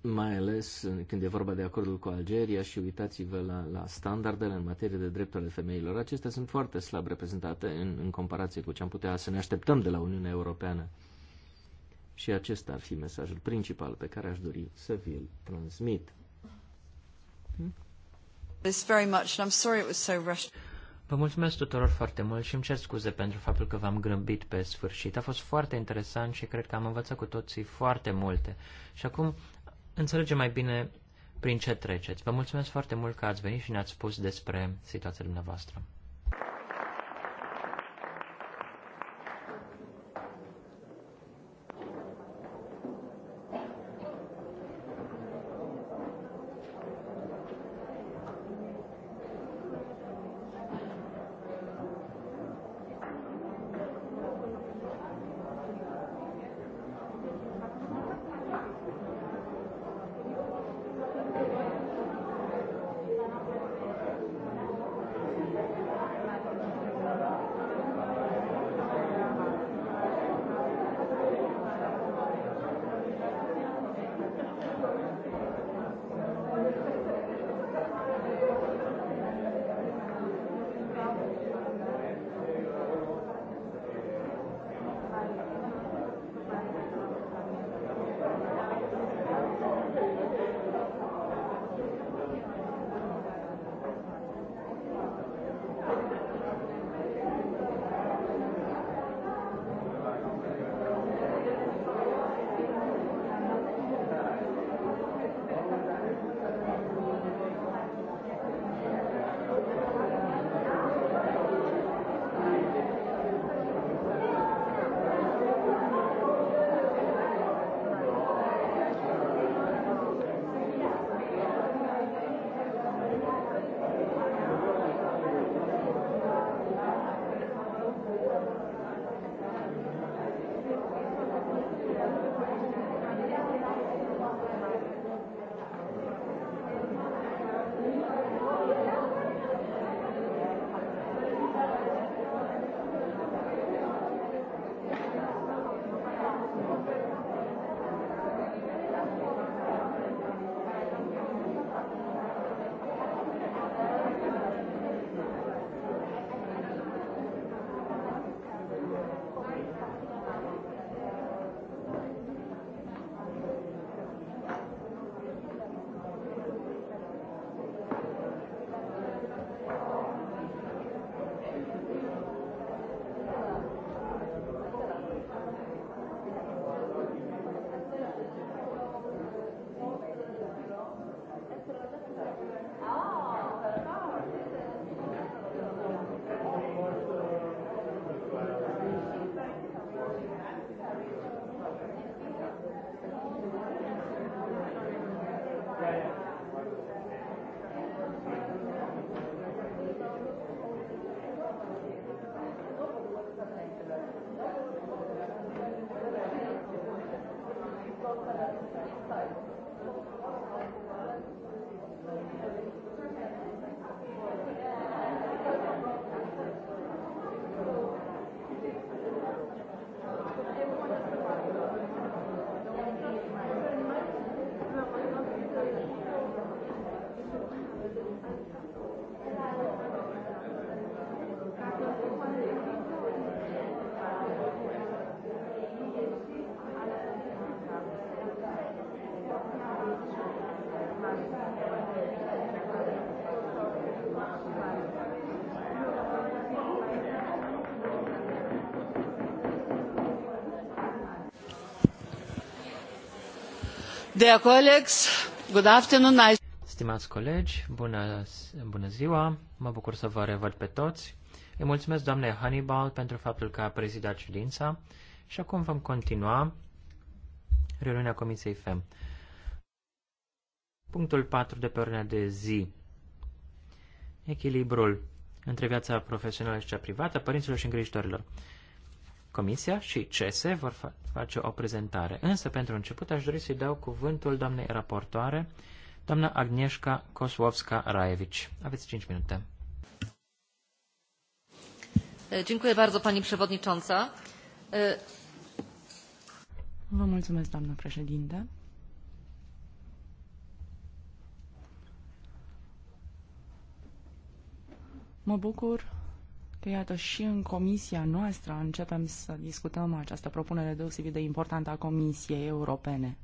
mai ales când e vorba de acordul cu Algeria și uitați-vă la, la standardele în materie de drepturile femeilor. Acestea sunt foarte slab reprezentate în, în comparație cu ce am putea să ne așteptăm de la Uniunea Europeană. Și acesta ar fi mesajul principal pe care aș dori să vi-l transmit. Vă mulțumesc tuturor foarte mult și îmi cer scuze pentru faptul că v-am grăbit pe sfârșit. A fost foarte interesant și cred că am învățat cu toții foarte multe. Și acum înțelegem mai bine prin ce treceți. Vă mulțumesc foarte mult că ați venit și ne-ați spus despre situația dumneavoastră. Dear colleagues, good afternoon. I... Stimați colegi, bună, bună ziua, mă bucur să vă revăd pe toți. Îi mulțumesc doamnei Hannibal pentru faptul că a prezidat ședința și acum vom continua reuniunea Comisiei FEM. Punctul 4 de pe ordinea de zi. Echilibrul între viața profesională și cea privată, părinților și îngrijitorilor. Comisia și CESE vor face o prezentare. Însă, pentru început, aș dori să-i dau cuvântul doamnei raportoare, doamna Agnieszka kosłowska rajewicz Aveți 5 minute. Dziękuję bardzo, pani przewodnicząca. Vă mulțumesc, doamna președinte. Mă bucur că iată și în comisia noastră începem să discutăm această propunere deosebit de importantă a Comisiei Europene.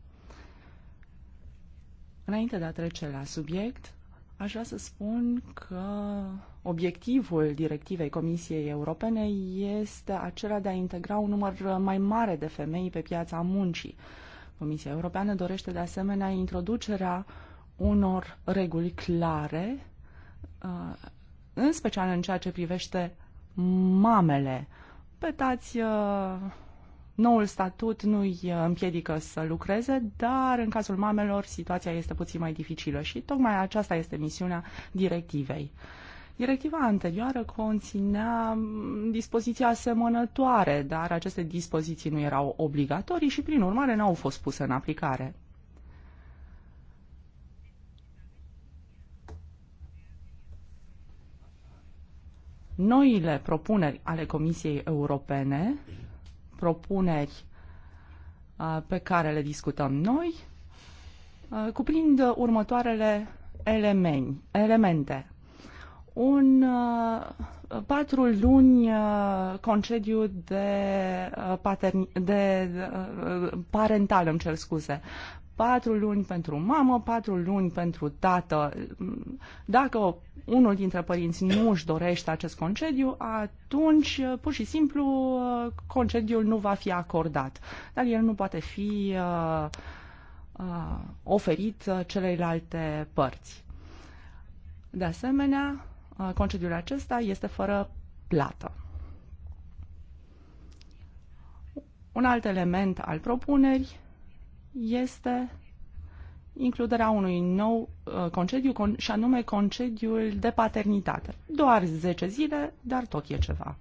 Înainte de a trece la subiect, aș vrea să spun că obiectivul directivei Comisiei Europene este acela de a integra un număr mai mare de femei pe piața muncii. Comisia Europeană dorește de asemenea introducerea unor reguli clare, uh, în special în ceea ce privește mamele. Petați uh, noul statut nu îi uh, împiedică să lucreze, dar în cazul mamelor situația este puțin mai dificilă și tocmai aceasta este misiunea directivei. Directiva anterioară conținea mm, dispoziții asemănătoare, dar aceste dispoziții nu erau obligatorii și, prin urmare, n-au fost puse în aplicare. noile propuneri ale Comisiei Europene, propuneri pe care le discutăm noi, cuprind următoarele elemeni, elemente. Un patru luni concediu de, de parental, îmi cer scuze, patru luni pentru mamă, patru luni pentru tată. Dacă unul dintre părinți nu își dorește acest concediu, atunci uh, pur și simplu uh, concediul nu va fi acordat. Dar el nu poate fi uh, oferit celelalte părți. De asemenea, concediul acesta este fără plată. Un alt element al propunerii este includerea unui nou uh, concediu și anume concediul de paternitate. Doar 10 zile, dar tot e ceva.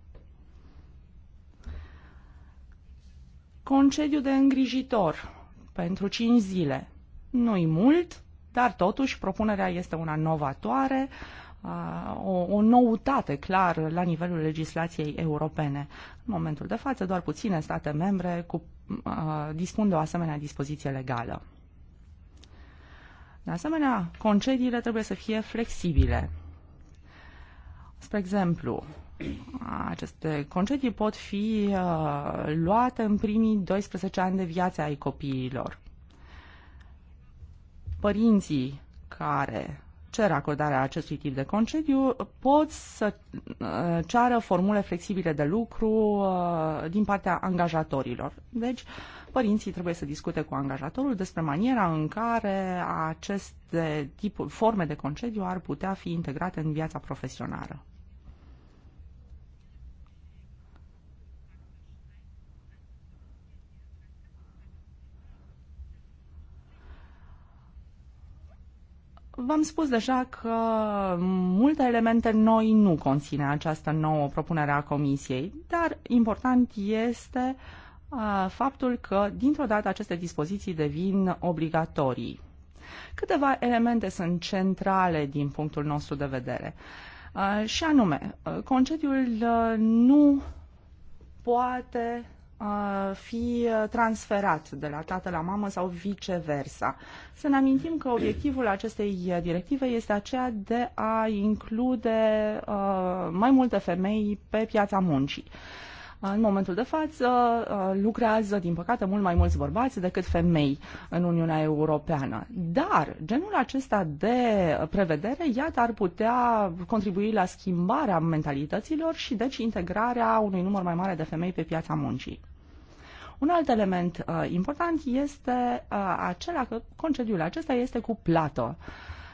Concediu de îngrijitor pentru 5 zile. Nu-i mult, dar totuși propunerea este una novatoare, uh, o, o noutate clar la nivelul legislației europene. În momentul de față, doar puține state membre cu Uh, dispun de o asemenea dispoziție legală. De asemenea, concediile trebuie să fie flexibile. Spre exemplu, aceste concedii pot fi uh, luate în primii 12 ani de viață ai copiilor. Părinții care cer acordarea acestui tip de concediu pot să uh, ceară formule flexibile de lucru uh, din partea angajatorilor. Deci, părinții trebuie să discute cu angajatorul despre maniera în care aceste tipuri, forme de concediu ar putea fi integrate în viața profesională. V-am spus deja că multe elemente noi nu conține această nouă propunere a Comisiei, dar important este uh, faptul că, dintr-o dată, aceste dispoziții devin obligatorii. Câteva elemente sunt centrale din punctul nostru de vedere. Uh, și anume, uh, concediul nu poate Uh, fi uh, transferat de la tată la mamă sau viceversa. Să ne amintim că obiectivul acestei uh, directive este aceea de a include mai multe femei pe piața muncii. În momentul de față uh, lucrează, din păcate, mult mai mulți bărbați decât femei în Uniunea Europeană. Dar genul acesta de prevedere, iată, ar putea contribui la schimbarea mentalităților și, deci, integrarea unui număr mai mare de femei pe piața muncii. Un alt element uh, important este uh, acela că concediul acesta este cu plată. Uh,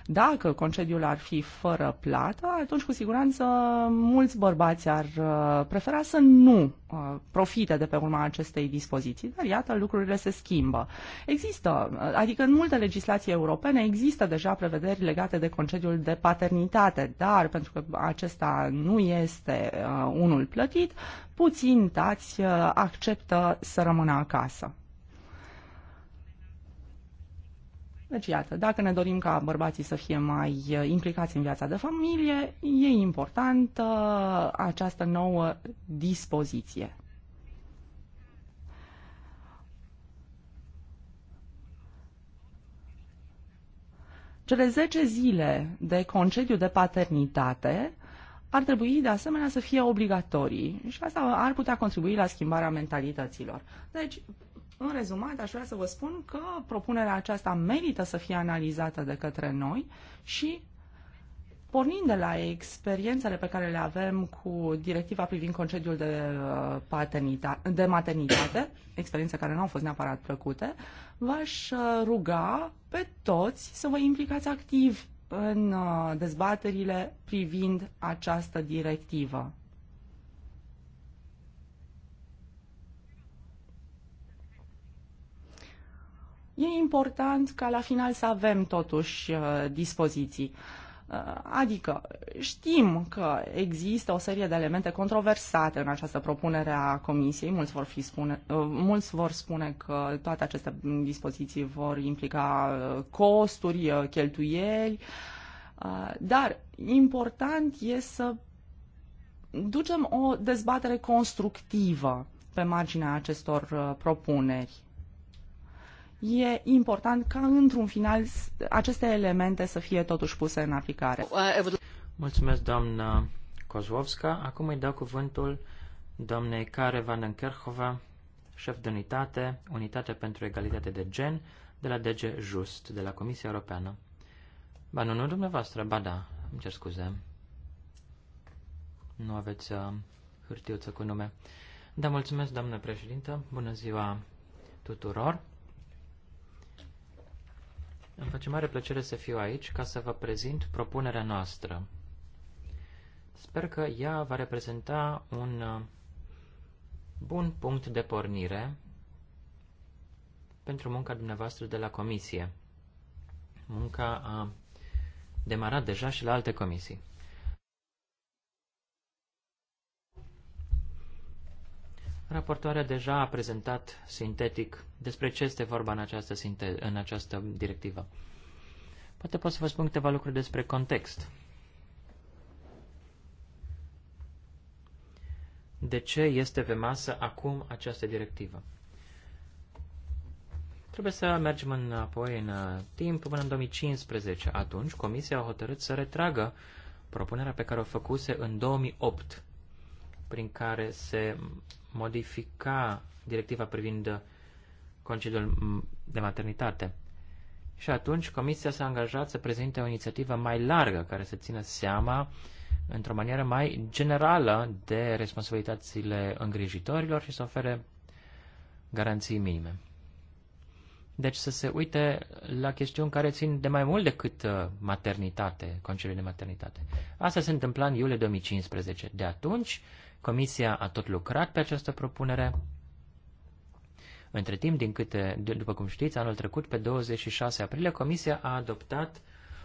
dacă concediul ar fi fără plată, atunci cu siguranță mulți bărbați ar uh, prefera să nu uh, profite de pe urma acestei dispoziții, dar iată, lucrurile se schimbă. Există, uh, adică în multe legislații europene există deja prevederi legate de concediul de paternitate, dar pentru că acesta nu este unul plătit, puțin tați acceptă să rămână acasă. Deci, iată, dacă ne dorim ca bărbații să fie mai uh, implicați în viața de familie, e importantă uh, această nouă dispoziție. Cele 10 zile de concediu de paternitate ar trebui de asemenea să fie obligatorii și asta ar putea contribui la schimbarea mentalităților. Deci, în rezumat, aș vrea să vă spun că propunerea aceasta merită să fie analizată de către noi și pornind de la experiențele pe care le avem cu directiva privind concediul de, uh, paternitate, de maternitate, experiențe care nu au fost neapărat plăcute, v-aș uh, ruga pe toți să vă implicați activ în uh, dezbaterile privind această directivă. E important ca la final să avem totuși uh, dispoziții. Uh, adică știm că există o serie de elemente controversate în această propunere a Comisiei. Mulți vor, fi spune, uh, mulți vor spune că toate aceste dispoziții vor implica costuri, cheltuieli, dar important e să ducem o dezbatere constructivă pe marginea acestor propuneri e important ca într-un final aceste elemente să fie totuși puse în aplicare. Mulțumesc, doamnă Kozlovska. Acum îi dau cuvântul doamnei Care van den Kerchova, șef de unitate, Unitate pentru Egalitate de Gen, de la DG Just, de la Comisia Europeană. Ba nu, nu dumneavoastră, ba da, îmi cer scuze. Nu aveți uh, hârtiuță cu nume. Da, mulțumesc, doamnă președintă, bună ziua tuturor. Îmi face mare plăcere să fiu aici ca să vă prezint propunerea noastră. Sper că ea va reprezenta un uh, bun punct de pornire pentru munca dumneavoastră de la comisie. Munca a demarat deja și la alte comisii. Raportoarea deja a prezentat sintetic despre ce este vorba în această, în această directivă. Poate pot să vă spun câteva lucruri despre context. De ce este pe masă acum această directivă? Trebuie să mergem înapoi în uh, timp, până în 2015. Atunci, Comisia a hotărât să retragă propunerea pe care o făcuse în 2008 prin care se modifica directiva privind concediul de maternitate. Și atunci Comisia s-a angajat să prezinte o inițiativă mai largă care să țină seama într-o manieră mai generală de responsabilitățile îngrijitorilor și să ofere garanții minime. Deci să se uite la chestiuni care țin de mai mult decât uh, maternitate, concediul de maternitate. Asta se întâmpla în iulie 2015. De atunci, Comisia a tot lucrat pe această propunere. Între timp, din câte, după cum știți, anul trecut, pe 26 aprilie, Comisia a adoptat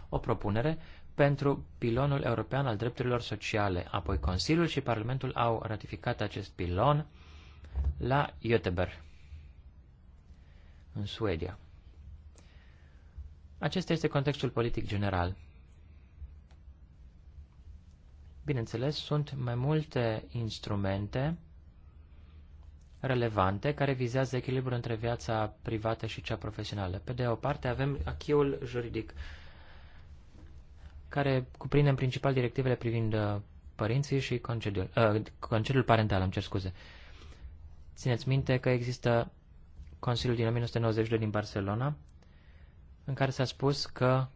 o propunere pentru pilonul european al drepturilor sociale. Apoi Consiliul și Parlamentul au ratificat acest pilon la Göteborg, în Suedia. Acesta este contextul politic general. Bineînțeles, sunt mai multe instrumente relevante care vizează echilibrul între viața privată și cea profesională. Pe de o parte avem achiul juridic, care cuprinde în principal directivele privind uh, părinții și concediul, uh, concediul parental, îmi cer scuze. Țineți minte că există Consiliul din 1992 din Barcelona, în care s-a spus că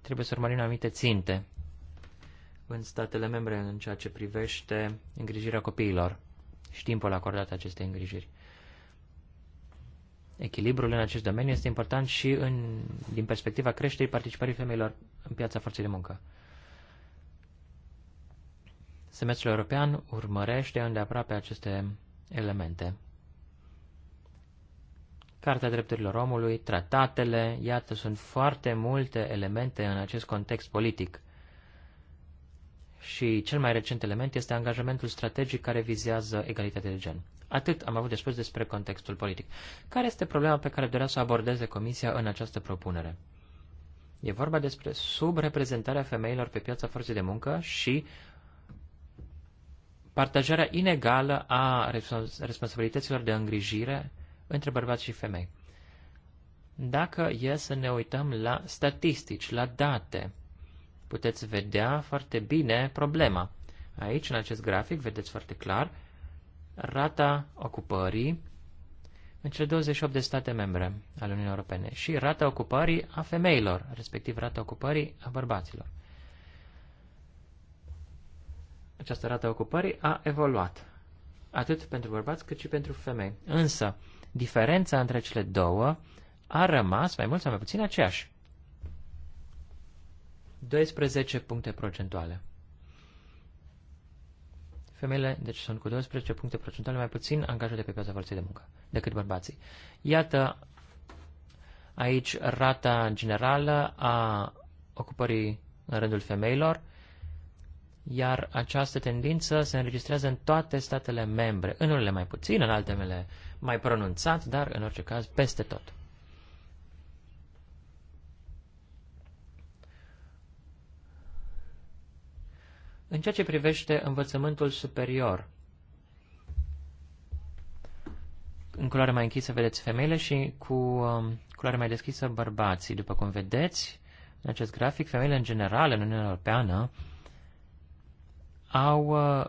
trebuie să urmărim anumite ținte în statele membre în ceea ce privește îngrijirea copiilor și timpul acordat acestei îngrijiri. Echilibrul în acest domeniu este important și în, din perspectiva creșterii participării femeilor în piața forței de muncă. Semestrul european urmărește îndeaproape aceste elemente. Cartea Drepturilor Omului, tratatele, iată, sunt foarte multe elemente în acest context politic – și cel mai recent element este angajamentul strategic care vizează egalitatea de gen. Atât am avut de spus despre contextul politic. Care este problema pe care dorea să abordeze Comisia în această propunere? E vorba despre subreprezentarea femeilor pe piața forței de muncă și partajarea inegală a responsabilităților de îngrijire între bărbați și femei. Dacă e să ne uităm la statistici, la date, puteți vedea foarte bine problema. Aici, în acest grafic, vedeți foarte clar rata ocupării în cele 28 de state membre ale Uniunii Europene și rata ocupării a femeilor, respectiv rata ocupării a bărbaților. Această rată ocupării a evoluat, atât pentru bărbați cât și pentru femei. Însă, diferența între cele două a rămas mai mult sau mai puțin aceeași. 12 puncte procentuale. Femeile, deci, sunt cu 12 puncte procentuale mai puțin angajate pe piața forței de muncă decât bărbații. Iată aici rata generală a ocupării în rândul femeilor, iar această tendință se înregistrează în toate statele membre, în unele mai puțin, în altele mai pronunțat, dar în orice caz peste tot. În ceea ce privește învățământul superior, în culoare mai închisă vedeți femeile și cu um, culoare mai deschisă bărbații. După cum vedeți, în acest grafic, femeile în general în Uniunea Europeană au uh,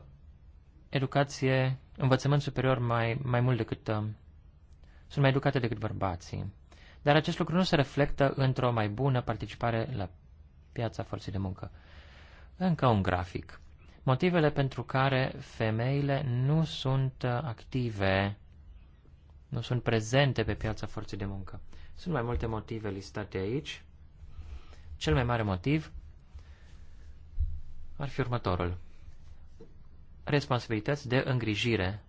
educație, învățământ superior mai, mai mult decât, uh, sunt mai educate decât bărbații. Dar acest lucru nu se reflectă într-o mai bună participare la piața forței de muncă. Încă un grafic. Motivele pentru care femeile nu sunt uh, active, nu sunt prezente pe piața forței de muncă. Sunt mai multe motive listate aici. Cel mai mare motiv ar fi următorul. Responsabilități de îngrijire.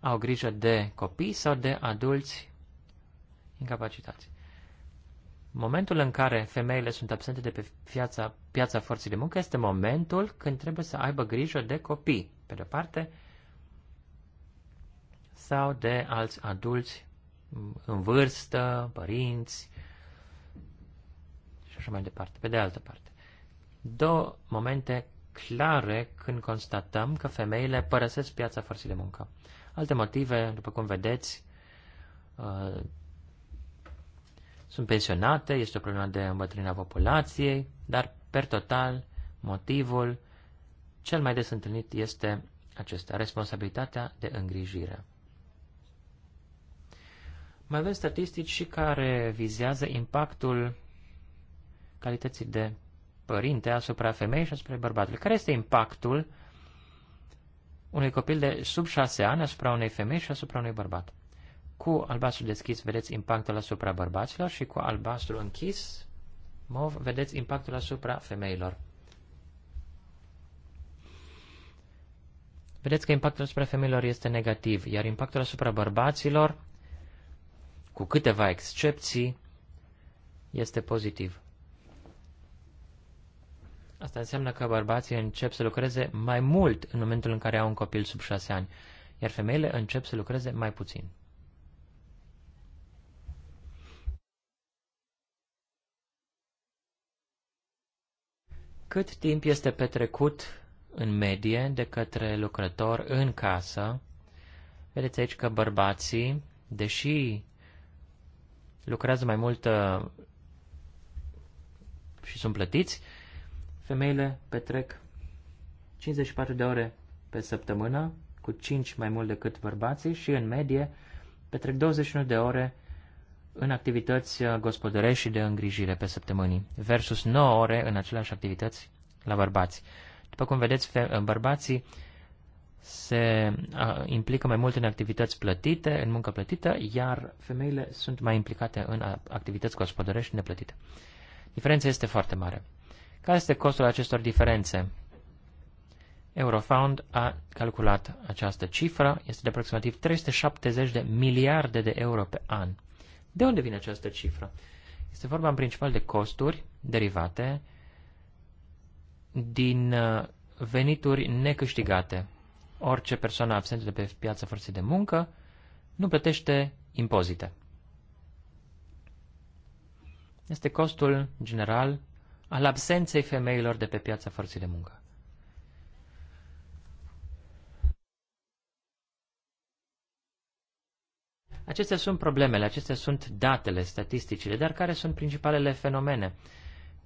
Au grijă de copii sau de adulți incapacitați. Momentul în care femeile sunt absente de pe piața, piața forței de muncă este momentul când trebuie să aibă grijă de copii, pe de parte, sau de alți adulți în vârstă, părinți și așa mai departe, pe de altă parte. Două momente clare când constatăm că femeile părăsesc piața forței de muncă. Alte motive, după cum vedeți, uh, sunt pensionate, este o problemă de îmbătrânirea populației, dar, per total, motivul cel mai des întâlnit este acesta, responsabilitatea de îngrijire. Mai avem statistici și care vizează impactul calității de părinte asupra femeii și asupra bărbatului. Care este impactul unui copil de sub șase ani asupra unei femei și asupra unui bărbat? Cu albastru deschis vedeți impactul asupra bărbaților și cu albastru închis, mov, vedeți impactul asupra femeilor. Vedeți că impactul asupra femeilor este negativ, iar impactul asupra bărbaților, cu câteva excepții, este pozitiv. Asta înseamnă că bărbații încep să lucreze mai mult în momentul în care au un copil sub șase ani, iar femeile încep să lucreze mai puțin. cât timp este petrecut în medie de către lucrător în casă. Vedeți aici că bărbații, deși lucrează mai mult uh, și sunt plătiți, femeile petrec 54 de ore pe săptămână, cu 5 mai mult decât bărbații și în medie petrec 21 de ore în activități uh, gospodărești și de îngrijire pe săptămânii, versus 9 ore în aceleași activități la bărbați. După cum vedeți, uh, bărbații se uh, implică mai mult în activități plătite, în muncă plătită, iar femeile sunt mai implicate în activități gospodărești neplătite. Diferența este foarte mare. Care este costul acestor diferențe? Eurofound a calculat această cifră, este de aproximativ 370 de miliarde de euro pe an. De unde vine această cifră? Este vorba în principal de costuri derivate din uh, venituri necâștigate. Orice persoană absentă de pe piața forței de muncă nu plătește impozite. Este costul general al absenței femeilor de pe piața forței de muncă. Acestea sunt problemele, acestea sunt datele, statisticile, dar care sunt principalele fenomene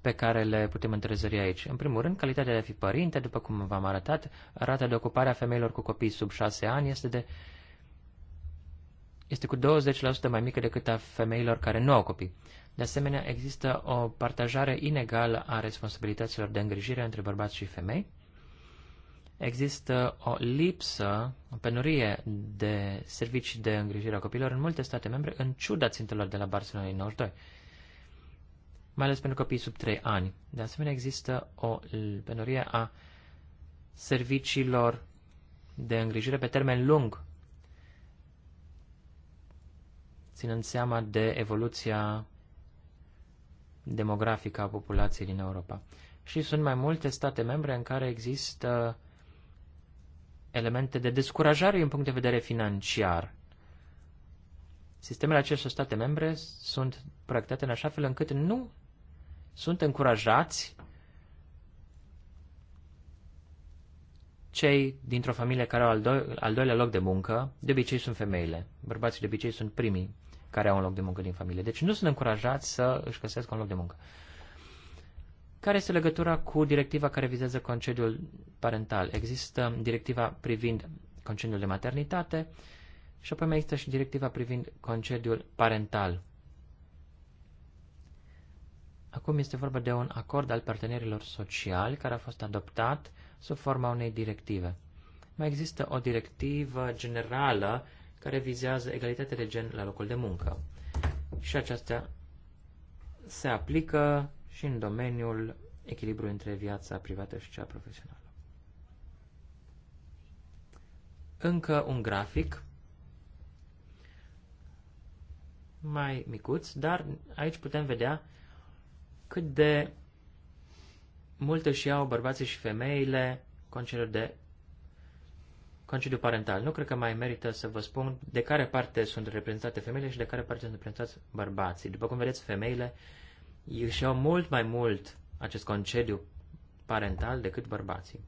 pe care le putem întrezări aici? În primul rând, calitatea de a fi părinte, după cum v-am arătat, rata de ocupare a femeilor cu copii sub 6 ani este de este cu 20% mai mică decât a femeilor care nu au copii. De asemenea, există o partajare inegală a responsabilităților de îngrijire între bărbați și femei, Există o lipsă, o penurie de servicii de îngrijire a copiilor în multe state membre, în ciuda țintelor de la Barcelona din 92, mai ales pentru copii sub 3 ani. De asemenea, există o penurie a serviciilor de îngrijire pe termen lung, ținând seama de evoluția demografică a populației din Europa. Și sunt mai multe state membre în care există uh, elemente de descurajare din punct de vedere financiar. Sistemele acestor state membre sunt proiectate în așa fel încât nu sunt încurajați cei dintr-o familie care au al, do- al doilea loc de muncă, de obicei sunt femeile. Bărbații de obicei sunt primii care au un loc de muncă din familie. Deci nu sunt încurajați să își găsească un loc de muncă. Care este legătura cu directiva care vizează concediul parental? Există directiva privind concediul de maternitate și apoi mai există și directiva privind concediul parental. Acum este vorba de un acord al partenerilor sociali care a fost adoptat sub forma unei directive. Mai există o directivă generală care vizează egalitatea de gen la locul de muncă. Și aceasta se aplică și în domeniul echilibru între viața privată și cea profesională. Încă un grafic mai micuț, dar aici putem vedea cât de multe și au bărbații și femeile concediu de concediu parental. Nu cred că mai merită să vă spun de care parte sunt reprezentate femeile și de care parte sunt reprezentați bărbații. După cum vedeți, femeile uh, își iau mult mai mult acest concediu parental decât bărbații.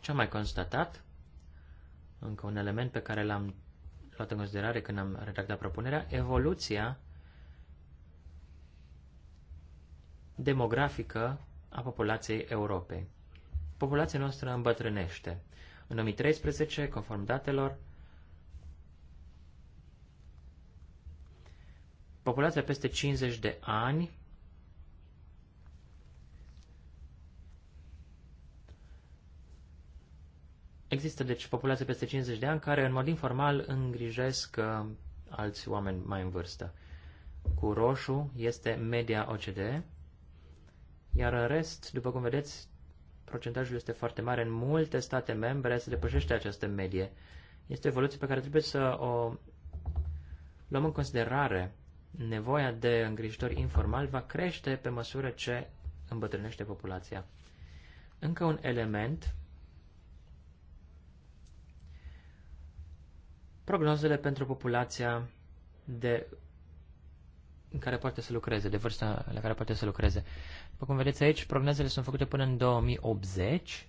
Ce am mai constatat? Încă un element pe care l-am luat în considerare când am redactat propunerea, evoluția demografică a populației Europei. Populația noastră îmbătrânește. În 2013, conform datelor, populația peste 50 de ani Există, deci, populație peste 50 de ani care, în mod informal, îngrijesc uh, alți oameni mai în vârstă. Cu roșu este media OCD, iar în rest, după cum vedeți, procentajul este foarte mare. În multe state membre se depășește această medie. Este o evoluție pe care trebuie să o luăm în considerare nevoia de îngrijitori informal va crește pe măsură ce îmbătrânește populația. Încă un element, prognozele pentru populația de în care poate să lucreze, de vârsta la care poate să lucreze. După cum vedeți aici, prognozele sunt făcute până în 2080.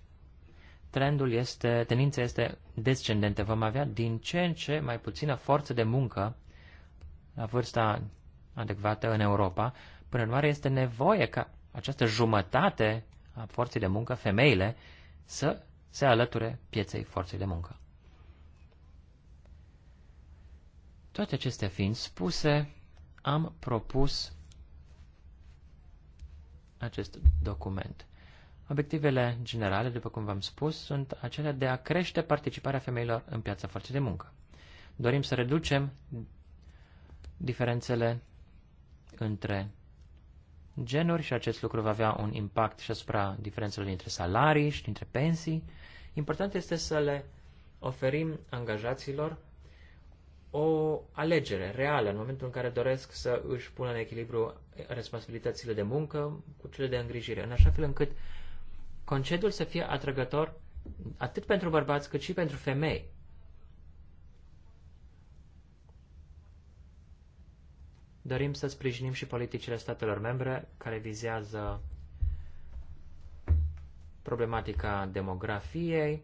Trendul este, tendința este descendentă. Vom avea din ce în ce mai puțină forță de muncă la vârsta adecvată în Europa. Până în mare este nevoie ca această jumătate a forței de muncă, femeile, să se alăture pieței forței de muncă. Toate acestea fiind spuse, am propus acest document. Obiectivele generale, după cum v-am spus, sunt acelea de a crește participarea femeilor în piața forței de muncă. Dorim să reducem diferențele între genuri și acest lucru va avea un impact și asupra diferențelor dintre salarii și dintre pensii. Important este să le oferim angajaților o alegere reală în momentul în care doresc să își pună în echilibru responsabilitățile de muncă cu cele de îngrijire, în așa fel încât concediul să fie atrăgător atât pentru bărbați cât și pentru femei. Dorim să sprijinim și politicile statelor membre care vizează problematica demografiei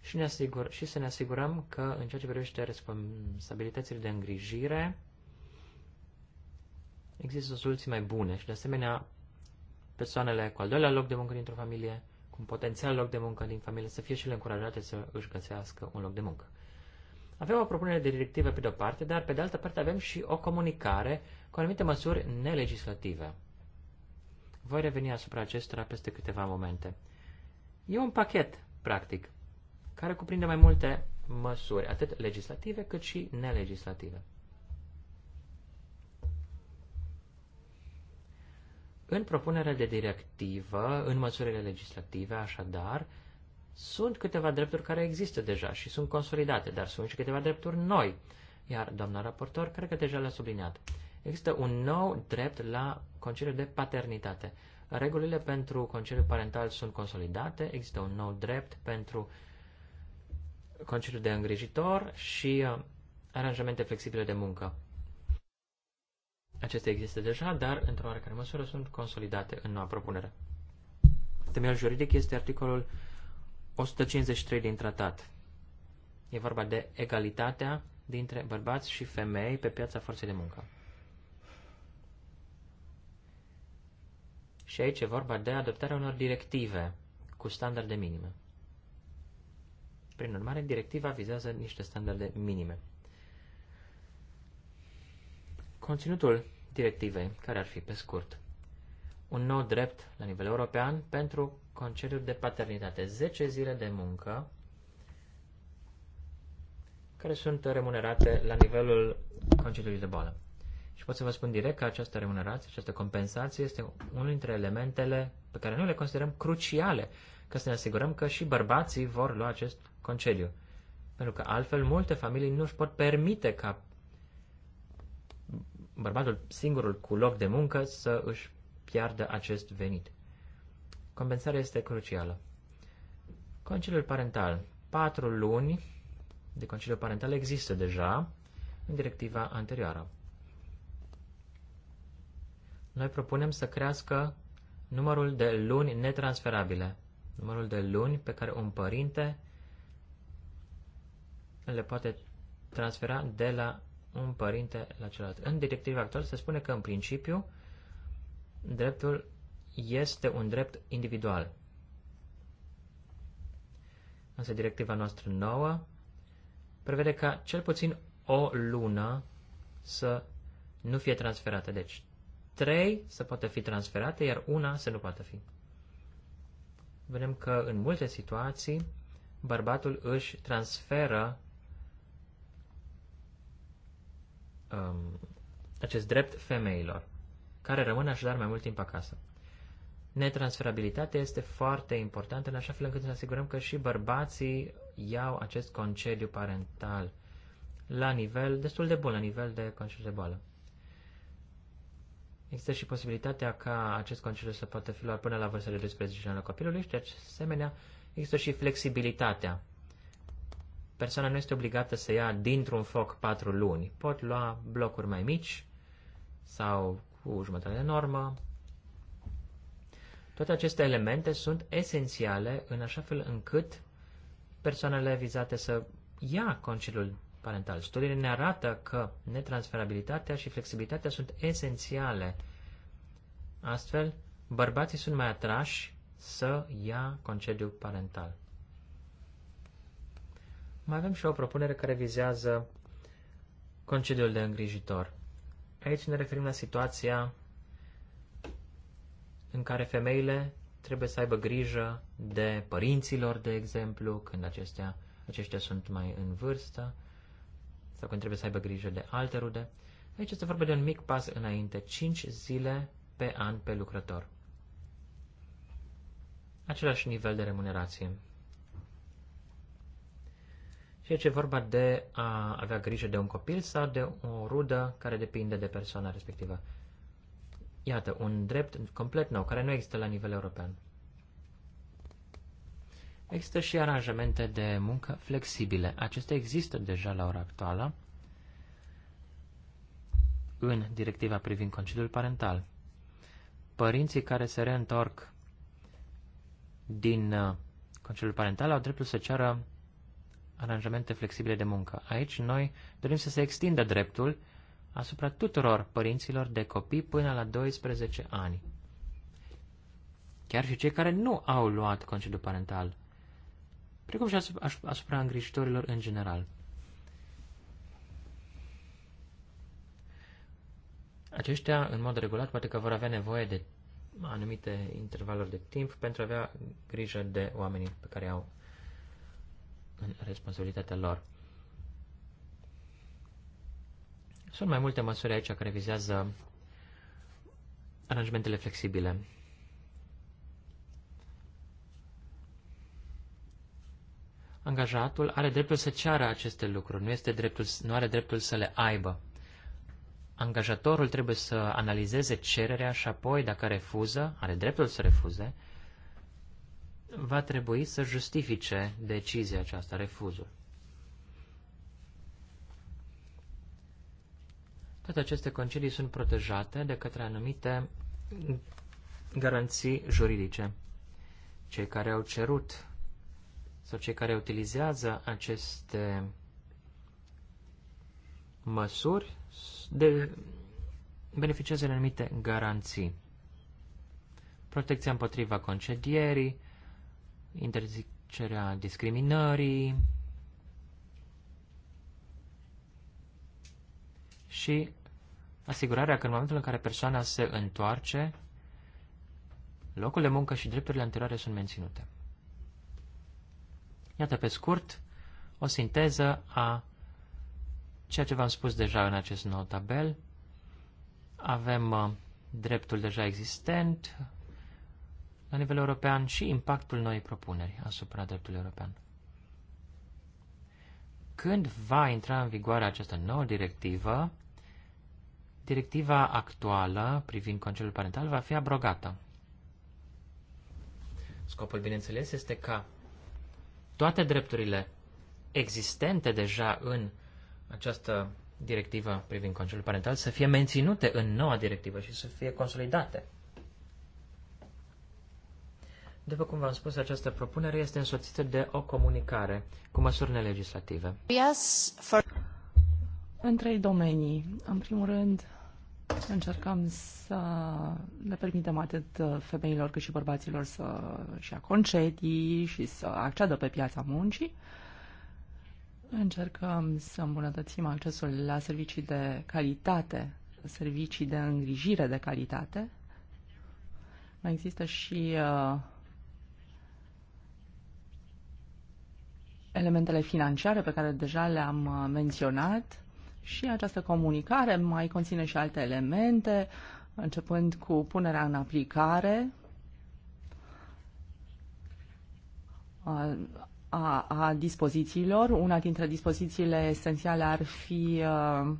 și, ne asigur, și să ne asigurăm că în ceea ce privește responsabilitățile de îngrijire există soluții mai bune și de asemenea persoanele cu al doilea loc de muncă dintr-o familie, cu un potențial loc de muncă din familie, să fie și ele încurajate să își găsească un loc de muncă. Avem o propunere de directivă pe de-o parte, dar pe de altă parte avem și o comunicare cu anumite măsuri nelegislative. Voi reveni asupra acestora peste câteva momente. E un pachet, practic, care cuprinde mai multe măsuri, atât legislative cât și nelegislative. În propunerea de directivă, în măsurile legislative, așadar, sunt câteva drepturi care există deja și sunt consolidate, dar sunt și câteva drepturi noi, iar doamna raportor cred că deja le-a subliniat. Există un nou drept la concediu de paternitate. Regulile pentru concediu parental sunt consolidate, există un nou drept pentru concediu de îngrijitor și uh, aranjamente flexibile de muncă. Acestea există deja, dar într-o oarecare măsură sunt consolidate în noua propunere. Temel juridic este articolul 153 din tratat. E vorba de egalitatea dintre bărbați și femei pe piața forței de muncă. Și aici e vorba de adoptarea unor directive cu standarde minime. Prin urmare, directiva vizează niște standarde minime. Conținutul directivei, care ar fi pe scurt, un nou drept la nivel european pentru concediul de paternitate, 10 zile de muncă care sunt remunerate la nivelul concediului de boală. Și pot să vă spun direct că această remunerație, această compensație este unul dintre elementele pe care noi le considerăm cruciale, ca să ne asigurăm că și bărbații vor lua acest concediu. Pentru că altfel multe familii nu își pot permite ca bărbatul singurul cu loc de muncă să își piardă acest venit. Compensarea este crucială. Conciliul parental. Patru luni de conciliu parental există deja în directiva anterioară. Noi propunem să crească numărul de luni netransferabile, numărul de luni pe care un părinte le poate transfera de la un părinte la celălalt. În directiva actuală se spune că, în principiu, dreptul este un drept individual. Însă directiva noastră nouă prevede ca cel puțin o lună să nu fie transferată. Deci, trei să poată fi transferate, iar una să nu poată fi. Vedem că în multe situații bărbatul își transferă um, acest drept femeilor, care rămân așadar mai mult timp acasă. Netransferabilitatea este foarte importantă în așa fel încât să asigurăm că și bărbații iau acest concediu parental la nivel destul de bun, la nivel de concediu de boală. Există și posibilitatea ca acest concediu să poată fi luat până la vârsta de 12 ani copilului și, de asemenea, există și flexibilitatea. Persoana nu este obligată să ia dintr-un foc patru luni. Pot lua blocuri mai mici sau cu jumătate de normă. Toate aceste elemente sunt esențiale în așa fel încât persoanele vizate să ia concediul parental. Studiile ne arată că netransferabilitatea și flexibilitatea sunt esențiale. Astfel, bărbații sunt mai atrași să ia concediu parental. Mai avem și o propunere care vizează concediul de îngrijitor. Aici ne referim la situația în care femeile trebuie să aibă grijă de părinților, de exemplu, când acestea, aceștia sunt mai în vârstă, sau când trebuie să aibă grijă de alte rude. Aici este vorba de un mic pas înainte, 5 zile pe an pe lucrător. Același nivel de remunerație. Și aici e vorba de a avea grijă de un copil sau de o rudă care depinde de persoana respectivă. Iată, un drept complet nou, care nu există la nivel european. Există și aranjamente de muncă flexibile. Acestea există deja la ora actuală în directiva privind concediul parental. Părinții care se reîntorc din uh, concediul parental au dreptul să ceară aranjamente flexibile de muncă. Aici noi dorim să se extindă dreptul asupra tuturor părinților de copii până la 12 ani. Chiar și cei care nu au luat concediu parental precum și asupra, asupra îngrijitorilor în general. Aceștia, în mod regulat, poate că vor avea nevoie de anumite intervaluri de timp pentru a avea grijă de oamenii pe care au în responsabilitatea lor. Sunt mai multe măsuri aici care vizează aranjamentele flexibile. angajatul are dreptul să ceară aceste lucruri, nu, este dreptul, nu are dreptul să le aibă. Angajatorul trebuie să analizeze cererea și apoi, dacă refuză, are dreptul să refuze, va trebui să justifice decizia aceasta, refuzul. Toate aceste concedii sunt protejate de către anumite garanții juridice. Cei care au cerut sau cei care utilizează aceste măsuri de, beneficiază de anumite garanții. Protecția împotriva concedierii, interzicerea discriminării și asigurarea că în momentul în care persoana se întoarce, locul de muncă și drepturile anterioare sunt menținute. Iată pe scurt o sinteză a ceea ce v-am spus deja în acest nou tabel. Avem uh, dreptul deja existent la nivel european și impactul noii propuneri asupra dreptului european. Când va intra în vigoare această nouă directivă, directiva actuală privind concediul parental va fi abrogată. Scopul, bineînțeles, este ca toate drepturile existente deja în această directivă privind concediul parental să fie menținute în noua directivă și să fie consolidate. După cum v-am spus, această propunere este însoțită de o comunicare cu măsuri nelegislative. Yes, for... În trei domenii. În primul rând, Încercăm să le permitem atât uh, femeilor cât și bărbaților să și a concedii și să acceadă pe piața muncii. Încercăm să îmbunătățim accesul la servicii de calitate, servicii de îngrijire de calitate. Mai există și uh, elementele financiare pe care deja le-am uh, menționat și această comunicare mai conține și alte elemente, începând cu punerea în aplicare a, a, a dispozițiilor. Una dintre dispozițiile esențiale ar fi uh,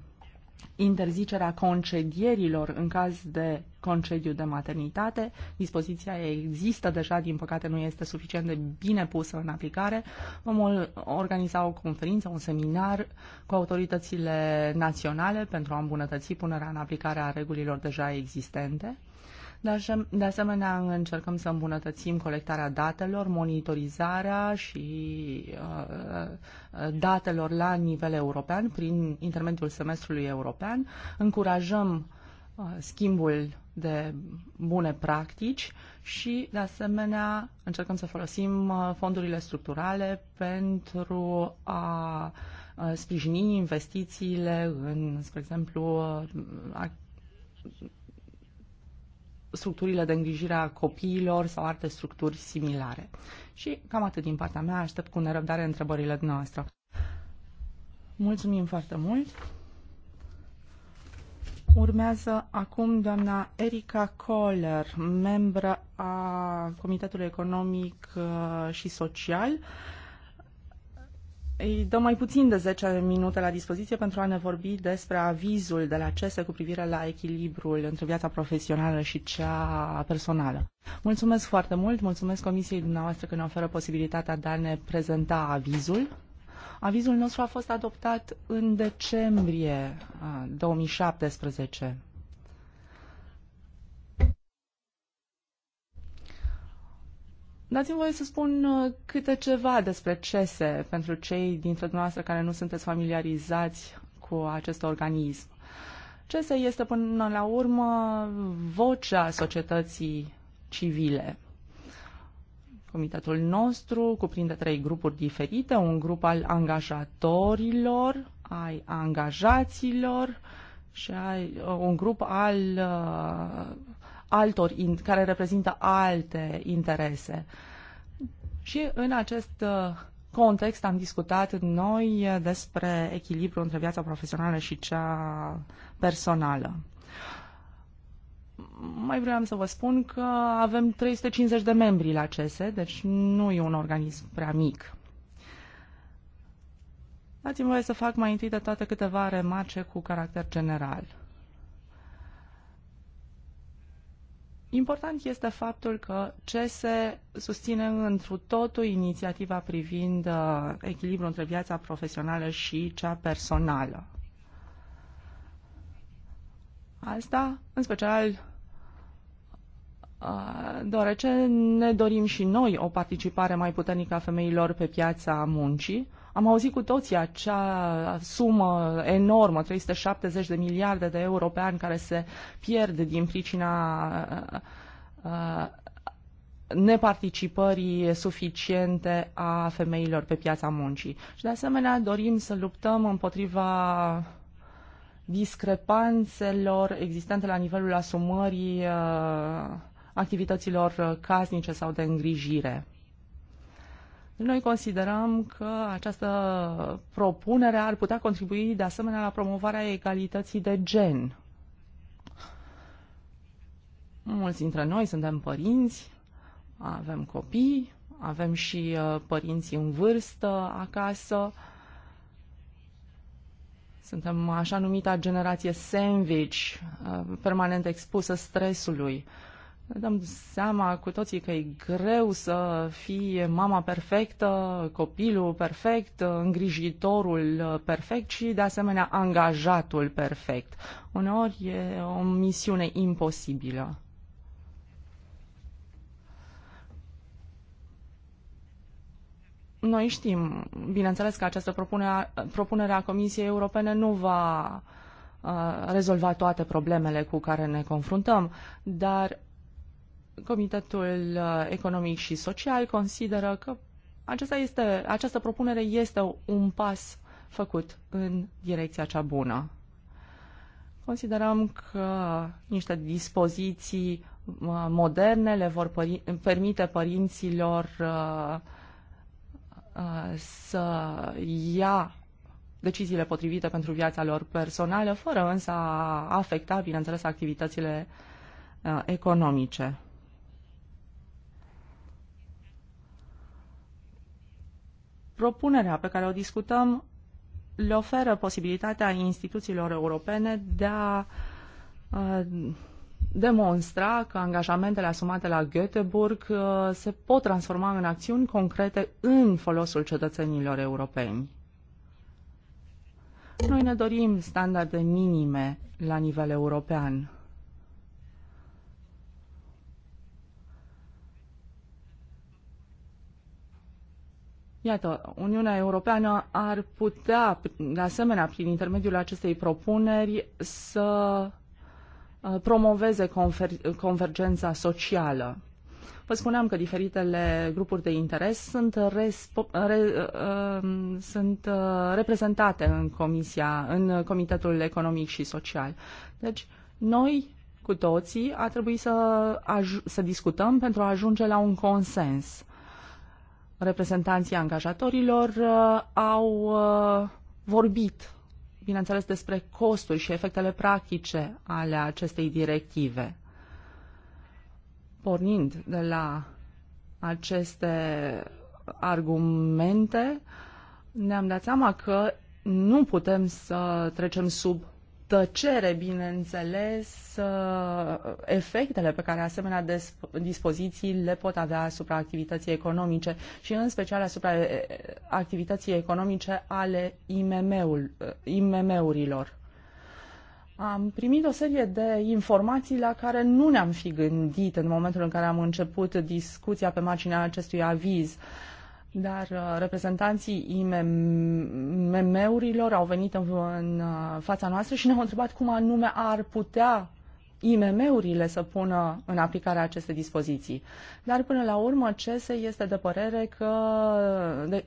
interzicerea concedierilor în caz de concediu de maternitate. Dispoziția există deja, din păcate nu este suficient de bine pusă în aplicare. Vom organiza o conferință, un seminar cu autoritățile naționale pentru a îmbunătăți punerea în aplicare a regulilor deja existente. De asemenea, încercăm să îmbunătățim colectarea datelor, monitorizarea și uh, datelor la nivel european prin intermediul semestrului european. Încurajăm uh, schimbul de bune practici și, de asemenea, încercăm să folosim uh, fondurile structurale pentru a sprijini investițiile în, spre exemplu, structurile de îngrijire a copiilor sau alte structuri similare. Și cam atât din partea mea, aștept cu nerăbdare întrebările noastre. Mulțumim foarte mult! Urmează acum doamna Erika Kohler, membră a Comitetului Economic uh, și Social îi dăm mai puțin de 10 minute la dispoziție pentru a ne vorbi despre avizul de la CESE cu privire la echilibrul între viața profesională și cea personală. Mulțumesc foarte mult, mulțumesc Comisiei dumneavoastră că ne oferă posibilitatea de a ne prezenta avizul. Avizul nostru a fost adoptat în decembrie 2017. Dați-mi voie să spun uh, câte ceva despre CESE pentru cei dintre dumneavoastră care nu sunteți familiarizați cu acest organism. CESE este până la urmă vocea societății civile. Comitetul nostru cuprinde trei grupuri diferite, un grup al angajatorilor, ai angajaților și ai, uh, un grup al uh, altor, care reprezintă alte interese. Și în acest uh, context am discutat noi uh, despre echilibru între viața profesională și cea personală. Mai vreau să vă spun că avem 350 de membri la CESE, deci nu e un organism prea mic. Dați-mi voie să fac mai întâi de toate câteva remarce cu caracter general. Important este faptul că ce se susține întru totul inițiativa privind echilibru uh, echilibrul între viața profesională și cea personală. Asta, în special, uh, deoarece ne dorim și noi o participare mai puternică a femeilor pe piața muncii, am auzit cu toții acea sumă enormă, 370 de miliarde de euro pe an, care se pierde din pricina uh, uh, neparticipării suficiente a femeilor pe piața muncii. Și de asemenea dorim să luptăm împotriva discrepanțelor existente la nivelul asumării uh, activităților uh, casnice sau de îngrijire. Noi considerăm că această propunere ar putea contribui de asemenea la promovarea egalității de gen. Mulți dintre noi suntem părinți, avem copii, avem și uh, părinții în vârstă acasă. Suntem așa numita generație sandwich, uh, permanent expusă stresului. Uh, ne dăm seama cu toții că e greu să fii mama perfectă, copilul perfect, îngrijitorul uh, perfect și, de asemenea, angajatul perfect. Uneori e o misiune imposibilă. Noi știm, bineînțeles, că această propunere, propunere a Comisiei Europene nu va uh, rezolva toate problemele cu care ne confruntăm, dar Comitetul uh, Economic și Social consideră că aceasta este, această propunere este un pas făcut în direcția cea bună. Considerăm că niște dispoziții uh, moderne le vor pări, permite părinților uh, uh, să ia deciziile potrivite pentru viața lor personală, fără însă a afecta, bineînțeles, activitățile uh, economice. Propunerea pe care o discutăm le oferă posibilitatea instituțiilor europene de a uh, demonstra că angajamentele asumate la Göteborg uh, se pot transforma în acțiuni concrete în folosul cetățenilor europeni. Noi ne dorim standarde minime la nivel european. Iată, Uniunea Europeană ar putea, de asemenea, prin intermediul acestei propuneri, să uh, promoveze conver- convergența socială. Vă spuneam că diferitele grupuri de interes sunt, re, uh, uh, sunt uh, reprezentate în comisia, în Comitetul Economic și Social. Deci, noi cu toții ar trebui să, să discutăm pentru a ajunge la un consens reprezentanții angajatorilor uh, au uh, vorbit, bineînțeles, despre costuri și efectele practice ale acestei directive. Pornind de la aceste argumente, ne-am dat seama că nu putem să trecem sub tăcere, bineînțeles, efectele pe care asemenea dispoziții le pot avea asupra activității economice și în special asupra activității economice ale IMM-urilor. am primit o serie de informații la care nu ne-am fi gândit în momentul în care am început discuția pe marginea acestui aviz. Uh, dar uh, reprezentanții IMM-urilor au venit în, în uh, fața noastră și ne-au întrebat cum anume ar putea IMM-urile să pună în aplicare aceste dispoziții. Dar până la urmă CESE este de părere că de,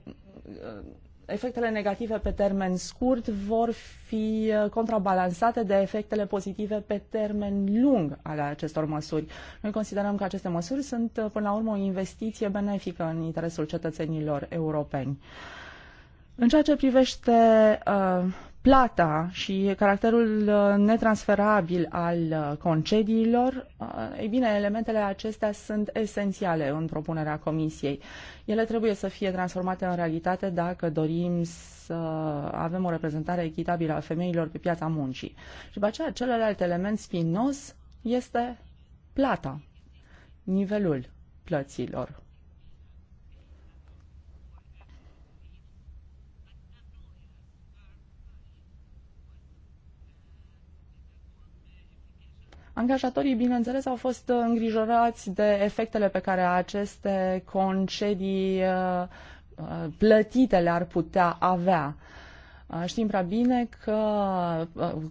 efectele negative pe termen scurt vor fi uh, contrabalansate de efectele pozitive pe termen lung ale acestor măsuri. Noi considerăm că aceste măsuri sunt, uh, până la urmă, o investiție benefică în interesul cetățenilor europeni. În ceea ce privește uh, plata și caracterul uh, netransferabil al uh, concediilor, uh, ei bine, elementele acestea sunt esențiale în propunerea Comisiei. Ele trebuie să fie transformate în realitate dacă dorim să avem o reprezentare echitabilă a femeilor pe piața muncii. Și după aceea, celălalt element spinos este plata, nivelul plăților. Angajatorii, bineînțeles, au fost uh, îngrijorați de efectele pe care aceste concedii uh, uh, plătite le-ar putea avea. Știm prea bine că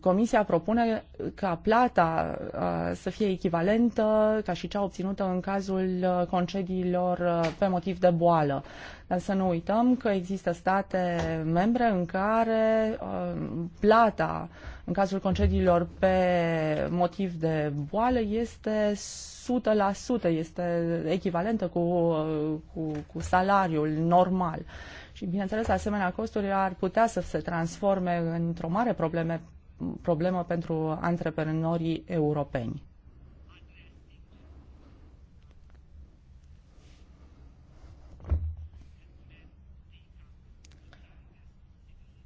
Comisia propune ca plata să fie echivalentă ca și cea obținută în cazul concediilor pe motiv de boală. Dar să nu uităm că există state membre în care plata în cazul concediilor pe motiv de boală este 100%, este echivalentă cu, cu, cu salariul normal. Și, bineînțeles, asemenea costuri ar putea să se transforme într-o mare probleme, problemă pentru antreprenorii europeni.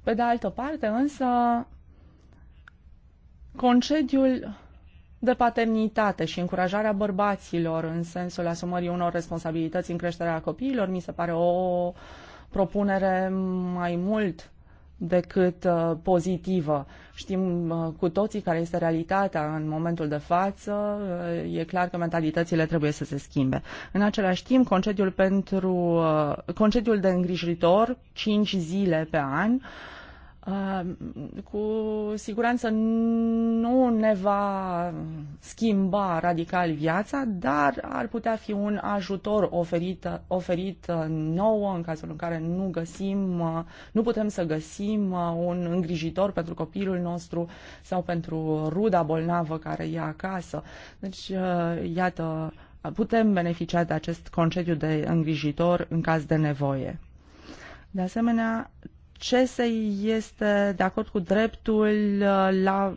Pe de altă parte, însă, concediul de paternitate și încurajarea bărbaților în sensul asumării unor responsabilități în creșterea copiilor mi se pare o, propunere mai mult decât uh, pozitivă. Știm uh, cu toții care este realitatea în momentul de față, uh, e clar că mentalitățile trebuie să se schimbe. În același timp, concediul, pentru, concediul de îngrijitor, 5 zile pe an, cu siguranță nu ne va schimba radical viața, dar ar putea fi un ajutor oferit, oferit nouă în cazul în care nu găsim, nu putem să găsim un îngrijitor pentru copilul nostru sau pentru ruda bolnavă care e acasă. Deci, iată, putem beneficia de acest concediu de îngrijitor în caz de nevoie. De asemenea, CESEI este de acord cu dreptul uh, la,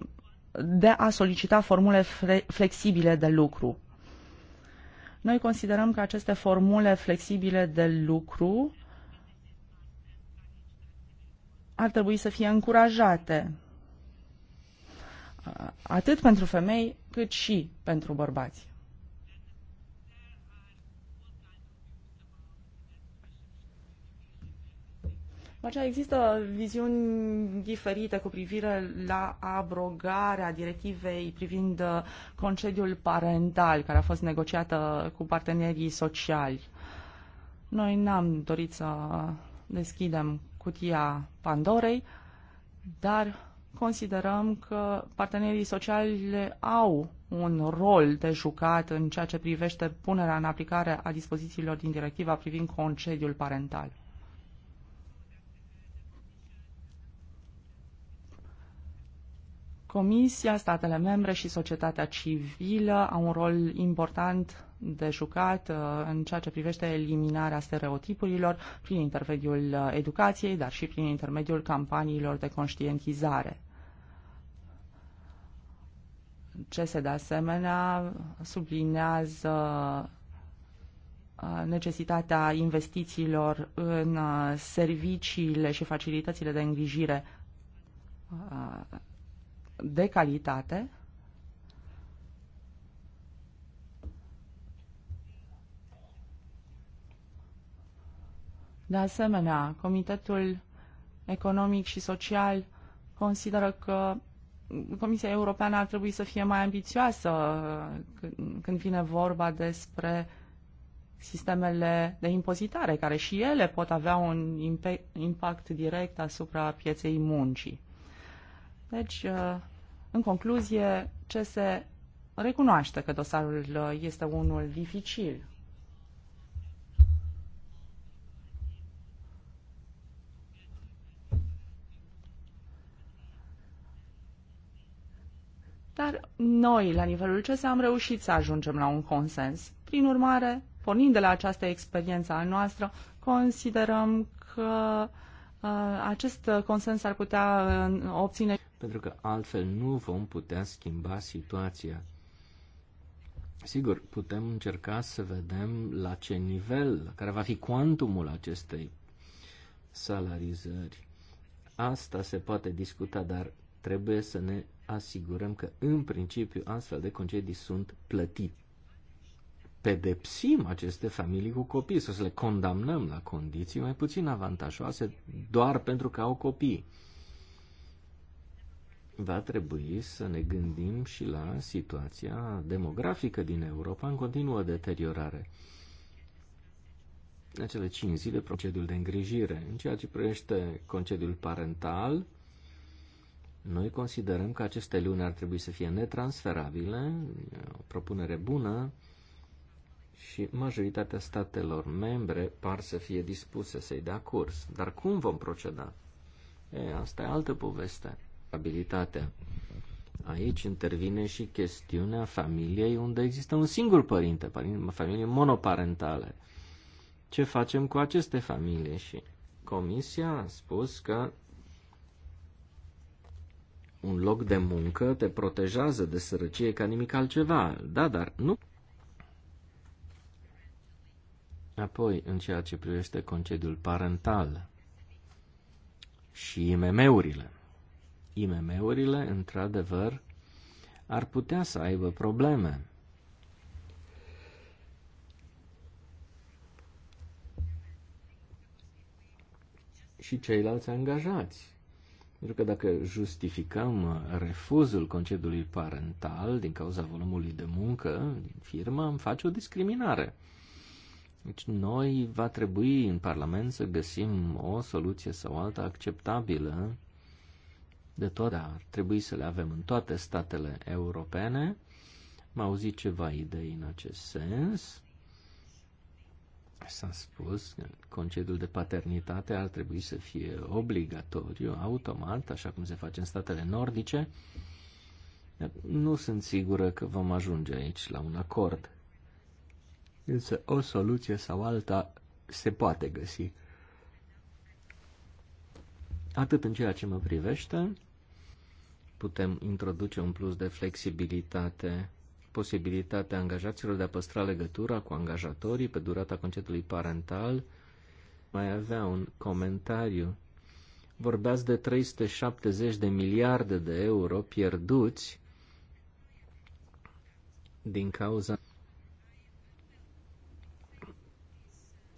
de a solicita formule flexibile de lucru. Noi considerăm că aceste formule flexibile de lucru ar trebui să fie încurajate uh, atât pentru femei cât și pentru bărbați. aceea există viziuni diferite cu privire la abrogarea directivei privind uh, concediul parental care a fost negociată cu partenerii sociali. Noi n-am dorit să deschidem cutia Pandorei, dar considerăm că partenerii sociali au un rol de jucat în ceea ce privește punerea în aplicare a dispozițiilor din directiva privind concediul parental. Comisia, statele membre și societatea civilă au un rol important de jucat uh, în ceea ce privește eliminarea stereotipurilor prin intermediul uh, educației, dar și prin intermediul campaniilor de conștientizare. CESE, de asemenea, sublinează uh, necesitatea investițiilor în serviciile și facilitățile de îngrijire de calitate De asemenea, Comitetul Economic și Social consideră că Comisia Europeană ar trebui să fie mai ambițioasă când vine vorba despre sistemele de impozitare, care și ele pot avea un impact direct asupra pieței muncii. Deci, uh, în concluzie, ce se recunoaște că dosarul uh, este unul dificil. Dar noi, la nivelul CESE, am reușit să ajungem la un consens. Prin urmare, pornind de la această experiență a noastră, considerăm că uh, acest consens ar putea uh, obține pentru că altfel nu vom putea schimba situația. Sigur, putem încerca să vedem la ce nivel, care va fi cuantumul acestei salarizări. Asta se poate discuta, dar trebuie să ne asigurăm că, în principiu, astfel de concedii sunt plătite. Pedepsim aceste familii cu copii, să le condamnăm la condiții mai puțin avantajoase doar pentru că au copii va trebui să ne gândim și la situația demografică din Europa în continuă deteriorare. În acele 5 zile, procedul de îngrijire. În ceea ce privește concediul parental, noi considerăm că aceste luni ar trebui să fie netransferabile, o propunere bună, și majoritatea statelor membre par să fie dispuse să-i dea curs. Dar cum vom proceda? E, asta e altă poveste abilitatea. Aici intervine și chestiunea familiei unde există un singur părinte, familie monoparentale. Ce facem cu aceste familii? Și comisia a spus că un loc de muncă te protejează de sărăcie ca nimic altceva. Da, dar nu. Apoi, în ceea ce privește concediul parental și IMM-urile. IMM-urile, într-adevăr, ar putea să aibă probleme. Și ceilalți angajați. Pentru că dacă justificăm refuzul concediului parental din cauza volumului de muncă din firmă, îmi face o discriminare. Deci noi va trebui în Parlament să găsim o soluție sau alta acceptabilă de tot ar trebui să le avem în toate statele europene. Am auzit ceva idei în acest sens. S-a spus că concediul de paternitate ar trebui să fie obligatoriu, automat, așa cum se face în statele nordice. Nu sunt sigură că vom ajunge aici la un acord. Însă o soluție sau alta se poate găsi. Atât în ceea ce mă privește, putem introduce un plus de flexibilitate, posibilitatea angajaților de a păstra legătura cu angajatorii pe durata concediului parental. Mai avea un comentariu. Vorbeați de 370 de miliarde de euro pierduți din cauza Și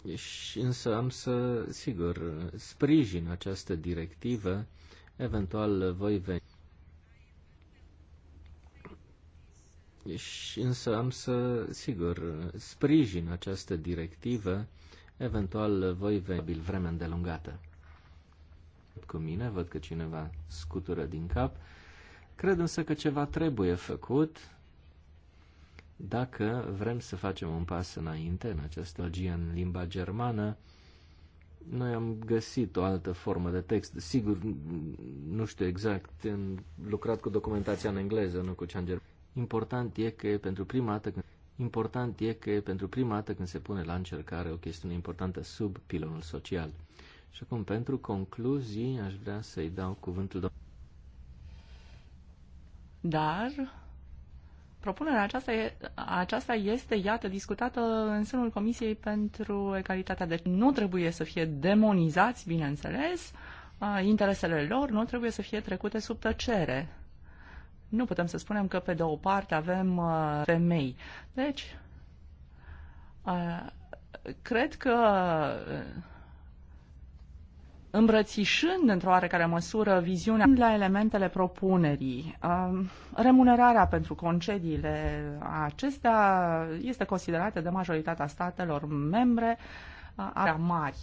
deci, însă am să, sigur, sprijin această directivă, eventual voi veni. Și însă am să, sigur, sprijin această directivă, eventual voi vebil vreme îndelungată. Cu mine, văd că cineva scutură din cap. Cred însă că ceva trebuie făcut dacă vrem să facem un pas înainte în această logie în limba germană. Noi am găsit o altă formă de text. Sigur, nu știu exact, am lucrat cu documentația în engleză, nu cu cea în germană. Important e că pentru prima dată când Important e că pentru prima dată când se pune la încercare o chestiune importantă sub pilonul social. Și acum, pentru concluzii, aș vrea să-i dau cuvântul do- Dar propunerea aceasta, e, aceasta este, iată, discutată în sânul Comisiei pentru Egalitatea. Deci nu trebuie să fie demonizați, bineînțeles, interesele lor nu trebuie să fie trecute sub tăcere. Nu putem să spunem că pe de o parte avem uh, femei. Deci, uh, cred că uh, îmbrățișând într-o oarecare măsură viziunea la elementele propunerii. Um, remunerarea pentru concediile acestea este considerată de majoritatea statelor membre a mari.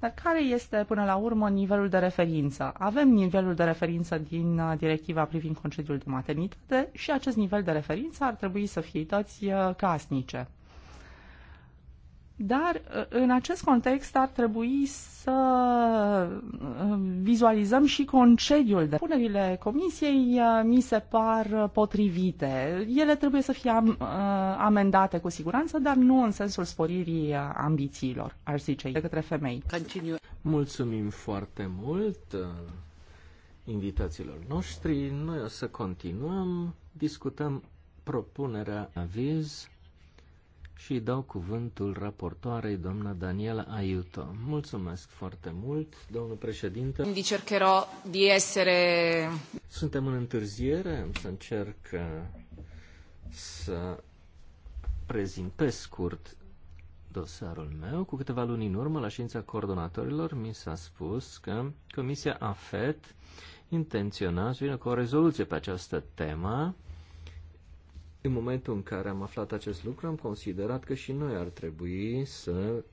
Dar care este până la urmă nivelul de referință? Avem nivelul de referință din uh, directiva privind concediul de maternitate și acest nivel de referință ar trebui să fie ități uh, casnice. Dar uh, în acest context ar trebui să uh, vizualizăm și concediul de punerile comisiei uh, mi se par potrivite. Ele trebuie să fie am, amendate cu siguranță, dar nu în sensul sporirii ambițiilor, aș zice, de către femei. Continue. Mulțumim foarte mult invitațiilor noștri. Noi o să continuăm. Discutăm propunerea aviz și dau cuvântul raportoarei doamna Daniela Aiuto. Mulțumesc foarte mult, domnul președinte. cercherò di essere... Suntem în întârziere, am să încerc uh, să prezint pe scurt dosarul meu. Cu câteva luni în urmă, la știința coordonatorilor, mi s-a spus că Comisia AFET intenționa să vină cu o rezoluție pe această temă în momentul în care am aflat acest lucru, am considerat că și noi ar trebui să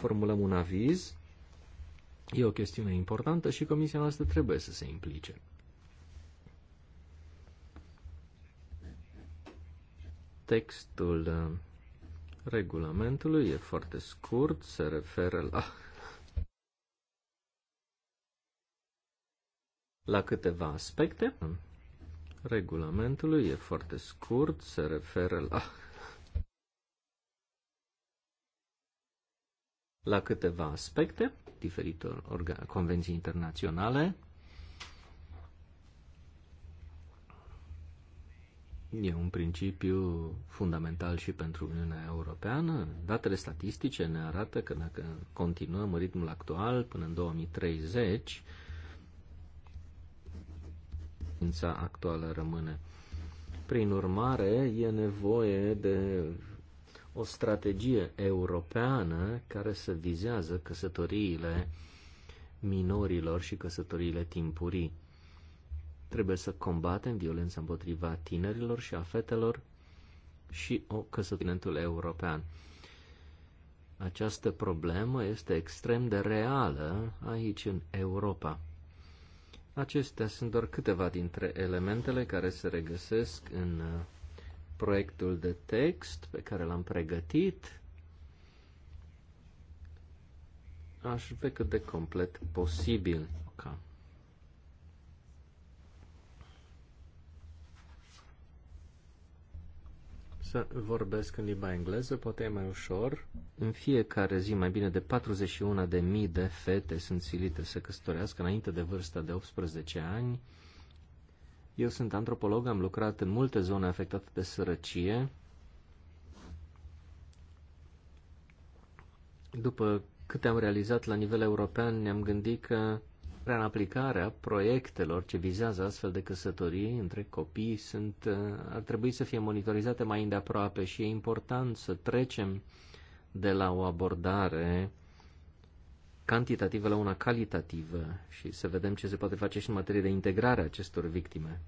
formulăm un aviz. E o chestiune importantă și comisia noastră trebuie să se implice. Textul uh, regulamentului e foarte scurt, se referă la la câteva aspecte regulamentului, e foarte scurt, se referă la, la câteva aspecte diferite convenții internaționale. E un principiu fundamental și pentru Uniunea Europeană. Datele statistice ne arată că dacă continuăm ritmul actual până în 2030, ființa actuală rămâne. Prin urmare, e nevoie de o strategie europeană care să vizează căsătoriile minorilor și căsătoriile timpurii. Trebuie să combatem violența împotriva tinerilor și a fetelor și o căsătorimentul european. Această problemă este extrem de reală aici în Europa. Acestea sunt doar câteva dintre elementele care se regăsesc în uh, proiectul de text pe care l-am pregătit. Aș pe cât de complet posibil. Okay. să vorbesc în limba engleză, poate e mai ușor. În fiecare zi, mai bine de 41 de mii de fete sunt silite să căsătorească înainte de vârsta de 18 ani. Eu sunt antropolog, am lucrat în multe zone afectate de sărăcie. După câte am realizat la nivel european, ne-am gândit că despre în proiectelor ce vizează astfel de căsătorii între copii sunt, uh, ar trebui să fie monitorizate mai îndeaproape și e important să trecem de la o abordare cantitativă la una calitativă și să vedem ce se poate face și în materie de integrare a acestor victime.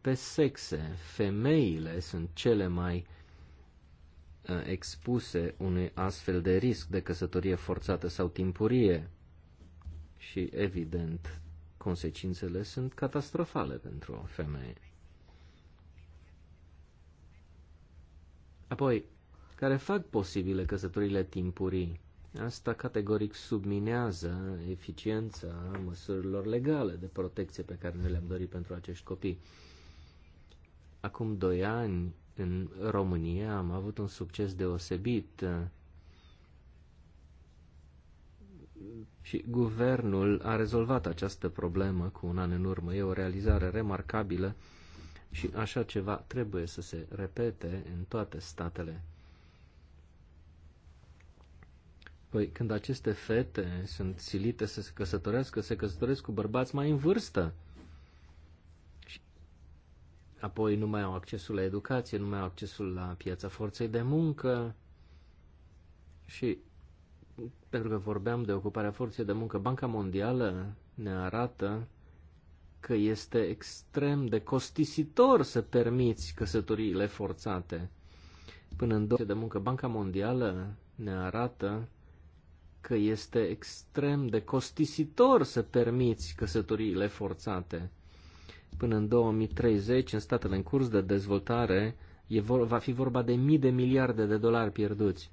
Pe sexe, femeile sunt cele mai uh, expuse unui astfel de risc de căsătorie forțată sau timpurie. Și, evident, consecințele sunt catastrofale pentru o femeie. Apoi, care fac posibile căsătorile timpurii. Asta categoric subminează eficiența măsurilor legale de protecție pe care noi le-am dorit pentru acești copii. Acum doi ani, în România am avut un succes deosebit uh, și guvernul a rezolvat această problemă cu un an în urmă. E o realizare remarcabilă și așa ceva trebuie să se repete în toate statele. Păi când aceste fete sunt silite să se căsătorească, se căsătoresc cu bărbați mai în vârstă apoi nu mai au accesul la educație, nu mai au accesul la piața forței de muncă și pentru că vorbeam de ocuparea forței de muncă, Banca Mondială ne arată că este extrem de costisitor să permiți căsătoriile forțate. Până în de muncă, Banca Mondială ne arată că este extrem de costisitor să permiți căsătoriile forțate. Până în 2030, în statele în curs de dezvoltare, e vor, va fi vorba de mii de miliarde de dolari pierduți.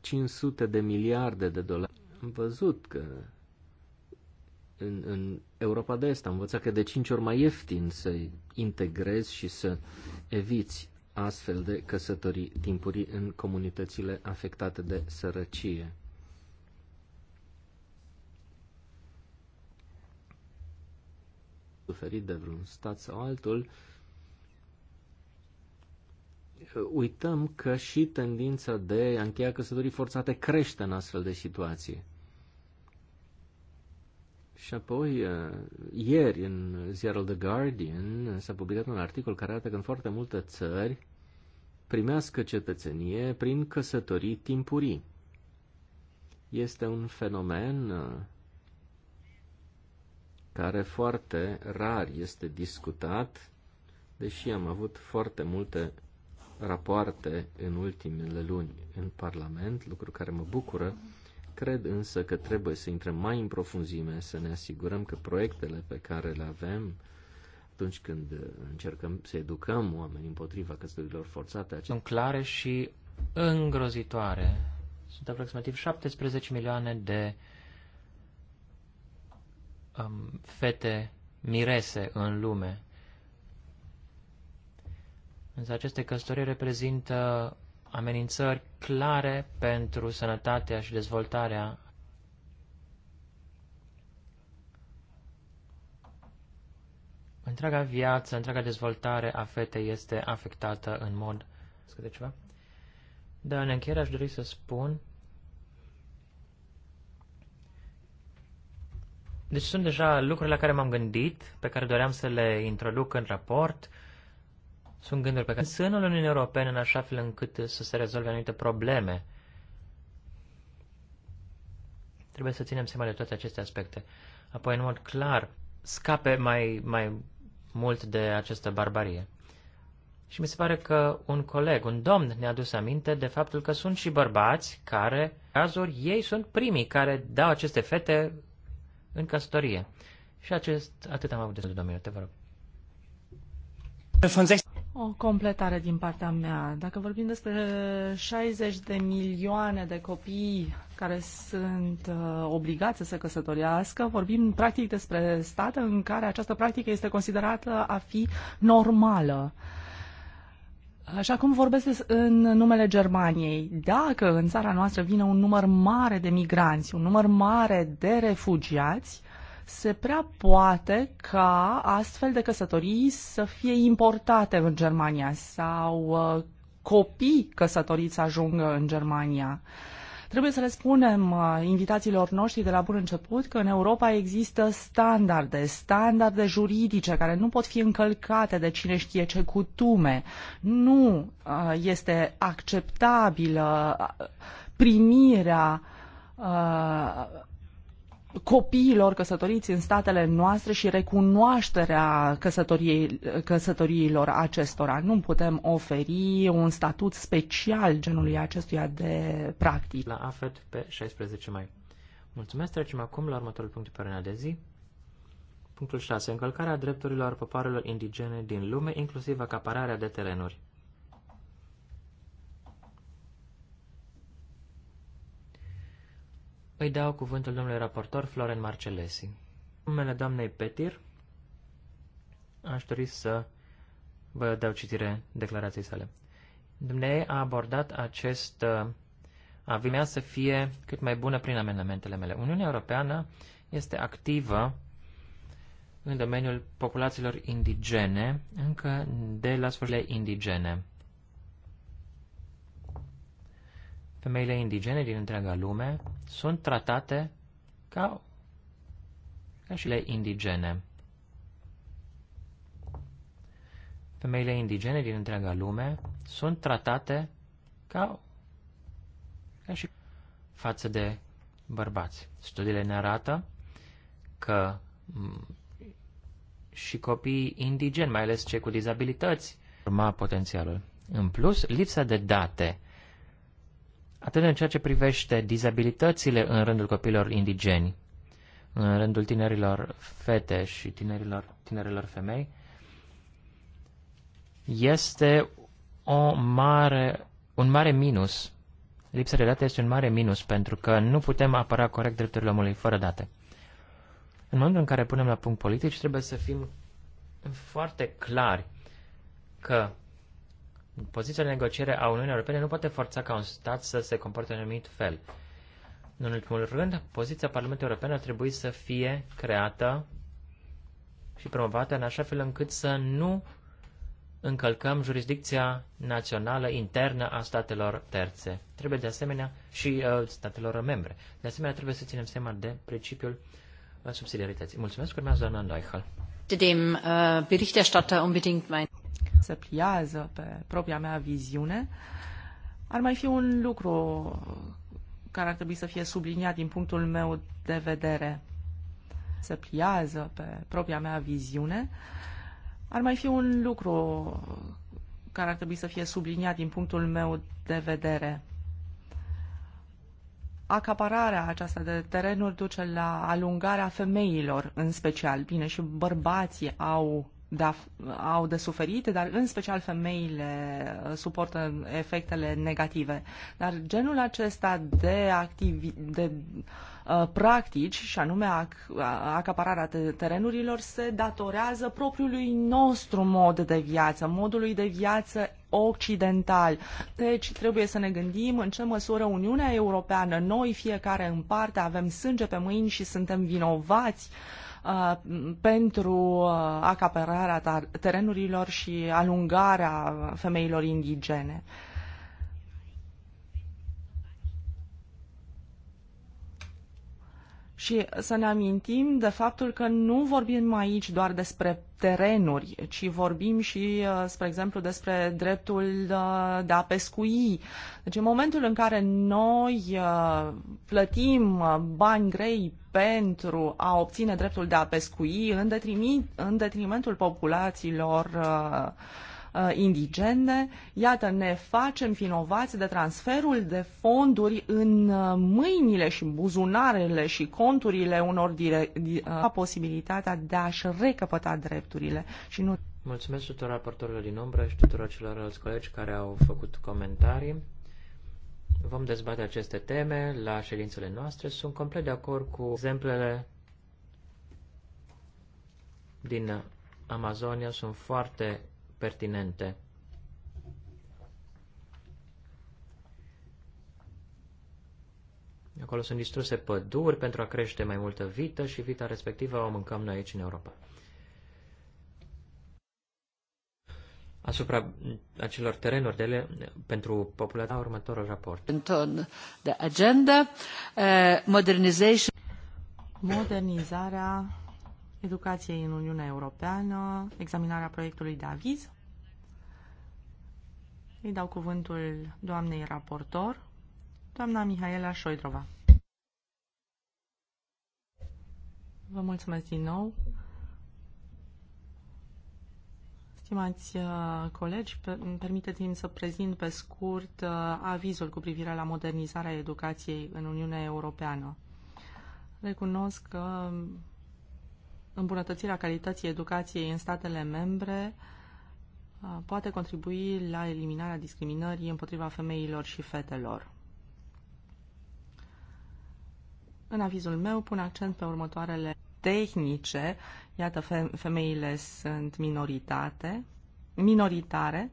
500 de miliarde de dolari. Am văzut că în, în Europa de Est am învățat că de 5 ori mai ieftin să integrezi și să eviți astfel de căsătorii timpurii în comunitățile afectate de sărăcie. suferit de vreun stat sau altul, uităm că și tendința de a încheia căsătorii forțate crește în astfel de situații. Și apoi, eh, ieri, în ziarul The Guardian, s-a publicat un articol care arată că în foarte multe țări primească cetățenie prin căsătorii timpurii. Este un fenomen eh, care foarte rar este discutat, deși am avut foarte multe rapoarte în ultimele luni în Parlament, lucru care mă bucură. Cred însă că trebuie să intrăm mai în profunzime, să ne asigurăm că proiectele pe care le avem atunci când încercăm să educăm oamenii împotriva căsătorilor forțate. Sunt clare și îngrozitoare. Sunt aproximativ 17 milioane de um, fete mirese în lume. Însă aceste căsătorii reprezintă amenințări clare pentru sănătatea și dezvoltarea Întreaga viață, întreaga dezvoltare a fetei este afectată în mod... Scăde ceva? Da, în încheiere aș dori să spun Deci sunt deja lucruri la care m-am gândit, pe care doream să le introduc în raport. Sunt gânduri pe care sunt în Uniunea Europeană în așa fel încât să se rezolve anumite probleme. Trebuie să ținem seama de toate aceste aspecte. Apoi, în mod clar, scape mai, mai mult de această barbarie. Și mi se pare că un coleg, un domn, ne-a dus aminte de faptul că sunt și bărbați care, cazuri, ei sunt primii care dau aceste fete în căsătorie. Și acest, atât am avut de domnule, te vă rog. O completare din partea mea. Dacă vorbim despre 60 de milioane de copii care sunt uh, obligați să se căsătorească, vorbim practic despre state în care această practică este considerată a fi normală. Uh, Așa acum vorbesc în numele Germaniei. Dacă în țara noastră vine un număr mare de migranți, un număr mare de refugiați, se prea poate ca astfel de căsătorii să fie importate în Germania sau uh, copii căsătoriți să ajungă în Germania. Uh, Trebuie să le spunem uh, invitațiilor noștri de la bun început că în Europa există standarde, standarde juridice care nu pot fi încălcate de cine știe ce cutume. Nu uh, este acceptabilă uh, primirea copiilor căsătoriți în statele noastre și recunoașterea căsătoriilor acestora. Nu putem oferi un statut special genului acestuia de practic. La AFET pe 16 mai. Mulțumesc, trecem acum la următorul punct pe de zi. Punctul 6. Încălcarea drepturilor popoarelor indigene din lume, inclusiv acapararea de terenuri. Îi dau cuvântul domnului raportor Floren Marcelesi. Numele doamnei Petir, aș dori să vă dau citire declarației sale. Dumnezeu a abordat acest uh, avimea să fie cât mai bună prin amendamentele mele. Uniunea Europeană este activă în domeniul populațiilor indigene încă de la sfârșitul indigene. femeile indigene din întreaga lume sunt tratate ca, ca și le indigene. Femeile indigene din întreaga lume sunt tratate ca, ca și față de bărbați. Studiile ne arată că și copiii indigeni, mai ales cei cu dizabilități, urma potențialul. În plus, lipsa de date atât în ceea ce privește dizabilitățile în rândul copiilor indigeni, în rândul tinerilor fete și tinerilor, tinerilor femei, este o mare, un mare minus. Lipsa de date este un mare minus pentru că nu putem apăra corect drepturile omului fără date. În momentul în care punem la punct politici, trebuie să fim foarte clari că Poziția de negociere a Uniunii Europene nu poate forța ca un stat să se comporte în anumit fel. În ultimul rând, poziția Parlamentului European ar trebui să fie creată și promovată în așa fel încât să nu încălcăm jurisdicția națională internă a statelor terțe. Trebuie de asemenea și uh, statelor membre. De asemenea, trebuie să ținem seama de principiul uh, subsidiarității. Mulțumesc, urmează doamna Neuchel. Dem uh, Berichterstatter unbedingt mein se pliază pe propria mea viziune. Ar mai fi un lucru care ar trebui să fie subliniat din punctul meu de vedere. Se pliază pe propria mea viziune. Ar mai fi un lucru care ar trebui să fie subliniat din punctul meu de vedere. Acapararea aceasta de terenuri duce la alungarea femeilor, în special. Bine, și bărbații au de a, au de suferit, dar în special femeile uh, suportă efectele negative. Dar genul acesta de, activi, de uh, practici, și anume ac- acapararea terenurilor, se datorează propriului nostru mod de viață, modului de viață occidental. Deci trebuie să ne gândim în ce măsură Uniunea Europeană, noi fiecare în parte, avem sânge pe mâini și suntem vinovați uh, Uh, pentru uh, acapararea terenurilor și alungarea femeilor indigene. și să ne amintim de faptul că nu vorbim aici doar despre terenuri, ci vorbim și, uh, spre exemplu, despre dreptul uh, de a pescui. Deci în momentul în care noi uh, plătim bani grei pentru a obține dreptul de a pescui în, în detrimentul populațiilor uh, Uh, indigene. Iată, ne facem vinovați de transferul de fonduri în uh, mâinile și buzunarele și conturile unor dire- uh, posibilitatea de a-și recăpăta drepturile și nu Mulțumesc tuturor raportorilor din umbră și tuturor celorlalți colegi care au făcut comentarii. Vom dezbate aceste teme la ședințele noastre. Sunt complet de acord cu exemplele din Amazonia. Sunt foarte pertinente. Acolo sunt distruse păduri pentru a crește mai multă vită și vita respectivă o mâncăm noi aici în Europa. asupra acelor terenuri de ele pentru populația următorul raport. The agenda, uh, modernization. Modernizarea educației în Uniunea Europeană, examinarea proiectului de aviz. Îi dau cuvântul doamnei raportor, doamna Mihaela Șoidrova. Vă mulțumesc din nou. Stimați uh, colegi, permiteți-mi să prezint pe scurt uh, avizul cu privire la modernizarea educației în Uniunea Europeană. Recunosc că îmbunătățirea calității educației în statele membre poate contribui la eliminarea discriminării împotriva femeilor și fetelor. În avizul meu pun accent pe următoarele tehnice. Iată, femeile sunt minoritate, minoritare,